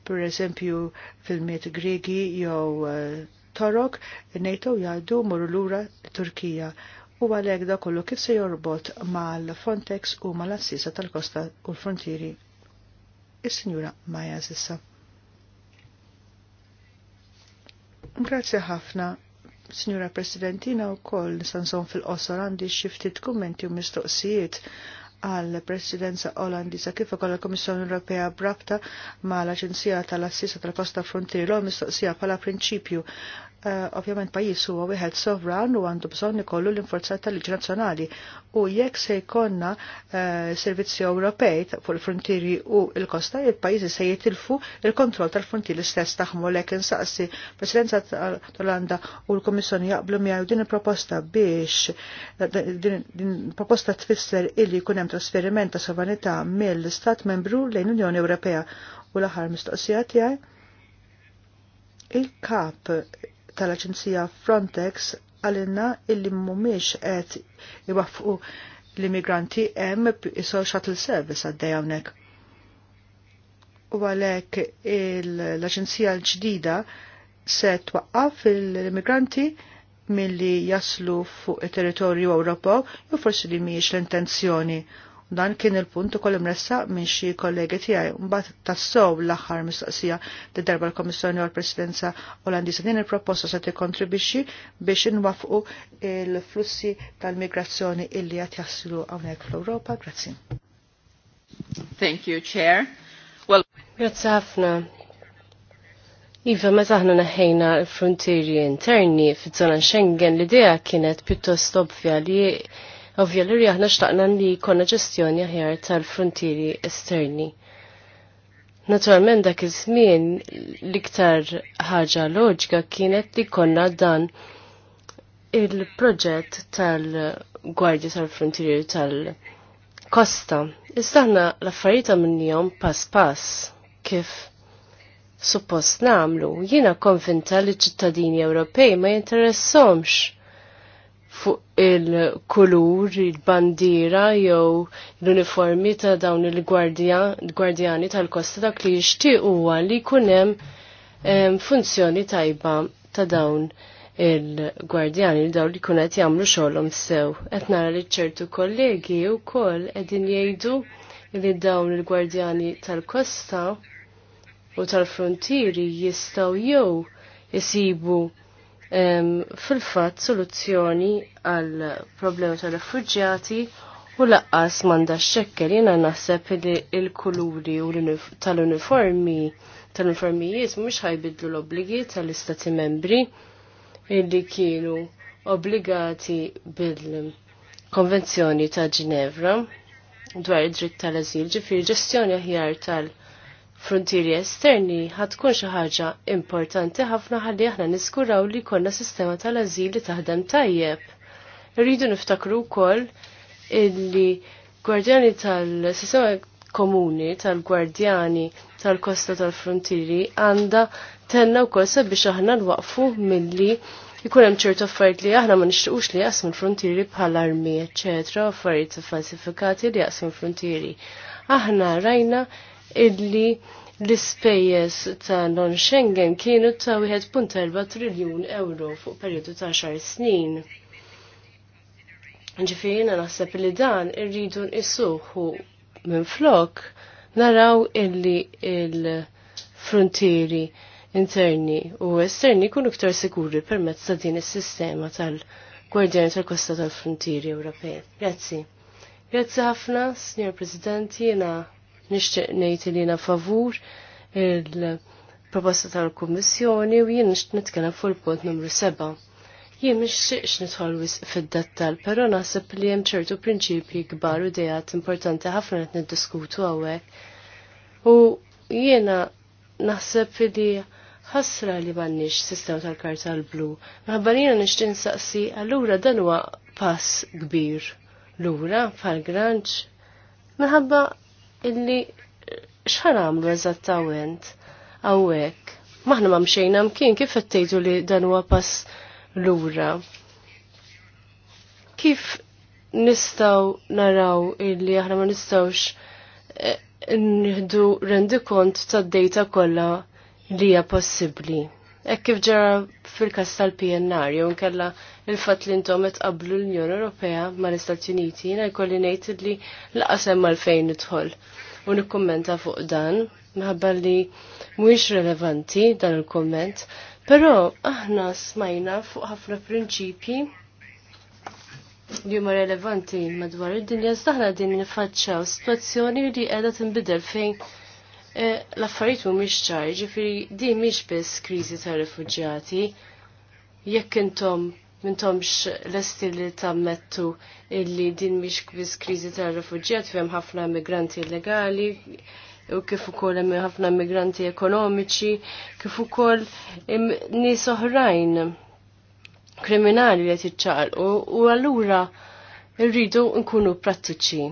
per eżempju fil-miet Gregi jew eh, Torok, NATO jgħaddu mur lura Turkija u għalhekk da kollu kif se jorbot mal-Frontex u mal-assisa tal-kosta u l-frontieri. Is-Sinjura Maja Sissa. Grazie ħafna, Signora Presidentina u koll nisanżon fil-qosor għandi xiftit kummenti u mistoqsijiet għal presidenza Olandiza kif ukoll il-Komissjoni Ewropea brabta ma l-Aġenzija tal-Assisa tal-Kosta Frontieri l mistoqsija bħala prinċipju Eh, ovvjament pajis huwa wieħed sovran u għandu bżonn ikollu l-infurzat tal-liġi nazzjonali u jekk se jkollna eh, servizzi Ewropej fuq il-frontieri u l-kosta, il-pajjiżi se jitilfu il-kontroll tal-frontieri stess tagħhom għalhekk insaqsi Presidenza tal-Olanda u l-Kummissjoni jaqblu miegħu din il-proposta biex din proposta tfisser illi jkun hemm trasferiment ta' sovranità mill istat membru lejn Unjoni Ewropea u l-aħħar mistoqsija tiegħi il-kap tal-Aġenzija Frontex għalinna illi mumiex qed iwaffqu l-immigranti hemm iso shuttle service għaddej hawnhekk. U għalhekk l-Aġenzija l-ġdida se twaqqaf l-immigranti milli jaslu fuq it-territorju Ewropew jew forsi li mhijiex l-intenzjoni Dan kien il-punt ukoll imressa minn xi kollegi tiegħi. Mbagħad tassow l-aħħar mistoqsija li darba l-Kommissjoni u l-Presidenza Olandiża din il-proposta se kontribixi biex inwafqu il-flussi tal-migrazzjoni illi qed jaslu hawnhekk fl-Ewropa. Grazzi. Thank you, Chair. Well, Grazzi ħafna. Iva, meta aħna neħħejna l-frontieri interni fiż-żona Schengen, l-idea kienet pjuttost obvja li Ovvja li aħna xtaqna li jkollna ġestjoni aħjar tal-frontieri esterni. Naturalment dak iż-żmien l-iktar ħaġa loġika kienet li konna dan il-proġett tal-Gwardja tal-Frontieri tal-Kosta. Istaħna l-affarijiet minnihom pass pass kif suppost namlu, jiena konvinta li ċittadini Ewropej ma jinteressomx fuq il-kulur, il-bandira jew l-uniformi ta' dawn il-gwardjani tal-kosta dak li jixtieq huwa li jkun hemm funzjoni tajba ta' dawn il-gwardjani li dawn li jkun qed jagħmlu xogħolhom sew. Qed nara li ċertu kollegi wkoll qegħdin jgħidu li dawn il-gwardjani tal-kosta u tal-frontieri jistgħu jew isibu fil-fatt soluzzjoni għal problemi tal refugjati u laqqas manda xekker jena naħseb li il-kuluri tal-uniformi tal-uniformijiet mux ħajbidlu l-obbligi tal-istati membri illi kienu obbligati bil-Konvenzjoni ta' Ginevra dwar id-dritt tal-azil ġifir ġestjoni aħjar tal- frontieri esterni ħatkun xi ħaġa importanti ħafna ħalli aħna niskuraw li konna sistema tal-azil li taħdem tajjeb. Rridu niftakru wkoll illi gwardjani tal-sistema komuni tal-gwardjani tal-kosta tal-frontieri għandha tenna wkoll sabiex aħna nwaqfu milli jkun hemm ċertu affarijiet li aħna ma nixtiequx li jaqsmu l-frontieri bħal armi, eċċetra, affarijiet falsifikati li jaqsmu l-frontieri. Aħna rajna illi l-ispejjeż ta' non-Schengen kienu ta' 1.4 triljun euro fuq periodu ta' xar snin. Ġifirina naħseb li dan irridu nisuħu minn flok naraw illi il-frontieri interni u esterni kun iktar sikuri permezz ta' din is-sistema tal-Gwardjani tal-Kosta tal-Frontieri Ewropej. Grazzi. Grazzi ħafna, Signor Presidenti. jena nixtieq ngħid li favur il-proposta tal-Kummissjoni u jien nishtiq nitkellem fuq il-punt numru 7. Jien mixtieqx nidħol fid-dettal, però naħseb li hemm ċertu prinċipji kbar u dejat importanti ħafna qed niddiskutu hawnhekk. U jiena naħseb li ħasra li m'għandniex sistema tal-karta l-blu. Minħabba jiena nixtieq nsaqsi, allura dan huwa pass kbir lura bħal granġ minħabba illi xħaramlu eżattament għawek. Maħna ma mxejna mkien kif għattejtu li dan huwa pass lura. Kif nistaw naraw illi aħna ma nistawx eh, nħdu rendi kont ta' dejta kollha li hija possibbli. Hekk kif ġara fil-kas tal-PNR jew nkella il-fatt li intom qed qablu l-Unjoni Ewropea mal-Istati Uniti jiena jkolli ngħid li laqasem mal-fejn nidħol u nikkummenta fuq dan minħabba li mhuwiex relevanti dan il-kumment, però aħna smajna fuq ħafna prinċipji li huma relevanti madwar id-dinja żdaħna din nifaċċaw sitwazzjoni li qiegħda tinbidel fejn e, l-affarijiet mhumiex ċar, ġifieri din mhix biss kriżi tar-refuġjati. Jekk intom mintomx l-esti li tammettu illi din miex kviz krizi tal refugjat fjem ħafna immigranti illegali u kif ukoll hemm ħafna immigranti ekonomiċi, kif ukoll nies oħrajn kriminali li qed jiċċaqalqu u allura rridu nkunu prattiċi.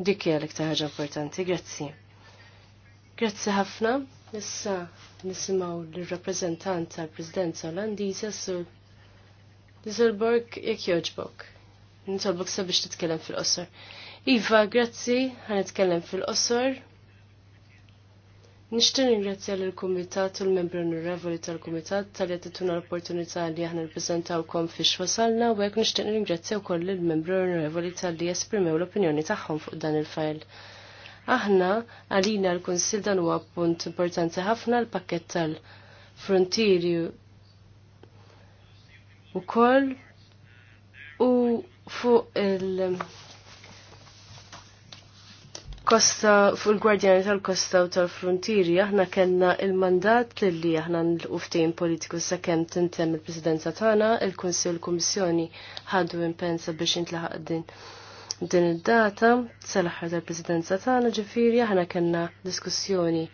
Dik hija l-iktar ħaġa importanti, grazzi. Grazzi ħafna. Issa nisimgħu l-rappreżentant tal-Presidenza Olandiża sur Dizelborg, jek joġbok. Nitolbok sabiex titkellem fil-qosor. Iva, grazzi, għan tkellem fil-qosor. Nishtin ringrazzja l-Kumitat u l membru onorevoli tal-Kumitat tal tuna l-opportunità li aħna kom fix wasalna u hekk nixtieq ringrazzja wkoll il membru onorevoli tal-li esprimew l-opinjoni tagħhom fuq dan il-fajl. Aħna għalina l konsil dan huwa punt importanti ħafna l-pakket tal-frontieri u koll u fuq il- kosta fuq il-Gwardjani tal-Kosta u tal-Frontieri aħna kellna il-mandat li aħna l-uftin politiku sakemm tintemm il-Presidenza tagħna, il-Kunsill Kummissjoni ħadu impensa biex intlaħaq din din id-data sal-aħħar tal-Presidenza tagħna ġifieri aħna kellna diskussjoni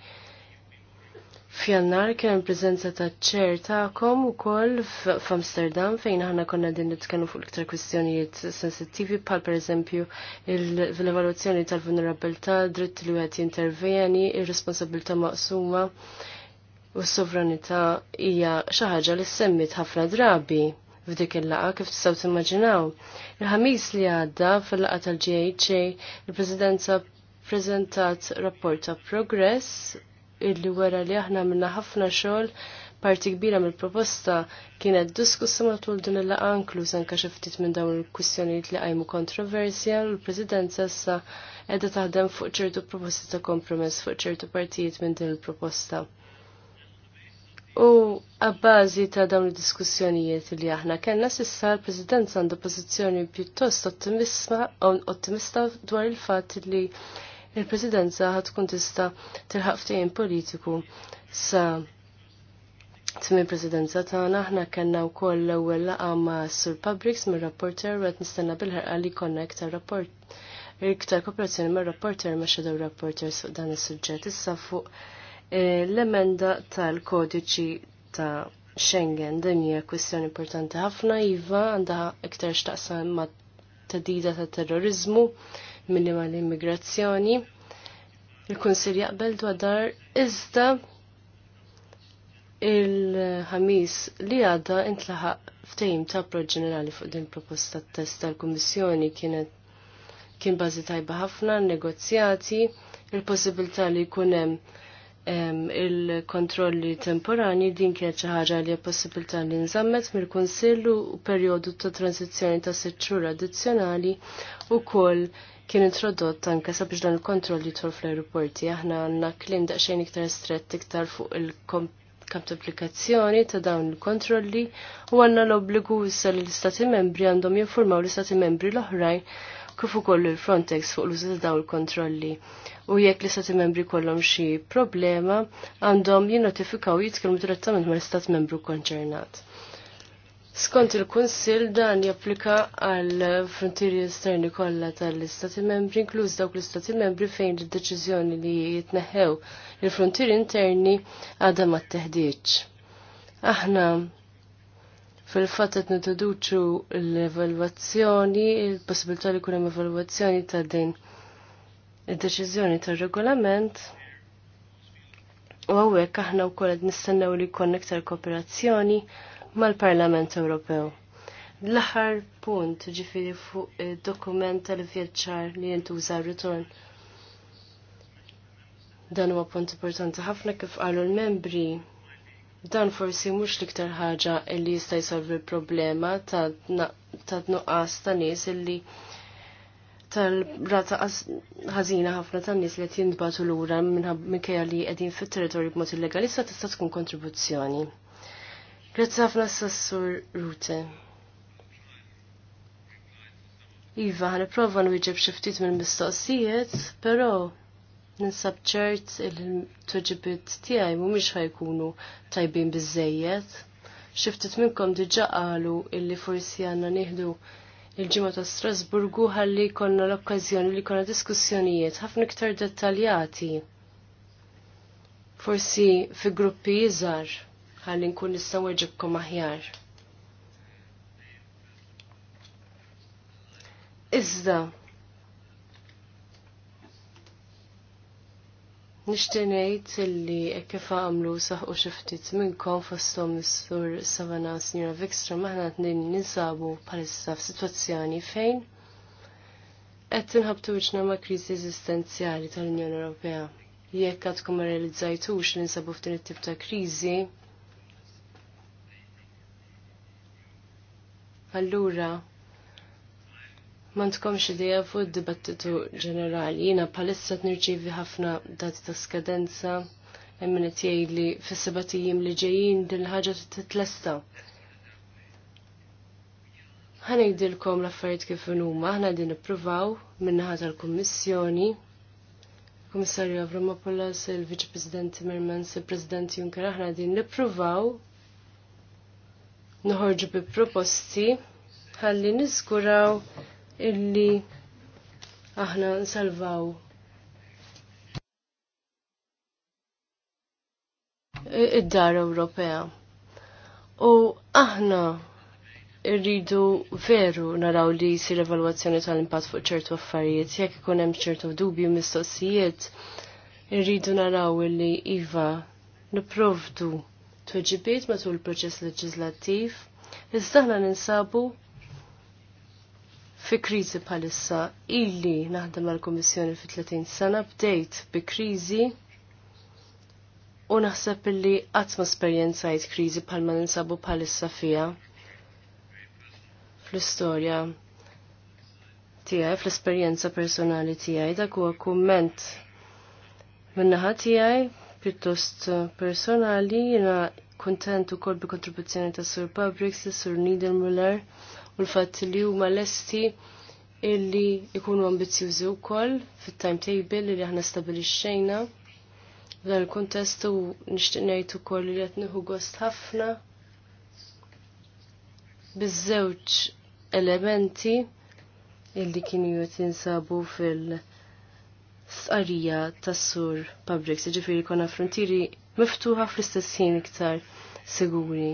Fjannar kien prezenza ta' ċer ta'kom u koll f'Amsterdam fejn aħna konna din nitkellmu fuq iktar kwistjonijiet sensittivi bħal pereżempju l-evaluazzjoni tal-vulnerabilità, dritt li wieħed jintervjeni, ir-responsabilità maqsuma u s-sovranità hija xi ħaġa li semmit ħafna drabi f'dik il-laqa kif tistgħu timmaġinaw. Il-ħamis li għadda fil-laqa tal-GHA il-Presidenza prezentat rapport ta' progress illi wara li aħna minna ħafna xogħol parti kbira mill-proposta kienet diskussa matul din il-laqa inkluż anke xi ftit minn dawn il-kwistjonijiet li qajmu kontroversja u l-Presidenza issa qiegħda taħdem fuq ċertu proposti ta' kompromess fuq ċertu partijiet minn din il-proposta. U għabbażi ta' dawn id-diskussjonijiet li aħna kellna sissa l-President għandu pożizzjoni pjuttost ottimista dwar il-fatt li il-presidenza ħad tkun tista tilħaq ftehim politiku sa Tmi presidenza tagħna aħna kellna wkoll l-ewwel laqgħa ma' Sur Pabrix mir-rapporter qed nistenna bil-ħerqa li jkollna iktar rapport iktar kooperazzjoni ma' rapporter ma' shadow rapporter fuq dan is-suġġett issa fuq eh, l-emenda tal-kodiċi ta' Schengen din hija kwistjoni importanti ħafna iva għandha iktar x'taqsam ma' tedida ta' terrorizmu minima l-immigrazzjoni. Il-Kunsil jaqbel dwar iżda il-ħamis li għadda intlaħaq ftejim ta' proġenerali fuq din proposta test tal-Kummissjoni kienet kien bażi tajba ħafna negozjati il-possibilità li jkun hemm il-kontrolli temporani din kienet xi ħaġa li possibilità li nżammet mill-Kunsillu u perjodu ta' transizzjoni ta' sitt xhur addizzjonali wkoll kien introdott anke sabiex dan il-kontroll jidħol fl-aeroporti. Aħna għandna klim daqsxejn iktar strett iktar fuq il-kamp applikazzjoni ta' dawn il-kontrolli u għandna l-obbligu issa li l-Istati membri għandhom jinformaw l-Istati membri l-oħrajn kif ukoll il-Frontex fuq l-użu ta' dawn il-kontrolli. U jekk l-Istati membri kollhom xi problema għandhom jinnotifikaw jitkellmu direttament mal-Istat membru konċernat. Skont il-Kunsill dan japplika għal frontieri esterni kollha tal-Istati Membri, inkluż dawk l-Istati Membri fejn id-deċiżjoni li jitneħħew il-frontieri interni għadha ma teħdiġ. Aħna fil-fatt qed nintroduċu l-evalwazzjoni, il-possibilità li jkun hemm evalwazzjoni ta' din id-deċiżjoni tar-regolament. U hawnhekk aħna wkoll qed nistennew li jkun iktar kooperazzjoni mal-Parlament Ewropew. L-aħħar punt ġifiri fuq dokument tal vjaċċar li jintuża ritorn. Dan huwa punt importanti ħafna kif qalu l-membri dan forsi mhux l-iktar ħaġa li jista' jsolvi l-problema ta' tnuqqas ta' nies illi tal-rata ħażina ħafna tan nies li qed jintbatu lura minkejja li qegħdin fit-territorju b'mod illegali sa tista' tkun kontribuzzjoni. Grazzi ħafna s Rute. Iva, ħaniprofa nwieġeb xi ftit mill-mistoqsijiet, però ninsab ċert il-tweġibiet tiegħi mhumiex ħajkunu tajbin biżejjed. Xi ftit minnkom diġà qalu illi forsi għandna nieħdu il-ġimgħa ta' Strasburgu ħalli konna l-okkażjoni li konna diskussjonijiet ħafna iktar dettaljati. Forsi fi gruppi iżgħar ħalli nkun nistgħu iġibkom aħjar. Iżda Nixtieq ngħid illi kif għamlu saħqu xi ftit minnkom fosthom nistur Savana Sinjora Vikstra maħna qed ninsabu bħalissa f'sitwazzjoni fejn qed tinħabtu wiċċna ma' kriżi eżistenzjali tal-Unjoni Ewropea. Jekk għadkom ma realizzajtux li nsabu f'din it-tip ta' kriżi, Allura, mantkom xidija fuq id-dibattitu ġenerali. Jina palissa t-nirċivi ħafna dati ta' skadenza, emmini tijaj li fissibatijim li ġejjin din ħagġa t-tlesta. ħanejdilkom l-affarijiet kif huma, ħna din nippruvaw minnaħa tal-Kummissjoni, Kummissarju Avramopoulos, il-Viċi President Timmermans, il-President Juncker, aħna din nippruvaw noħorġu bi proposti ħalli niskuraw illi aħna nsalvaw id-dar Ewropea. U aħna rridu veru naraw li jisir evalwazzjoni tal-impatt fuq ċertu affarijiet, jekk ikun hemm ċertu dubju mistoqsijiet, irridu naraw li iva niprovdu tweġibiet matul il-proċess leġislattiv, iżda aħna ninsabu fi kriżi bħalissa illi naħdem għal-Kummissjoni fi 30 sena bdejt bi kriżi u naħseb illi qatt ma krizi kriżi bħalma ninsabu bħalissa fija fl-istorja tiegħi fl-esperjenza personali tiegħi dak huwa kumment min-naħa tiegħi pjuttost eh, personali, jena kontent u kol kontribuzzjoni ta' Sur Pabrix, Sur Niedermuller u l-fat li huma lesti illi ikunu ambizjużi wkoll fit-timetable li aħna stabilixxejna. Dan il kontest u nixtieq ngħid ukoll li qed nieħu gost ħafna biż-żewġ elementi illi kienu jinsabu fil- f'qarija tas-sur Pabrix, ġifiri konna frontieri miftuħa fl-istess ħin iktar siguri.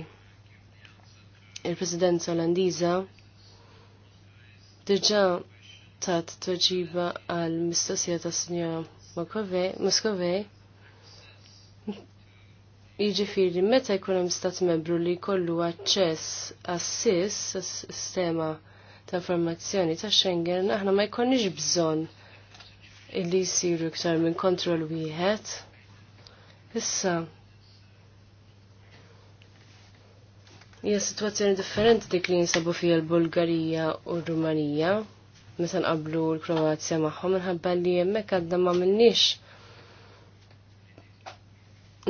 Il-Presidenza Olandiża diġà tat tweġiba għal mistoqsija ta' Sinjora Moskovej Jiġifieri meta jkun hemm stat membru li jkollu aċċess għas-SIS, sistema ta' informazzjoni ta' Schengen, aħna ma jkollniex bżonn illi jisiru iktar minn kontroll wieħed. Issa, hija sitwazzjoni differenti dik li jinsabu fija l-Bulgarija u r-Rumanija meta nqablu l-Kroazja magħhom minħabba li hemmhekk għadna ma minnix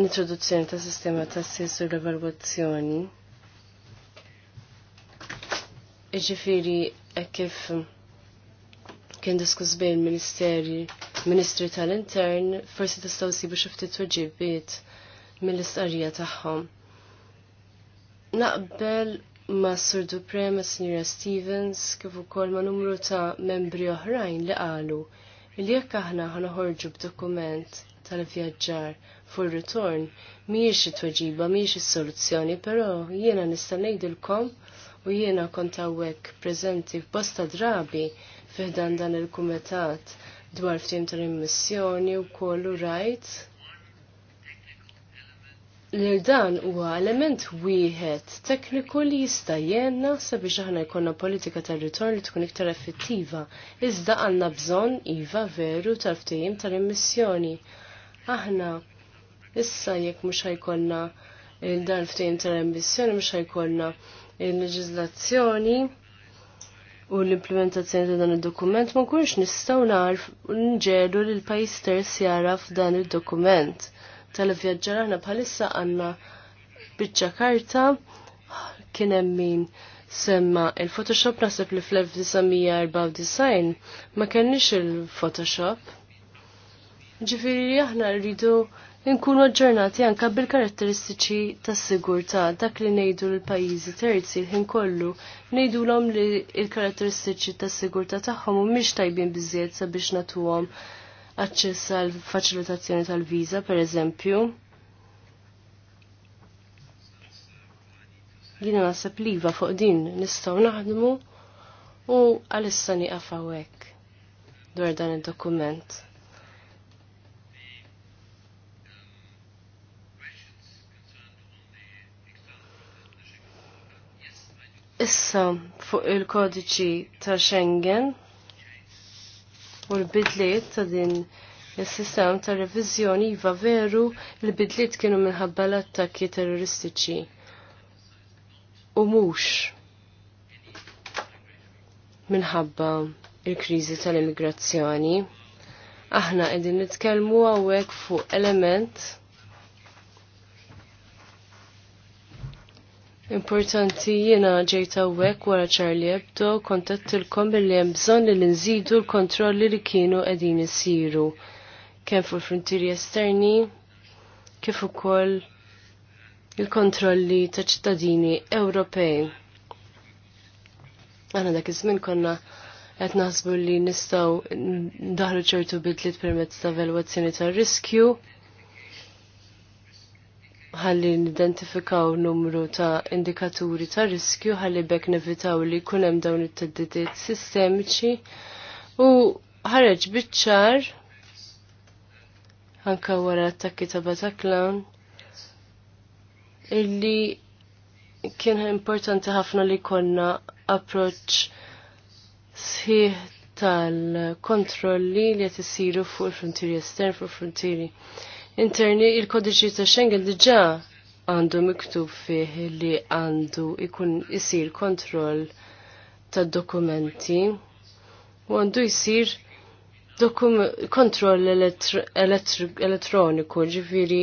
introduzzjoni ta' sistema ta' l-evalwazzjoni. Iġifieri e kif kien diskuss bejn ministeri Ministri tal-Intern, forsi tistgħu sibu xi ftit tweġibiet mill-istqarrija tagħhom. Naqbel ma' Sur Duprem, sinjura Stevens, kif ukoll ma' numru ta' membri oħrajn li qalu li jekk aħna ħanoħorġu b'dokument tal-vjaġġar fur ritorn mhijiex it-tweġiba, mhijiex is-soluzzjoni, però jiena nista' ngħidilkom u jiena kont hawnhekk preżenti f'bosta drabi fiħdan dan il-kumitat dwar ftim tal-immissjoni u kollu rajt. L-dan huwa element wieħed tekniku li jista' jenna sabiex aħna jkollna politika tal-ritorn li tkun iktar effettiva. Iżda għandna bżonn iva veru tal ftim tal-immissjoni. Aħna issa jekk mhux ħajkollna il-dan ftehim tal-immissjoni mhux ħajkollna il-leġiżlazzjoni. il leġiżlazzjoni u l-implementazzjoni ta' dan il-dokument ma kunx nistgħu narf nġeru li l-pajjiż terz jara f'dan il-dokument. Tal-vjaġġar aħna bħalissa għandna biċċa karta kien hemm min semma il-Photoshop naħseb li fl-1994 ma kenniex il-Photoshop. Ġifieri aħna rridu Inkunu ġurnati anka bil-karatteristiċi tas sigurtà dak li ngħidu l-pajjiżi terzi l ħin kollu ngħidulhom li l-karatteristiċi tas sigurtà tagħhom mhumiex tajbin biżjed sabiex nagħtuhom aċċess għal faċilitazzjoni tal-viża pereżempju. Għina naħseb liva fuq din nistgħu naħdmu u għalissa nieqaf hawnhekk dwar dan id-dokument. Issa fuq il-kodiċi ta' Schengen u l-bidliet ta' din il-sistem ta' revizjoni jiva veru l-bidliet kienu minħabba l-attakki terroristiċi. U mux minħabba il-krizi tal-immigrazzjoni. Aħna edin nitkelmu għawek fuq element Importanti jiena ġejta hawnhekk wara Charlie Hebdo kontattilkom billi hemm bżonn li nżidu l-kontrolli li kienu qegħdin isiru kemm fuq frontieri esterni kif ukoll il-kontrolli ta' ċittadini Ewropej. Għana dak iż-żmien konna qed naħsbu li nistgħu daħlu ċertu bidliet permezz ta' evalwazzjoni tar-riskju ħalli nidentifikaw numru ta' indikaturi ta' riskju ħalli bekk nevitaw li kunem dawn it-teddidiet sistemiċi u ħareġ biċċar anka wara attakki ta' Bataklan illi kien importanti ħafna li konna approċ sħiħ tal-kontrolli li qed isiru fuq il-frontieri estern fuq il-frontieri. il frontieri estern fuq il frontieri interni il-kodiċi ta' Schengen diġà għandu miktub fih li għandu ikun isir kontroll tad dokumenti u għandu jisir kontroll elettroniku ġifiri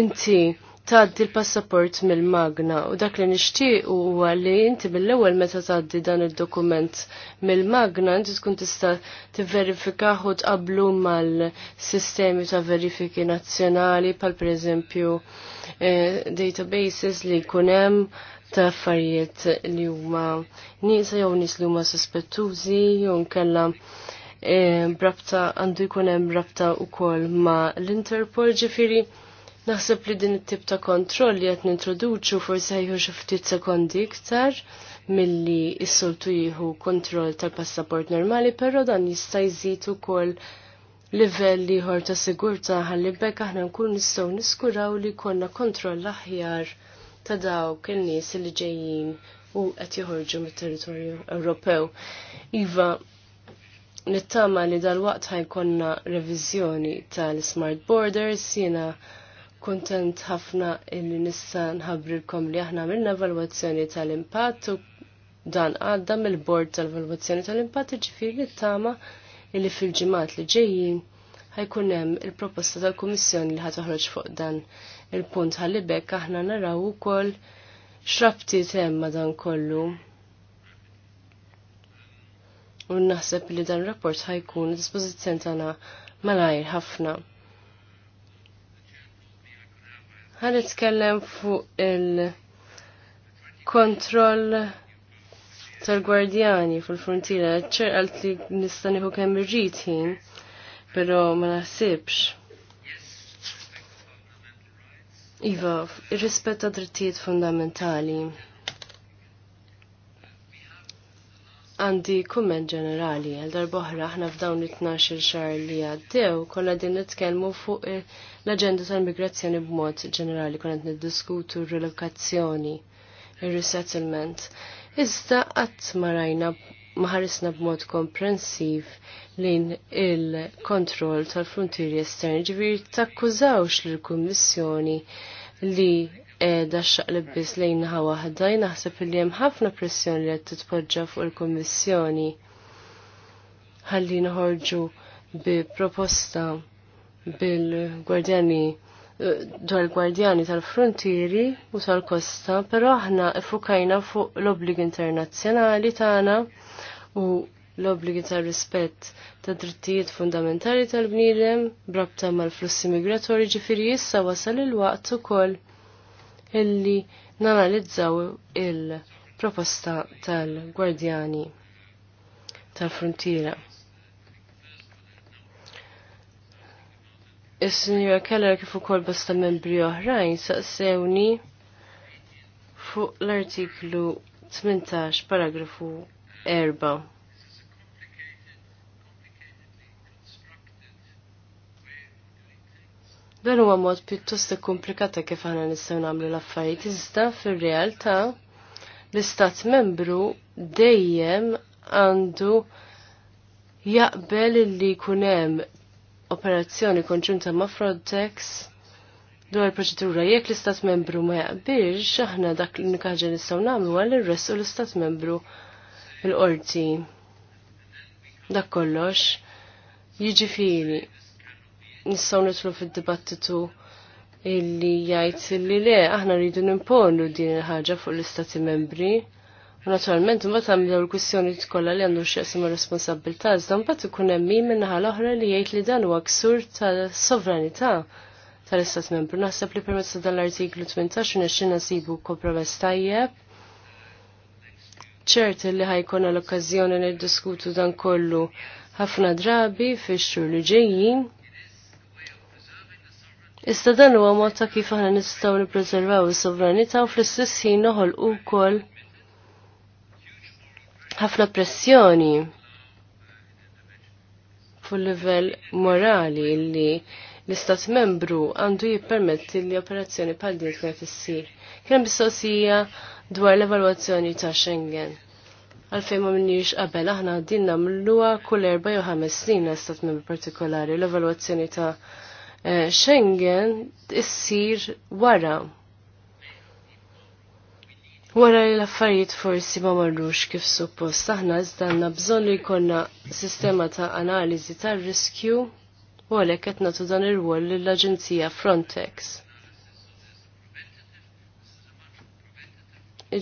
inti taddi l-passaport mill-magna u dak li nixtieq huwa li inti mill-ewwel meta taddi dan id-dokument mill-magna inti tkun tista' tivverifika u tqablu mal-sistemi ta' verifiki nazzjonali pal pereżempju eh, databases li jkun hemm ta' affarijiet li huma nisa jew nies li huma sospettużi jew nkella eh, brabta għandu jkun hemm rabta wkoll ma' l-Interpol ġifieri Naħseb li din it-tip ta' kontroll li qed nintroduċu forsi ħejħu xi ftit sekondi iktar milli s-soltu jieħu kontroll tal-passaport normali, però dan jista' jżid ukoll livell ieħor ta' sigurtà ħalli bekk aħna nkun nistgħu niskuraw li jkollna kontroll aħjar ta' dawk il-nies li ġejjin u qed joħorġu mit-territorju Ewropew. Iva, nittama li dal-waqt ħajkonna reviżjoni tal-Smart Borders jiena kontent ħafna illi nissa nħabrilkom li aħna għamilna valwazzjoni tal-impatt u dan għadda mill-bord tal-valwazzjoni tal-impatt ġifiri tama illi fil-ġimat li ġejjin ħajkun hemm il-proposta tal-Kummissjoni li ħatoħroġ fuq dan il-punt ħallibek aħna naraw ukoll xrabti temma dan kollu. U naħseb li dan rapport ħajkun dispożizzjoni tagħna malajr ħafna. Għan itkellem fuq il-kontroll tal-gwardjani fil-frontira, għalt li nistaniħu kemm irġit ħin, pero ma naħsibx. Iva, ir-rispett drittijiet fundamentali. għandi kumment ġenerali għal darbohra aħna f'dawn it-12 xahar li għaddew konna din nitkellmu fuq eh, l-aġenda tal-migrazzjoni b'mod ġenerali konna qed niddiskutu r-relokazzjoni, r resettlement Iżda qatt ma rajna maħarisna b'mod komprensiv lejn il-kontroll tal-frontieri esterni ġifieri takkużawx lill-Kummissjoni li edha xaqlib biss lejnha waħda jnaħseb li hemm ħafna pressjoni li qed titpoġġa fuq il-Kummissjoni ħalli nħorġu bi proposta bil-gwardjani dwar gwardjani tal-frontieri u tal-kosta, però aħna ifukajna fuq l-obbligi internazzjonali tagħna u l-obbligi tal-rispett ta' drittijiet fundamentali tal-bniedem brabta mal-flussi migratorji ġifieri issa wasal il-waqt ukoll illi nanalizzaw il-proposta tal-Gwardjani tal-Frontiera. Is-Sinjura Keller kif ukoll basta membri oħrajn saqsewni fuq l-artiklu 18 paragrafu 4 Dan huwa mod pjuttost komplikata kif aħna nistgħu nagħmlu l-affarijiet iżda fir-realtà l-istat membru dejjem għandu jaqbel li kunem operazzjoni konġunta ma' Frontex dwar il proċedura jekk l-istat membru ma jaqbilx aħna dak li nikaġa nistgħu nagħmlu għal irressu l-istat membru l-qorti. Dak kollox. Jiġifieri, nistgħu nitlu fid-dibattitu illi jgħid li le aħna rridu nimponu din il-ħaġa fuq l-istati membri. U naturalment imbagħad għamlu l-kwistjoni kollha li għandu x'jaqsim ir-responsabbiltà iżda mbagħad ikun hemm min minnaħa l-oħra li jgħid li dan huwa ksur tal sovranità tal-istat membru. Naħseb li permezz dan l-artiklu 18 nixxin nsibu kompromess tajjeb ċert li ħajkun l okkażjoni niddiskutu dan kollu ħafna drabi fix-xhur li ġejjin Issa dan huwa mod ta' kif aħna nistgħu nippreservaw is-sovranità u fl-istess ħin noħolqu wkoll ħafna pressjoni fuq livell morali li l-istat membru għandu jippermetti li operazzjoni bħal din tkun qed issir. Kien mistoqsija dwar l-evalwazzjoni ta' Schengen. Għalfejn ma minnix qabel aħna din nagħmluha kull erba' jew ħames snin l-istat membru partikolari l-evalwazzjoni ta' Eh, Schengen issir wara. Wara li l-affarijiet forsi ma marrux kif suppost aħna iżdanna bżonn li jkollna sistema ta' analiżi tar-riskju u għalhekk qed nagħtu dan ir-rwol lill-Aġenzija Frontex.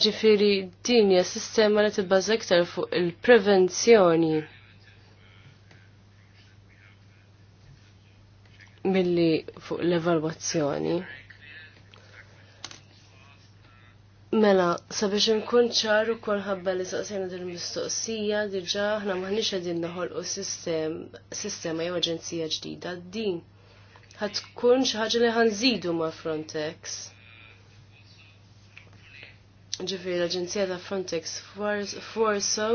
Ġifiri, din hija sistema li tibbaża iktar fuq il-prevenzjoni milli fuq l-evalwazzjoni. Mela, sabiex nkun ċaru kol ħabba li saqsejna din mistoqsija diġa ħna maħniex qegħdin naħolqu sistem sistema jew aġenzija ġdida din. Ħatkun ħaġa li ħanżidu ma' Frontex. Ġifieri l-Aġenzija ta' Frontex Forso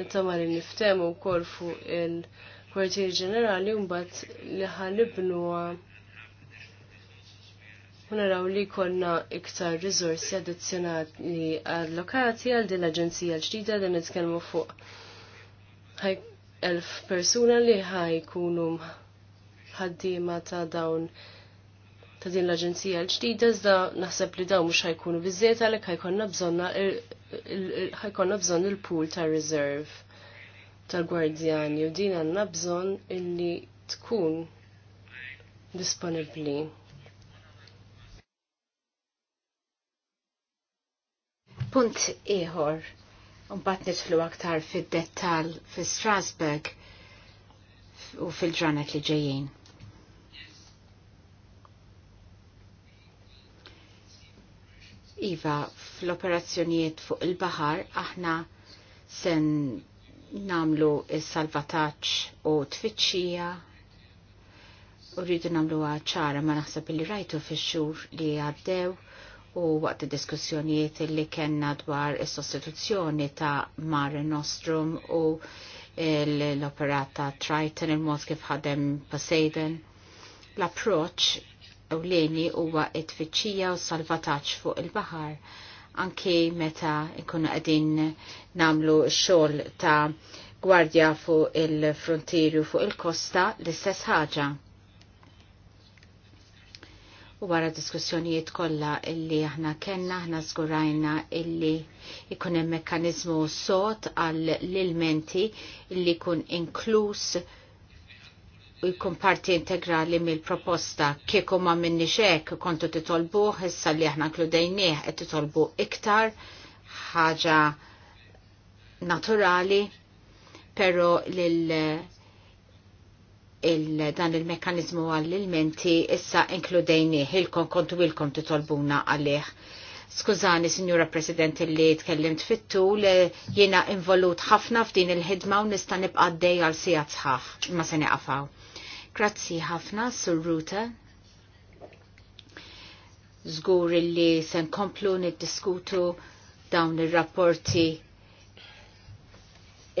nittama' li niftehmu wkoll fuq il- kwartier ġenerali mbagħad li ħalibnu u naraw li konna iktar riżorsi addizzjonali allokati għal din l-aġenzija l-ġdida li nitkellmu fuq elf persuna li ħajkunu ħaddiema ta' dawn ta' din l-aġenzija l-ġdida iżda naħseb li dawn mhux ħajkunu biżżejjed għalhekk ħajkonna bżonn il-pool ta' reserve tal-gwardjani u din għandna bżonn illi tkun disponibbli. Punt ieħor, mbagħad nidħlu aktar fid-dettall fi Strasbourg u fil-ġranet li ġejjin. Iva, fl-operazzjonijiet fuq il-bahar aħna sen namlu il-salvataċ u tfittxija u rridu namlu ċara ma naħseb li rajtu fi xur li għaddew u waqt diskussjonijiet li kena dwar il-sostituzzjoni ta' Mare Nostrum u l-operata Triton il-mod kif ħadem Poseidon. L-approċ ewleni huwa it-tfittxija u salvataċ fuq il-bahar anki meta ikunu għedin namlu xol ta' gwardja fuq il-frontieru fuq il-kosta l-istess ħaġa u wara diskussjonijiet kollha illi aħna kenna aħna żgurajna illi ikun hemm mekkaniżmu sot għall ilmenti illi jkun inkluż u jkun parti integrali mill-proposta kieku ma minni xek kontu titolbu issa li aħna kludejnieh qed titolbu iktar ħaġa naturali pero lil il, dan il-mekanizmu għall-ilmenti issa inkludejnieh ilkom kontu ilkom titolbuna għalih. Skużani, Signora President, li tkellimt fit-tul, jiena involut ħafna f'din il-ħidma u nista' nibqa' għal sija sħaħ, ma se neqafaw. Grazzi ħafna sur Ruta. Zgur li sen komplu niddiskutu dawn ir-rapporti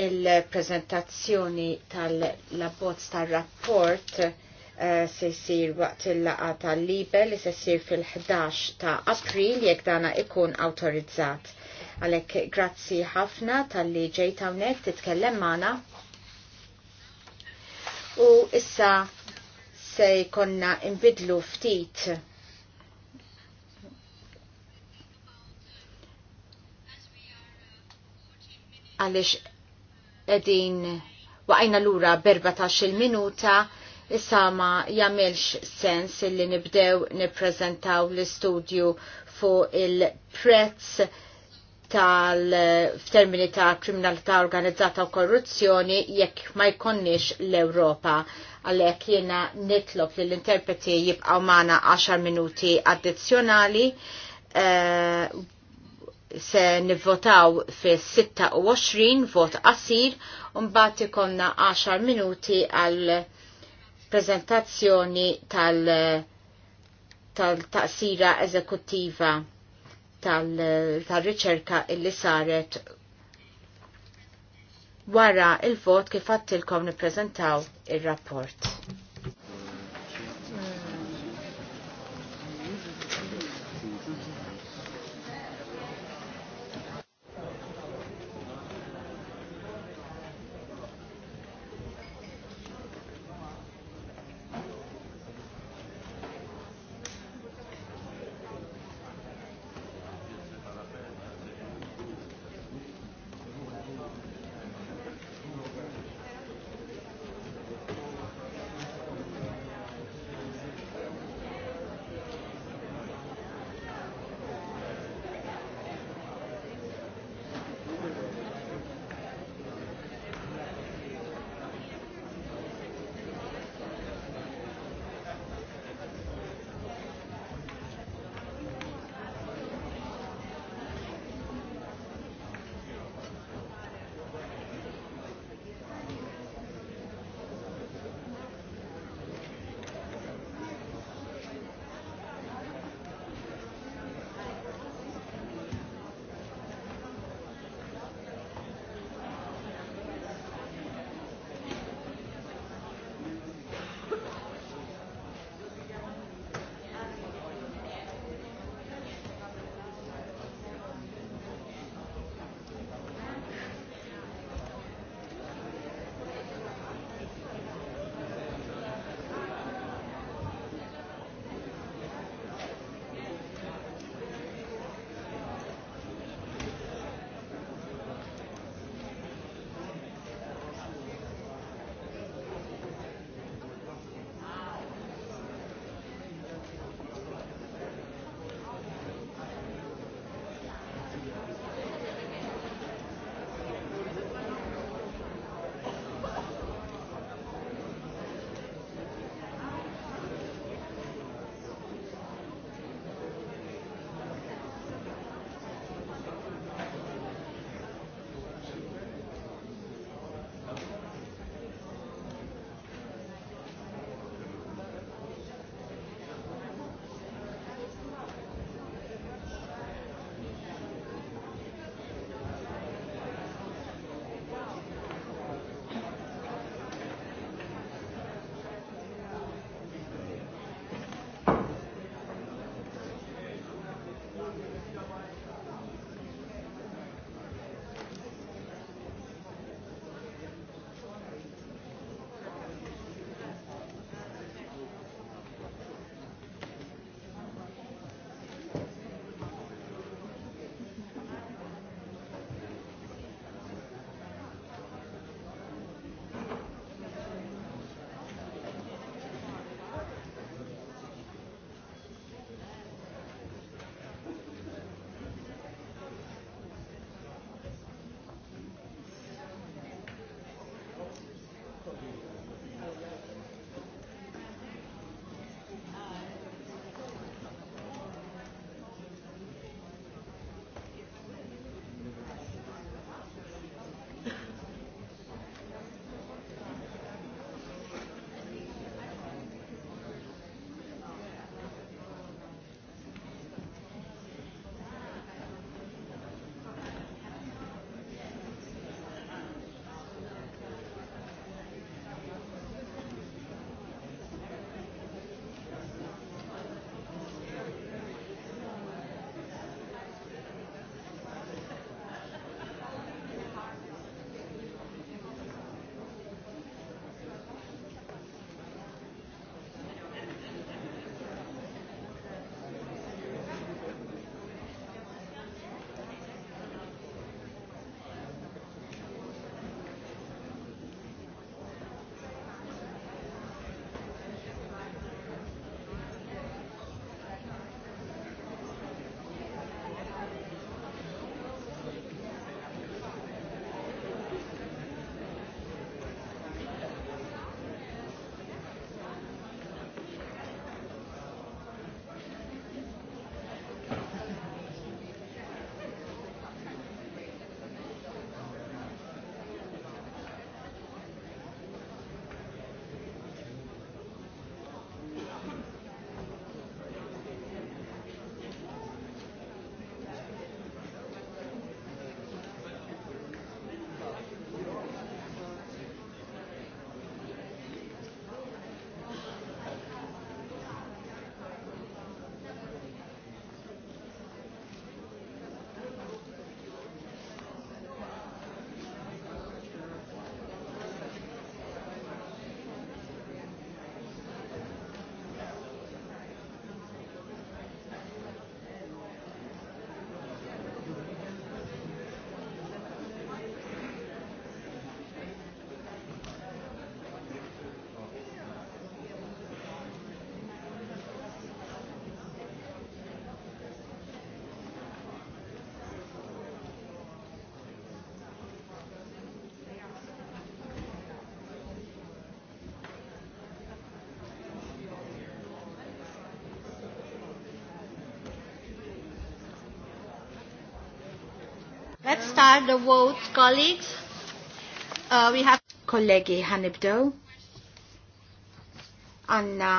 il-prezentazzjoni tal-labbozz tal-rapport uh, eh, se jisir waqt il-laqa tal-libe li se jisir fil-11 ta' april jekk dana ikun autorizzat. Għalek grazzi ħafna tal-li ġejt titkellem Mana u issa se jkonna imbidlu ftit għalix edin waqajna l-ura il minuta issa ma jamilx sens illi nibdew niprezentaw l-istudju fuq il-prezz tal f'termini ta' kriminalità organizzata u korruzzjoni jekk ma jkonniex l-Ewropa. Għalhekk jiena nitlob li l-interpreti jibqgħu magħna 10 minuti addizzjonali eh, se nivvotaw fi 26 vot qasir u mbagħad ikonna 10 minuti għal prezentazzjoni tal-taqsira eżekuttiva tal-riċerka tal illi saret wara il-vot kif għattilkom niprezentaw il-rapport. Let's start the vote, colleagues. Uh, we have kollegi ħanibdew. Għanna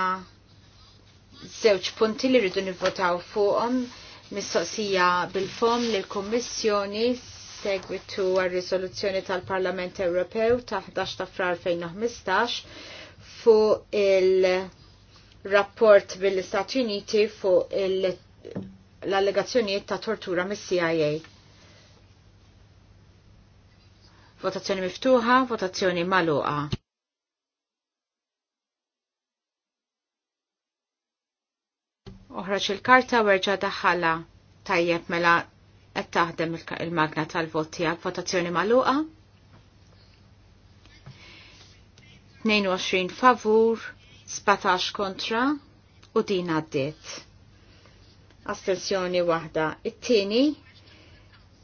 zewċ punti li rridu nivvotaw fuqhom mistoqsija bil-fom li l-Kommissjoni segwitu għal riżoluzzjoni tal-Parlament Ewropew ta' 11 ta' frar 2015 fuq il-rapport bil-Istati Uniti fuq l-allegazzjonijiet ta' tortura mis-CIA. Votazzjoni miftuħa, votazzjoni maluqa. Uħraċ il-karta werġa daħħala tajjeb mela qed taħdem il-magna tal-voti għal votazzjoni maluqa. 22 favur, 17 kontra u din għaddiet. Astenzjoni waħda. It-tieni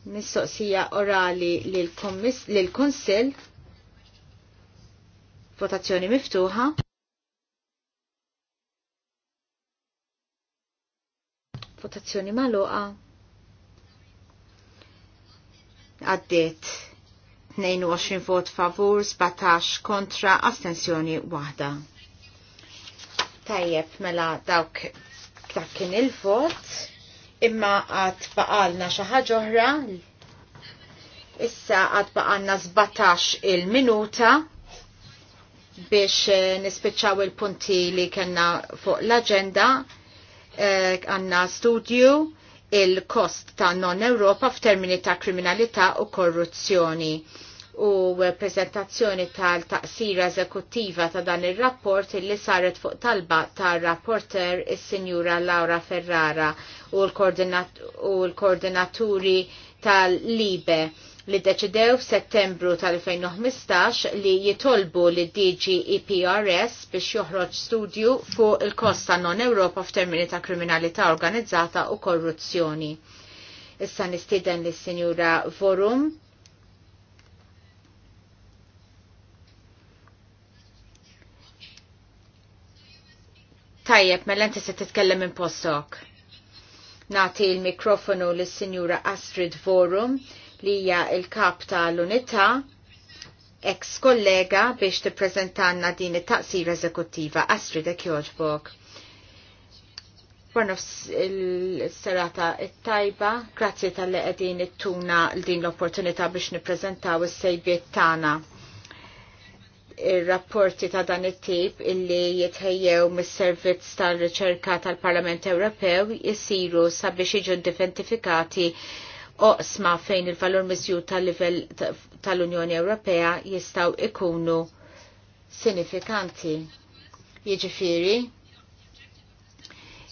mistoqsija orali lill-Kunsill votazzjoni miftuħa. Votazzjoni maluqa. Għaddiet 22 vot favur, 17 kontra, astensjoni waħda. Tajjeb, mela dawk dak kien il-vot imma għad baqalna xaħġa oħra. Issa għad baqalna 17 il-minuta biex eh, nispiċċaw il-punti li kena fuq l-agenda eh, għanna studju il-kost ta' non-Europa f'termini ta' kriminalità u korruzzjoni u prezentazzjoni tal-taqsira eżekuttiva ta' dan il-rapport illi saret fuq talba tal-rapporter is-Sinjura Laura Ferrara u l-koordinaturi tal-Libe li deċidew f'Settembru tal-2015 li jitolbu li DG EPRS biex joħroġ studju fuq il-kosta non-Europa f'termini ta' kriminalità organizzata u korruzzjoni. Issa nistieden lis-Sinjura Vorum Tajjeb, mela inti se titkellem minn postok. Nati il-mikrofonu lis-Sinjura Astrid Vorum li hija il-kap tal-unità ex kollega biex tippreżentanna din it-taqsira eżekuttiva Astrid Ekjoġbok. Barnof s serata it-tajba, grazzi tal-li qegħdin it-tuna l-din l-opportunità biex nippreżentaw is-sejbiet tagħna il-rapporti ta' dan it-tip illi jitħejjew mis-servizz tal-riċerka tal-Parlament Ewropew jisiru sabiex jiġu identifikati oqsma fejn il-valur mizju tal-livell tal-Unjoni Ewropea jistaw ikunu sinifikanti. Jiġifieri,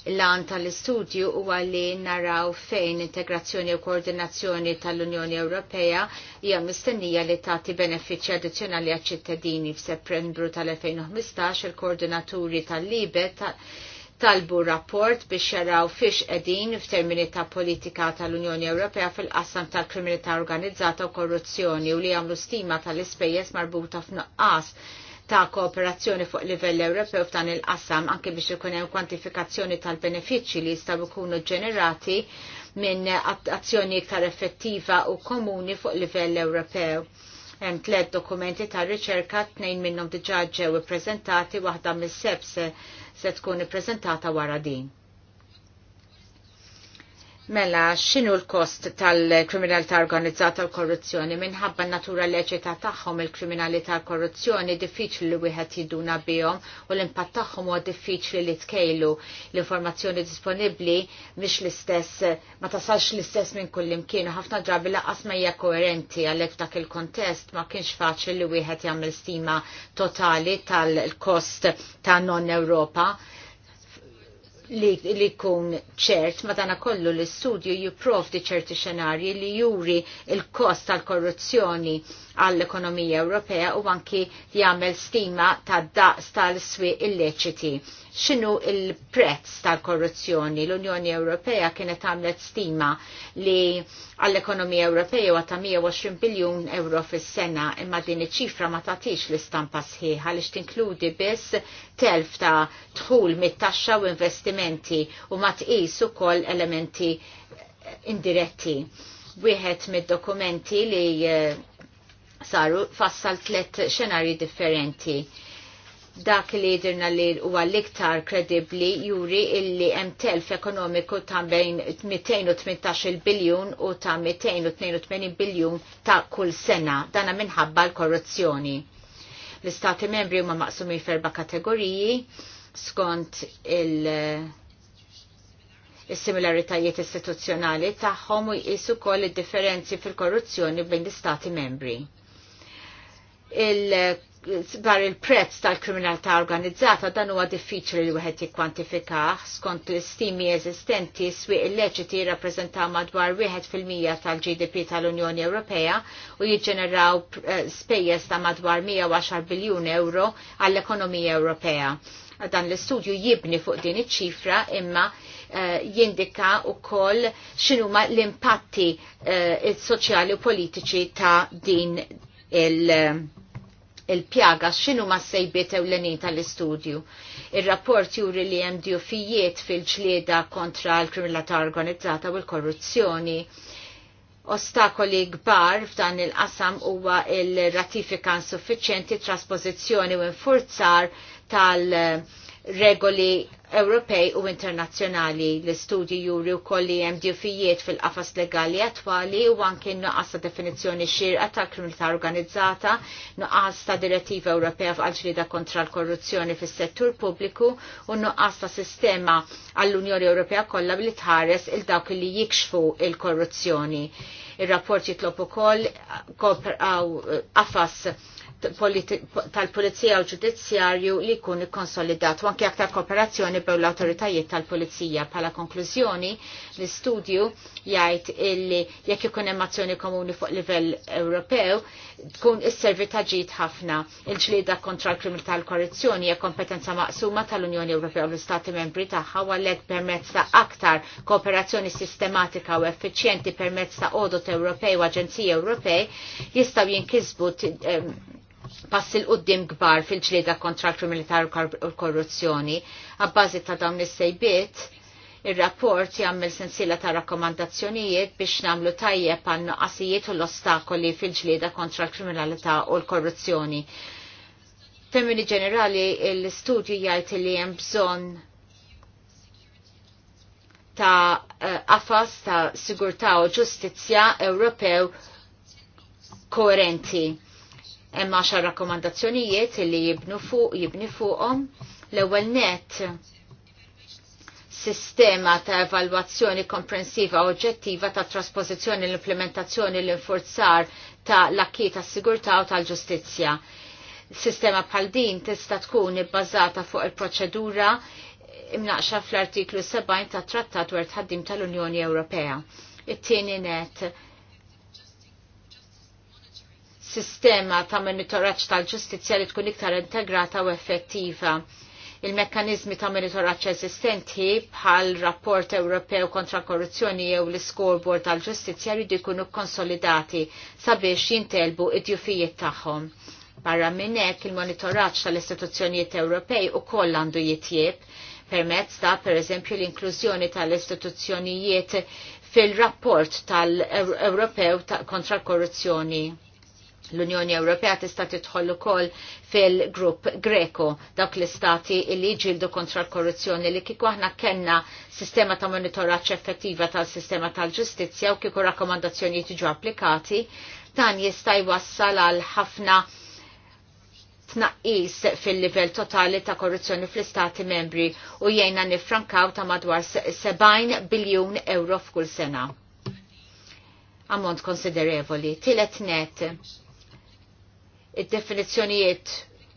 l-għan tal-istudju u għalli naraw fejn integrazzjoni u koordinazzjoni tal-Unjoni Ewropea hija mistennija li tagħti benefiċċji addizzjonali għaċ-ċittadini f'Settembru tal-2015 il-koordinaturi tal-Libet talbu rapport biex jaraw fiex edin f'termini ta' politika tal-Unjoni Ewropea fil-qassam tal-kriminalità organizzata u korruzzjoni u li għamlu stima tal-ispejjeż marbuta f'nuqqas ta' kooperazzjoni fuq livell Ewropew f'dan il-qasam anke biex ikun hemm kwantifikazzjoni tal-benefiċċji li jistgħu jkunu ġenerati minn azzjoni iktar effettiva u komuni fuq livell Ewropew. Hemm tliet dokumenti ta' riċerka tnejn minnhom diġà ġew ippreżentati waħda mis-sebs se tkun ippreżentata wara din. Mela, xinu l-kost tal-kriminalità organizzata u korruzzjoni? Minħabba natura leċita tagħhom il-kriminalità korruzzjoni diffiċli li wieħed jiduna bihom u l-impatt tagħhom huwa diffiċli li tkejlu l-informazzjoni disponibbli mhix l-istess ma tasalx l-istess minn kull imkien u ħafna drabi laqas ma hija koerenti għalhekk f'dak il-kontest ma kienx faċli li wieħed jagħmel stima totali tal-kost ta' non-Ewropa li jkun ċert madana kollu l-istudju jipprovdi ċerti xenarji li juri il-kost tal-korruzzjoni għall-ekonomija Ewropea u anki jagħmel stima ta' daqs tal-swieq illeċiti. X'inhu il-prezz tal-korruzzjoni? L-Unjoni Ewropea kienet għamlet stima li għall-ekonomija Ewropea huwa ta' 120 biljun euro fis-sena imma din iċ-ċifra ma tagħtix l-istampa sħiħa għaliex tinkludi biss telf ta' dħul mit-taxxa u investimenti u ma tqis ukoll elementi indiretti. Wieħed mid-dokumenti li eh, saru fassal tlet xenarji differenti dak li jidirna li huwa l-iktar kredibli juri illi hemm telf ekonomiku ta' bejn 218 biljun u ta' 282 biljun ta' kull sena dana minħabba l-korruzzjoni. L-istati membri huma maqsumi ferba kategoriji skont il- is-similaritajiet istituzzjonali tagħhom u jqisu wkoll id-differenzi fil-korruzzjoni bejn l-istati membri il- bar il-prezz tal-kriminalità organizzata dan huwa diffiċli li wieħed jikkwantifikah skont l-istimi eżistenti swieq il-leċiti jirrappreżentaw madwar wieħed fil-mija tal-GDP tal-Unjoni Ewropea u jiġġeneraw eh, spejjeż ta' madwar 110 biljun euro għall-ekonomija Ewropea. Dan l-istudju jibni fuq din iċ-ċifra imma eh, jindika u koll xinuma l-impatti eh, soċjali u politiċi ta' din il- il-pjaga xinu ma sejbiet ewlenin tal-istudju. Ir-rapport juri li hemm diofijiet fil-ġlieda kontra l-kriminalità organizzata u l-korruzzjoni ostakoli gbar f'dan il-qasam huwa il-ratifika insuffiċjenti traspożizzjoni u infurzar tal- regoli Ewropej u internazzjonali l istudji juri u kolli jem djufijiet fil-qafas legali attwali u anki nuqqas ta' definizjoni xirqa ta' kriminalità organizzata, nuqqas ta' direttiva Ewropea f'għalġlida kontra l-korruzzjoni fis settur pubbliku u nuqqas ta' sistema għall-Unjoni Ewropea kollha li tħares il-dawk li jikxfu il-korruzzjoni. Il-rapport jitlob ukoll koll għafas tal-Polizija u ġudizzjarju li jkun ikkonsolidat u anke aktar kooperazzjoni bew l-autoritajiet tal-Polizija. Pala konklużjoni, l-istudju jgħid illi jekk ikun hemm azzjoni komuni fuq livell Ewropew, tkun is-servi ġid ħafna. Il-ġlieda kontra l-kriminalità tal korruzzjoni hija kompetenza maqsuma tal-Unjoni Ewropea u l-Istati Membri tagħha għalhekk permezz ta' aktar kooperazzjoni sistematika u effiċjenti permezz ta' Odot Ewropej u Aġenziji Ewropej jistgħu jinkisbu passi l-qoddim gbar fil-ġlieda kontra l-kriminalità u l-korruzzjoni. Għabbażi ta' dawn is-sejbiet, Ir-rapport jagħmel sensiela ta' rakkomandazzjonijiet biex nagħmlu tajjeb għan nuqqasijiet u l-ostakoli fil-ġlieda kontra l-kriminalità u l-korruzzjoni. F'emmini ġenerali, l-studju jgħid li hemm bżonn ta' eh, qafas ta' sigurtà u ġustizzja Ewropew koerenti Hemm għaxar rakkomandazzjonijiet li jibnu fuq jibni fuqhom l-ewwel net sistema ta' evalwazzjoni komprensiva oġġettiva ta' trasposizzjoni l-implementazzjoni l-infurzar ta' l-akki ta' sigurtà u tal-ġustizzja. Sistema bħal din tista' tkun ibbażata fuq il-proċedura imnaqxa fl-artiklu 70 ta' Trattat Wert Ħaddim tal-Unjoni Ewropea. It-tieni net sistema ta' monitoraġġ tal-ġustizzja li tkun iktar integrata u effettiva. Il-mekkanizmi ta' monitoraġġ eżistenti bħal rapport Ewropew kontra korruzzjoni jew l-scoreboard tal-ġustizzja rridu jkunu konsolidati sabiex jintelbu id-djufijiet tagħhom. Barra minn hekk il-monitoraġġ tal-istituzzjonijiet Ewropej ukoll għandu jitjieb permezz ta' pereżempju l-inklużjoni tal-istituzzjonijiet fil-rapport tal-Ewropew kontra korruzzjoni L-Unjoni Ewropea tista' tidħol ukoll fil-grupp Greco dawk l-istati li jġildu kontra l-korruzzjoni li kieku aħna kellna sistema ta' monitoraġġ effettiva tal-sistema tal-ġustizzja u kieku rakkomandazzjonijiet jiġu applikati dan jista' jwassal għal ħafna tnaqqis fil-livell totali ta' korruzzjoni fl-istati membri u jgħina nifrankaw ta' madwar 70 biljun euro f'kull sena. Ammont konsiderevoli. Tilet net, id-definizzjonijiet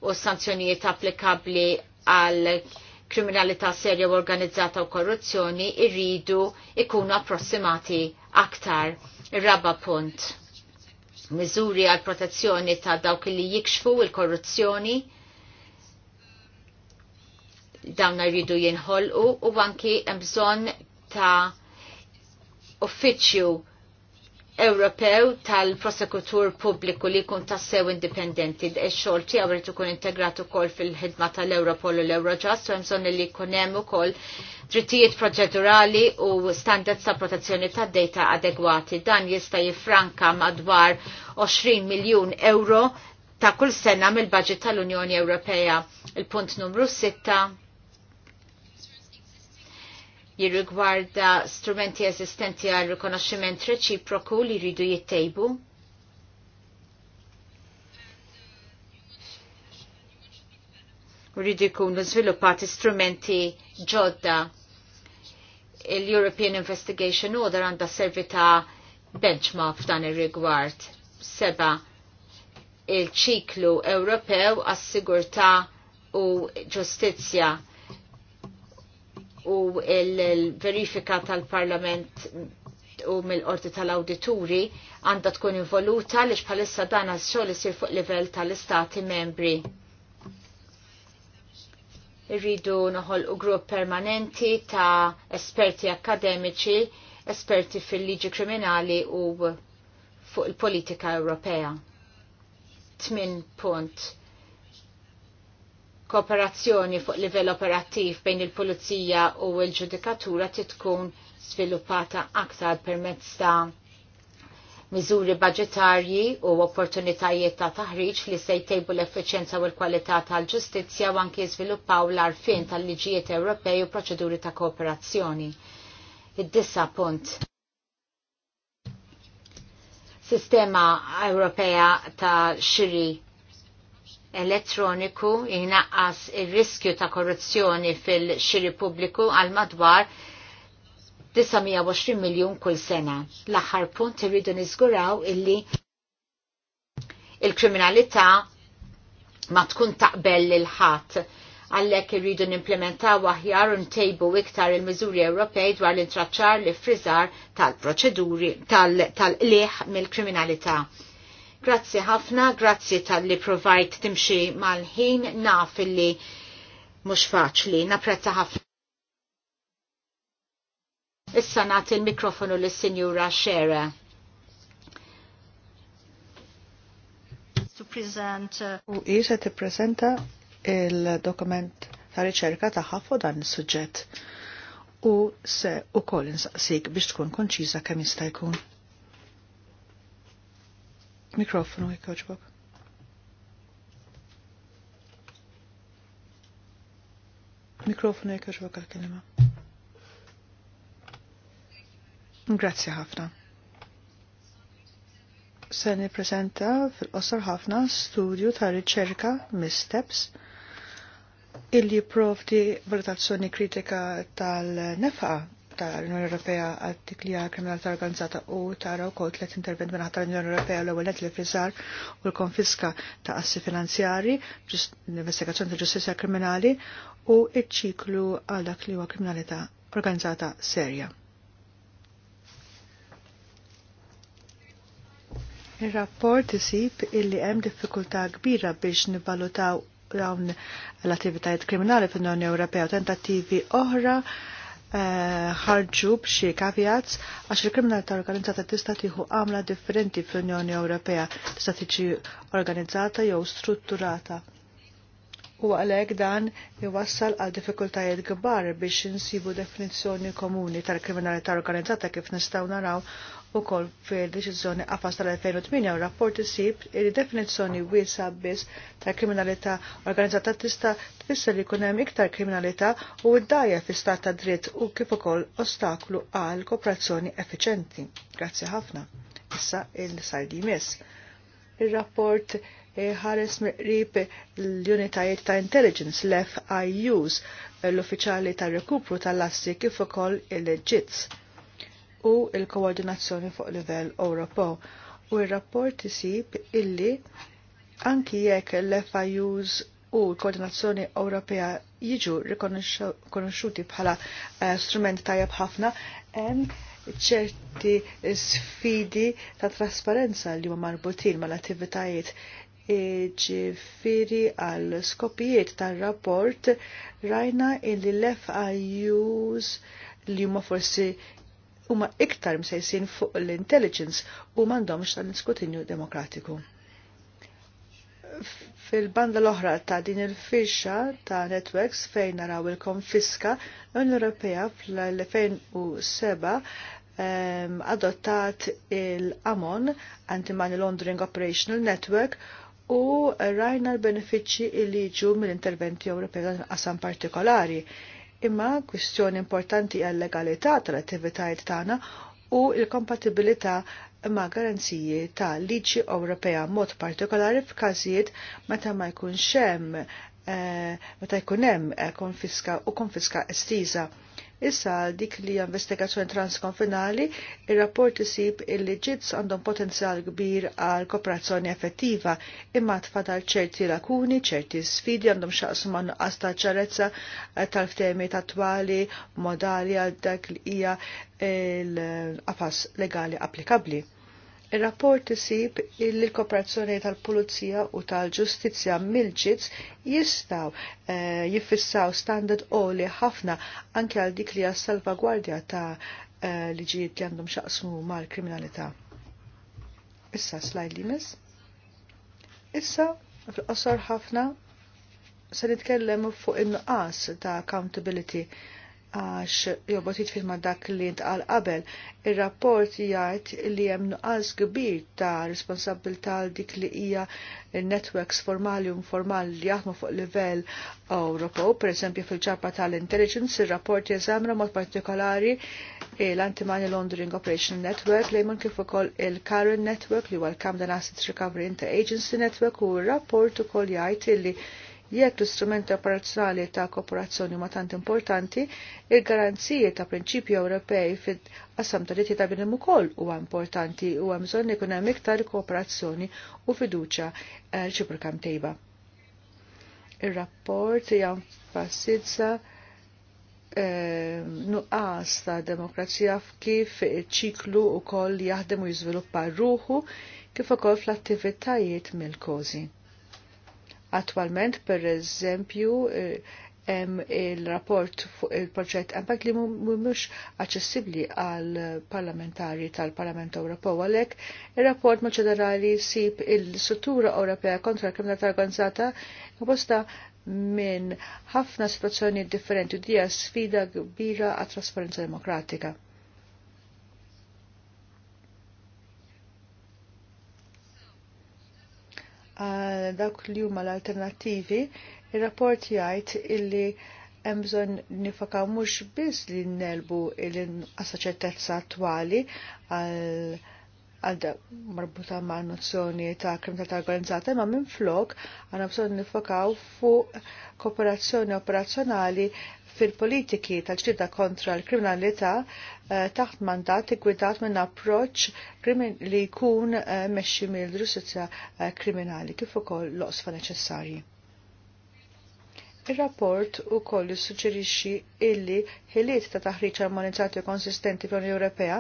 u sanzjonijiet applikabli għal kriminalità serja u organizzata u korruzzjoni irridu ikunu approssimati aktar. Raba punt. Miżuri għal protezzjoni ta' dawk li jikxfu il-korruzzjoni dawn rridu jinħolqu u anki hemm bżonn ta' uffiċċju Ewropew tal-prosekutur pubbliku li kun tassew indipendenti xogħol tiegħu rid tukun integrat ukoll fil-ħidma tal-Europol u l-Eurojust u hemm bżonn li jkun hemm ukoll drittijiet proċedurali u standards ta' protezzjoni tad data adegwati. Dan jista' jifranka madwar 20 miljun euro ta' kull sena mill-budget tal-Unjoni Ewropea. Il-punt numru 6 jirrigwarda strumenti eżistenti għal rikonoxximent reċiproku li jridu jittejbu. Rridu jkunu żviluppati strumenti ġodda. Il-European Investigation Order għandha servita benchmark f'dan ir-rigward. Seba' il-ċiklu Ewropew għas-sigurtà u ġustizzja u l-verifika tal-Parlament u mill-qorti tal-awdituri għandha tkun involuta li bħalissa dan għas-xogħol isir fuq livell tal-istati membri. Irridu noħol u grupp permanenti ta' esperti akademiċi, esperti fil-liġi kriminali u fuq il-politika Ewropea. Tmin punt kooperazzjoni fuq livell operattiv bejn il-Pulizija u l-Ġudikatura titkun sviluppata aktar permezz ta' miżuri budgetarji u opportunitajiet ta' taħriġ li se jtejbu l-effiċenza u l-kwalità tal-ġustizzja u anki jiżviluppaw l-arfin tal-liġijiet Ewropej u proċeduri ta' kooperazzjoni. Id-dissa punt. Sistema Ewropea ta' xiri elettroniku jinaqqas il-riskju ta' korruzzjoni fil-xiri pubbliku għal madwar 920 miljon kull sena. L-aħħar punt irridu niżguraw illi il-kriminalità ma tkun taqbel lil ħadd għallek irridu nimplementaw aħjar u ntejbu iktar il-miżuri Ewropej dwar l-intraċċar li frizar tal-proċeduri tal-liħ mill-kriminalità. Grazzi ħafna, grazzi tal-li provajt timxi mal-ħin, naf li mux faċli, naprezza ħafna. Issa nagħti il-mikrofonu lis sinjura Xera. To present. Uh, U ti tippreżenta il-dokument ta' riċerka ta' ħafu dan is-suġġett. U se ukoll insaqsik biex tkun konċiża kemm jista' jkun. Mikrofonu jkoġbok. Mikrofonu jkoġbok għal-kelima. Grazie ħafna. Se prezenta fil-qosor ħafna studju ta' riċerka Miss steps il-li provdi valutazzjoni kritika tal nefa tal-Unjoni Ewropea għad dik li kriminalità organizzata u taraw kol tlet intervent minn ħadd l-Unjoni Ewropea l-ewwel net l-friżar u l-konfiska ta' assi finanzjari, l-investigazzjoni ta' ġustizja kriminali u iċ-ċiklu għal dak li huwa kriminalità organizzata serja. Ir-rapport isib illi hemm diffikultà kbira biex nivvalutaw dawn l-attivitajiet kriminali fil-Unjoni Ewropea u tentattivi oħra ħarġu b'xi kavjats għax il-kriminalità organizzata tista' tieħu għamla differenti fl-Unjoni Ewropea tista' tiġi organizzata jew strutturata. U għalhekk dan iwassal għal diffikultajiet kbar biex insibu definizzjoni komuni tal-kriminalità organizzata kif nistgħu naraw u kol fil-deċizjoni għafas tal-2008 u rapport sib il definizzjoni wiesa biss ta' kriminalità organizzata tista tfisser li kunem iktar kriminalità u id-dajja fi stat ta' dritt u kif ukoll ostaklu għal kooperazzjoni effiċenti. Grazzi ħafna. Issa il sardi miss. Il-rapport eh, ħares miqrib l-unitajiet ta' intelligence, l-FIUs, l-uffiċali ta' rekupru tal-assi kif ukoll il-ġitz u il-koordinazzjoni fuq livell Ewropew. U r rapport isib illi anki jekk l-FIUs u l-koordinazzjoni Ewropea jiġu rikonosciuti bħala eh, strument tajjeb ħafna, hemm ċerti sfidi ta' trasparenza li huma marbutin mal-attivitajiet ġifiri għal skopijiet tal-rapport rajna illi l-FIUs li huma forsi huma iktar msejsin fuq l-intelligence u m'għandhomx tal iskutinju demokratiku. Fil-banda l-oħra ta' din il-fisċa ta' networks fejn naraw il-konfiska, l-Unjoni Ewropea fl-2007 ehm, adottat il-AMON, Anti-Money Laundering Operational Network, u rajna l-benefiċċji li ġu mill-interventi Ewropea qasam partikolari imma kwistjoni importanti għal legalità tal-attivitajiet tagħna u l-kompatibilità ma' garanziji ta' liġi Ewropea mod partikolari f'każijiet meta ma jkunx hemm eh, meta jkun hemm eh, konfiska u konfiska estiża Issa għal dik li investigazzjoni transkonfinali, il rapport isib il-ġitz għandhom potenzjal kbir għal kooperazzjoni effettiva, imma tfadal ċerti lakuni, ċerti sfidi għandhom xaqsu ma' nuqqas ta' ċarezza eh, tal-ftemi tatwali, modali għal dak li hija l-qafas legali applikabli. Il-rapport isib il kooperazzjoni tal-Pulizija u tal-Ġustizzja mill-ġitz jistaw e, jiffissaw standard oli ħafna anke għal dik li għas salvagwardja ta' e, liġijiet li għandhom xaqsmu mal-kriminalità. Issa slajd li mis. Issa fil-qosor ħafna se nitkellem fuq in-nuqqas ta' accountability għax jobot ma' dak li intqal qabel. Ir-rapport jgħid li hemm nuqqas kbir ta' responsabilità dik li hija networks formali u informali li jaħdmu fuq livell Ewropew, pereżempju fil-ċarpa tal-intelligence, ir-rapport jeżamra mod partikolari l-Antimani Laundering Operation Network lejmon kif ukoll il-Karen Network li huwa l-Camden Assets Recovery Interagency Network u r-rapport ukoll jgħid li Jekk l-istrumenti operazzjonali ta' kooperazzjoni ma tant importanti, il garanzije ta' prinċipju Ewropej fil qassam ta' ta' binem ukoll huwa importanti u hemm bżonn ikun hemm iktar kooperazzjoni u fiduċja eh, ċiprika tejba. Ir-rapport janfasizza eh, nuqqas ta' demokrazija f'kif ċiklu u koll jaħdem u jizviluppa ruħu kif ukoll fl-attivitajiet mill-kozi. Attualment, per eżempju, eh, hemm il-rapport fuq il-proġett impact li mhumiex aċċessibbli għal parlamentari tal-Parlament Ewropew għalhekk ir-rapport mal-ġenerali sib il-struttura Ewropea kontra l-kriminalità organizzata imposta minn ħafna situazzjoni differenti u dija sfida kbira għat trasparenza demokratika. dawk li huma l-alternattivi, ir-rapport jgħid illi hemm bżonn nifakaw mhux biss li nelbu l-assaċertezza attwali għal marbuta ma' nozzjoni ta' ta' organizzata, ma' minn flok għana bżon nifokaw fuq kooperazzjoni operazzjonali fil-politiki tal-ġdida kontra l-kriminalità eh, taħt mandat igwidat minn approċ li jkun eh, mexxi mill-ġustizja eh, kriminali kif ukoll l-osfa neċessarji. Il-rapport u koll suġġerixxi illi ħiliet ta' taħriġ armonizzati u konsistenti fl-Unjoni Ewropea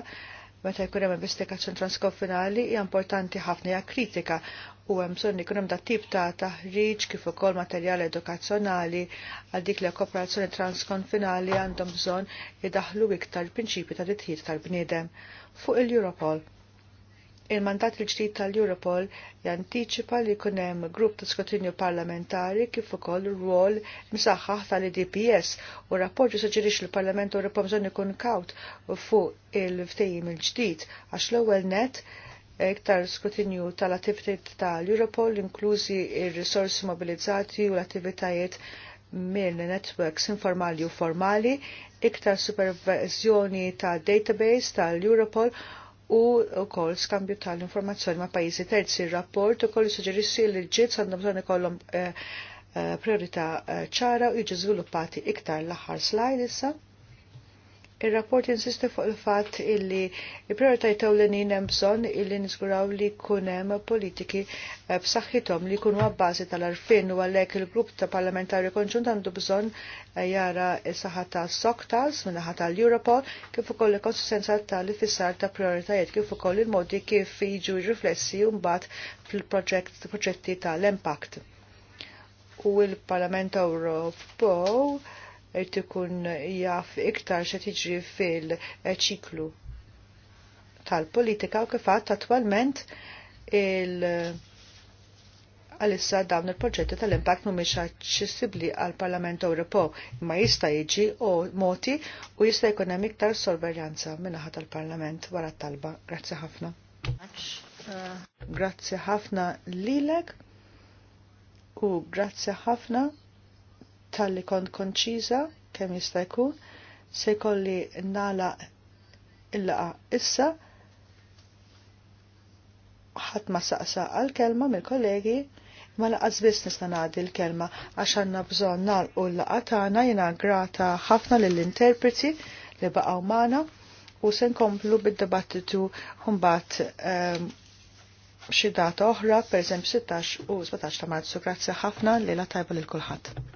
meta jkun hemm investigazzjoni transkonfinali hija importanti ħafna hija kritika u hemm bżonn ikun hemm tip ta' taħriġ kif ukoll materjal edukazzjonali għal dik li kooperazzjoni transkonfinali għandhom bżonn idaħlu iktar prinċipji ta' ditħir tal-bniedem fuq il-Europol. Il-mandat il-ġdid tal-Europol jantiċipa li jkun hemm grupp ta' skrutinju parlamentari kif ukoll rwol msaħħaħ tal-IDPS u rapport suġġerix l-Parlament Ewropew bżonn ikun kawt fuq il ftejim il-ġdid għax l-ewwel net iktar skrutinju tal-attivitajiet tal-Europol, inklużi il risorsi mobilizzati u l-attivitajiet minn networks informali u formali, iktar supervizjoni ta' database tal-Europol u kol skambju tal-informazzjoni ma' pajizi terzi. Rapport u kol suġerissi li ġiet għandhom bżonn kollom eh, eh, priorità eh, ċara u jiġu żviluppati iktar l-aħħar slide issa. Il-rapport jinsisti fuq il-fat illi il-prioritajt ewlenin hemm bżonn illi nisguraw li jkun hemm politiki eh, b'saħħithom li jkunu għabbażi tal-arfin u għalhekk il-grupp ta' parlamentari konġunt għandu bżonn eh, jara s-saħħa ta' Soktas minnaħa tal-Europol kif ukoll il-konsistenza tal-ifissar ta' prioritajiet kif ukoll il-modi kif jiġu riflessi mbagħad fil-proġetti tal-impact. U l-Parlament Ewropew tikun ikun jaf iktar xa tiġri fil-ċiklu tal-politika u kif attualment il- għalissa dawn il-proġetti tal-impatt mhumiex aċċessibbli għal Parlament Ewropew, imma jista' jiġi o moti u jista' jkun hemm iktar sorveljanza minaħa tal-Parlament wara t-talba. Grazzi ħafna. Grazzi ħafna lilek u grazzi ħafna tal-li kont konċiża kemm jista' jkun se jkolli nala il issa ħadd ma saqsa għal-kelma mill-kollegi ma laqas biss nista' ngħaddi l-kelma għax għandna bżonn nagħlqu l-laqa tagħna jiena grata ħafna lill-interpreti li baqgħu magħna u se nkomplu bid-dibattitu mbagħad ehm, xi data oħra, pereżempju 16 u 17 ta' Marzu. Grazzi ħafna li la tajba lil kulħadd.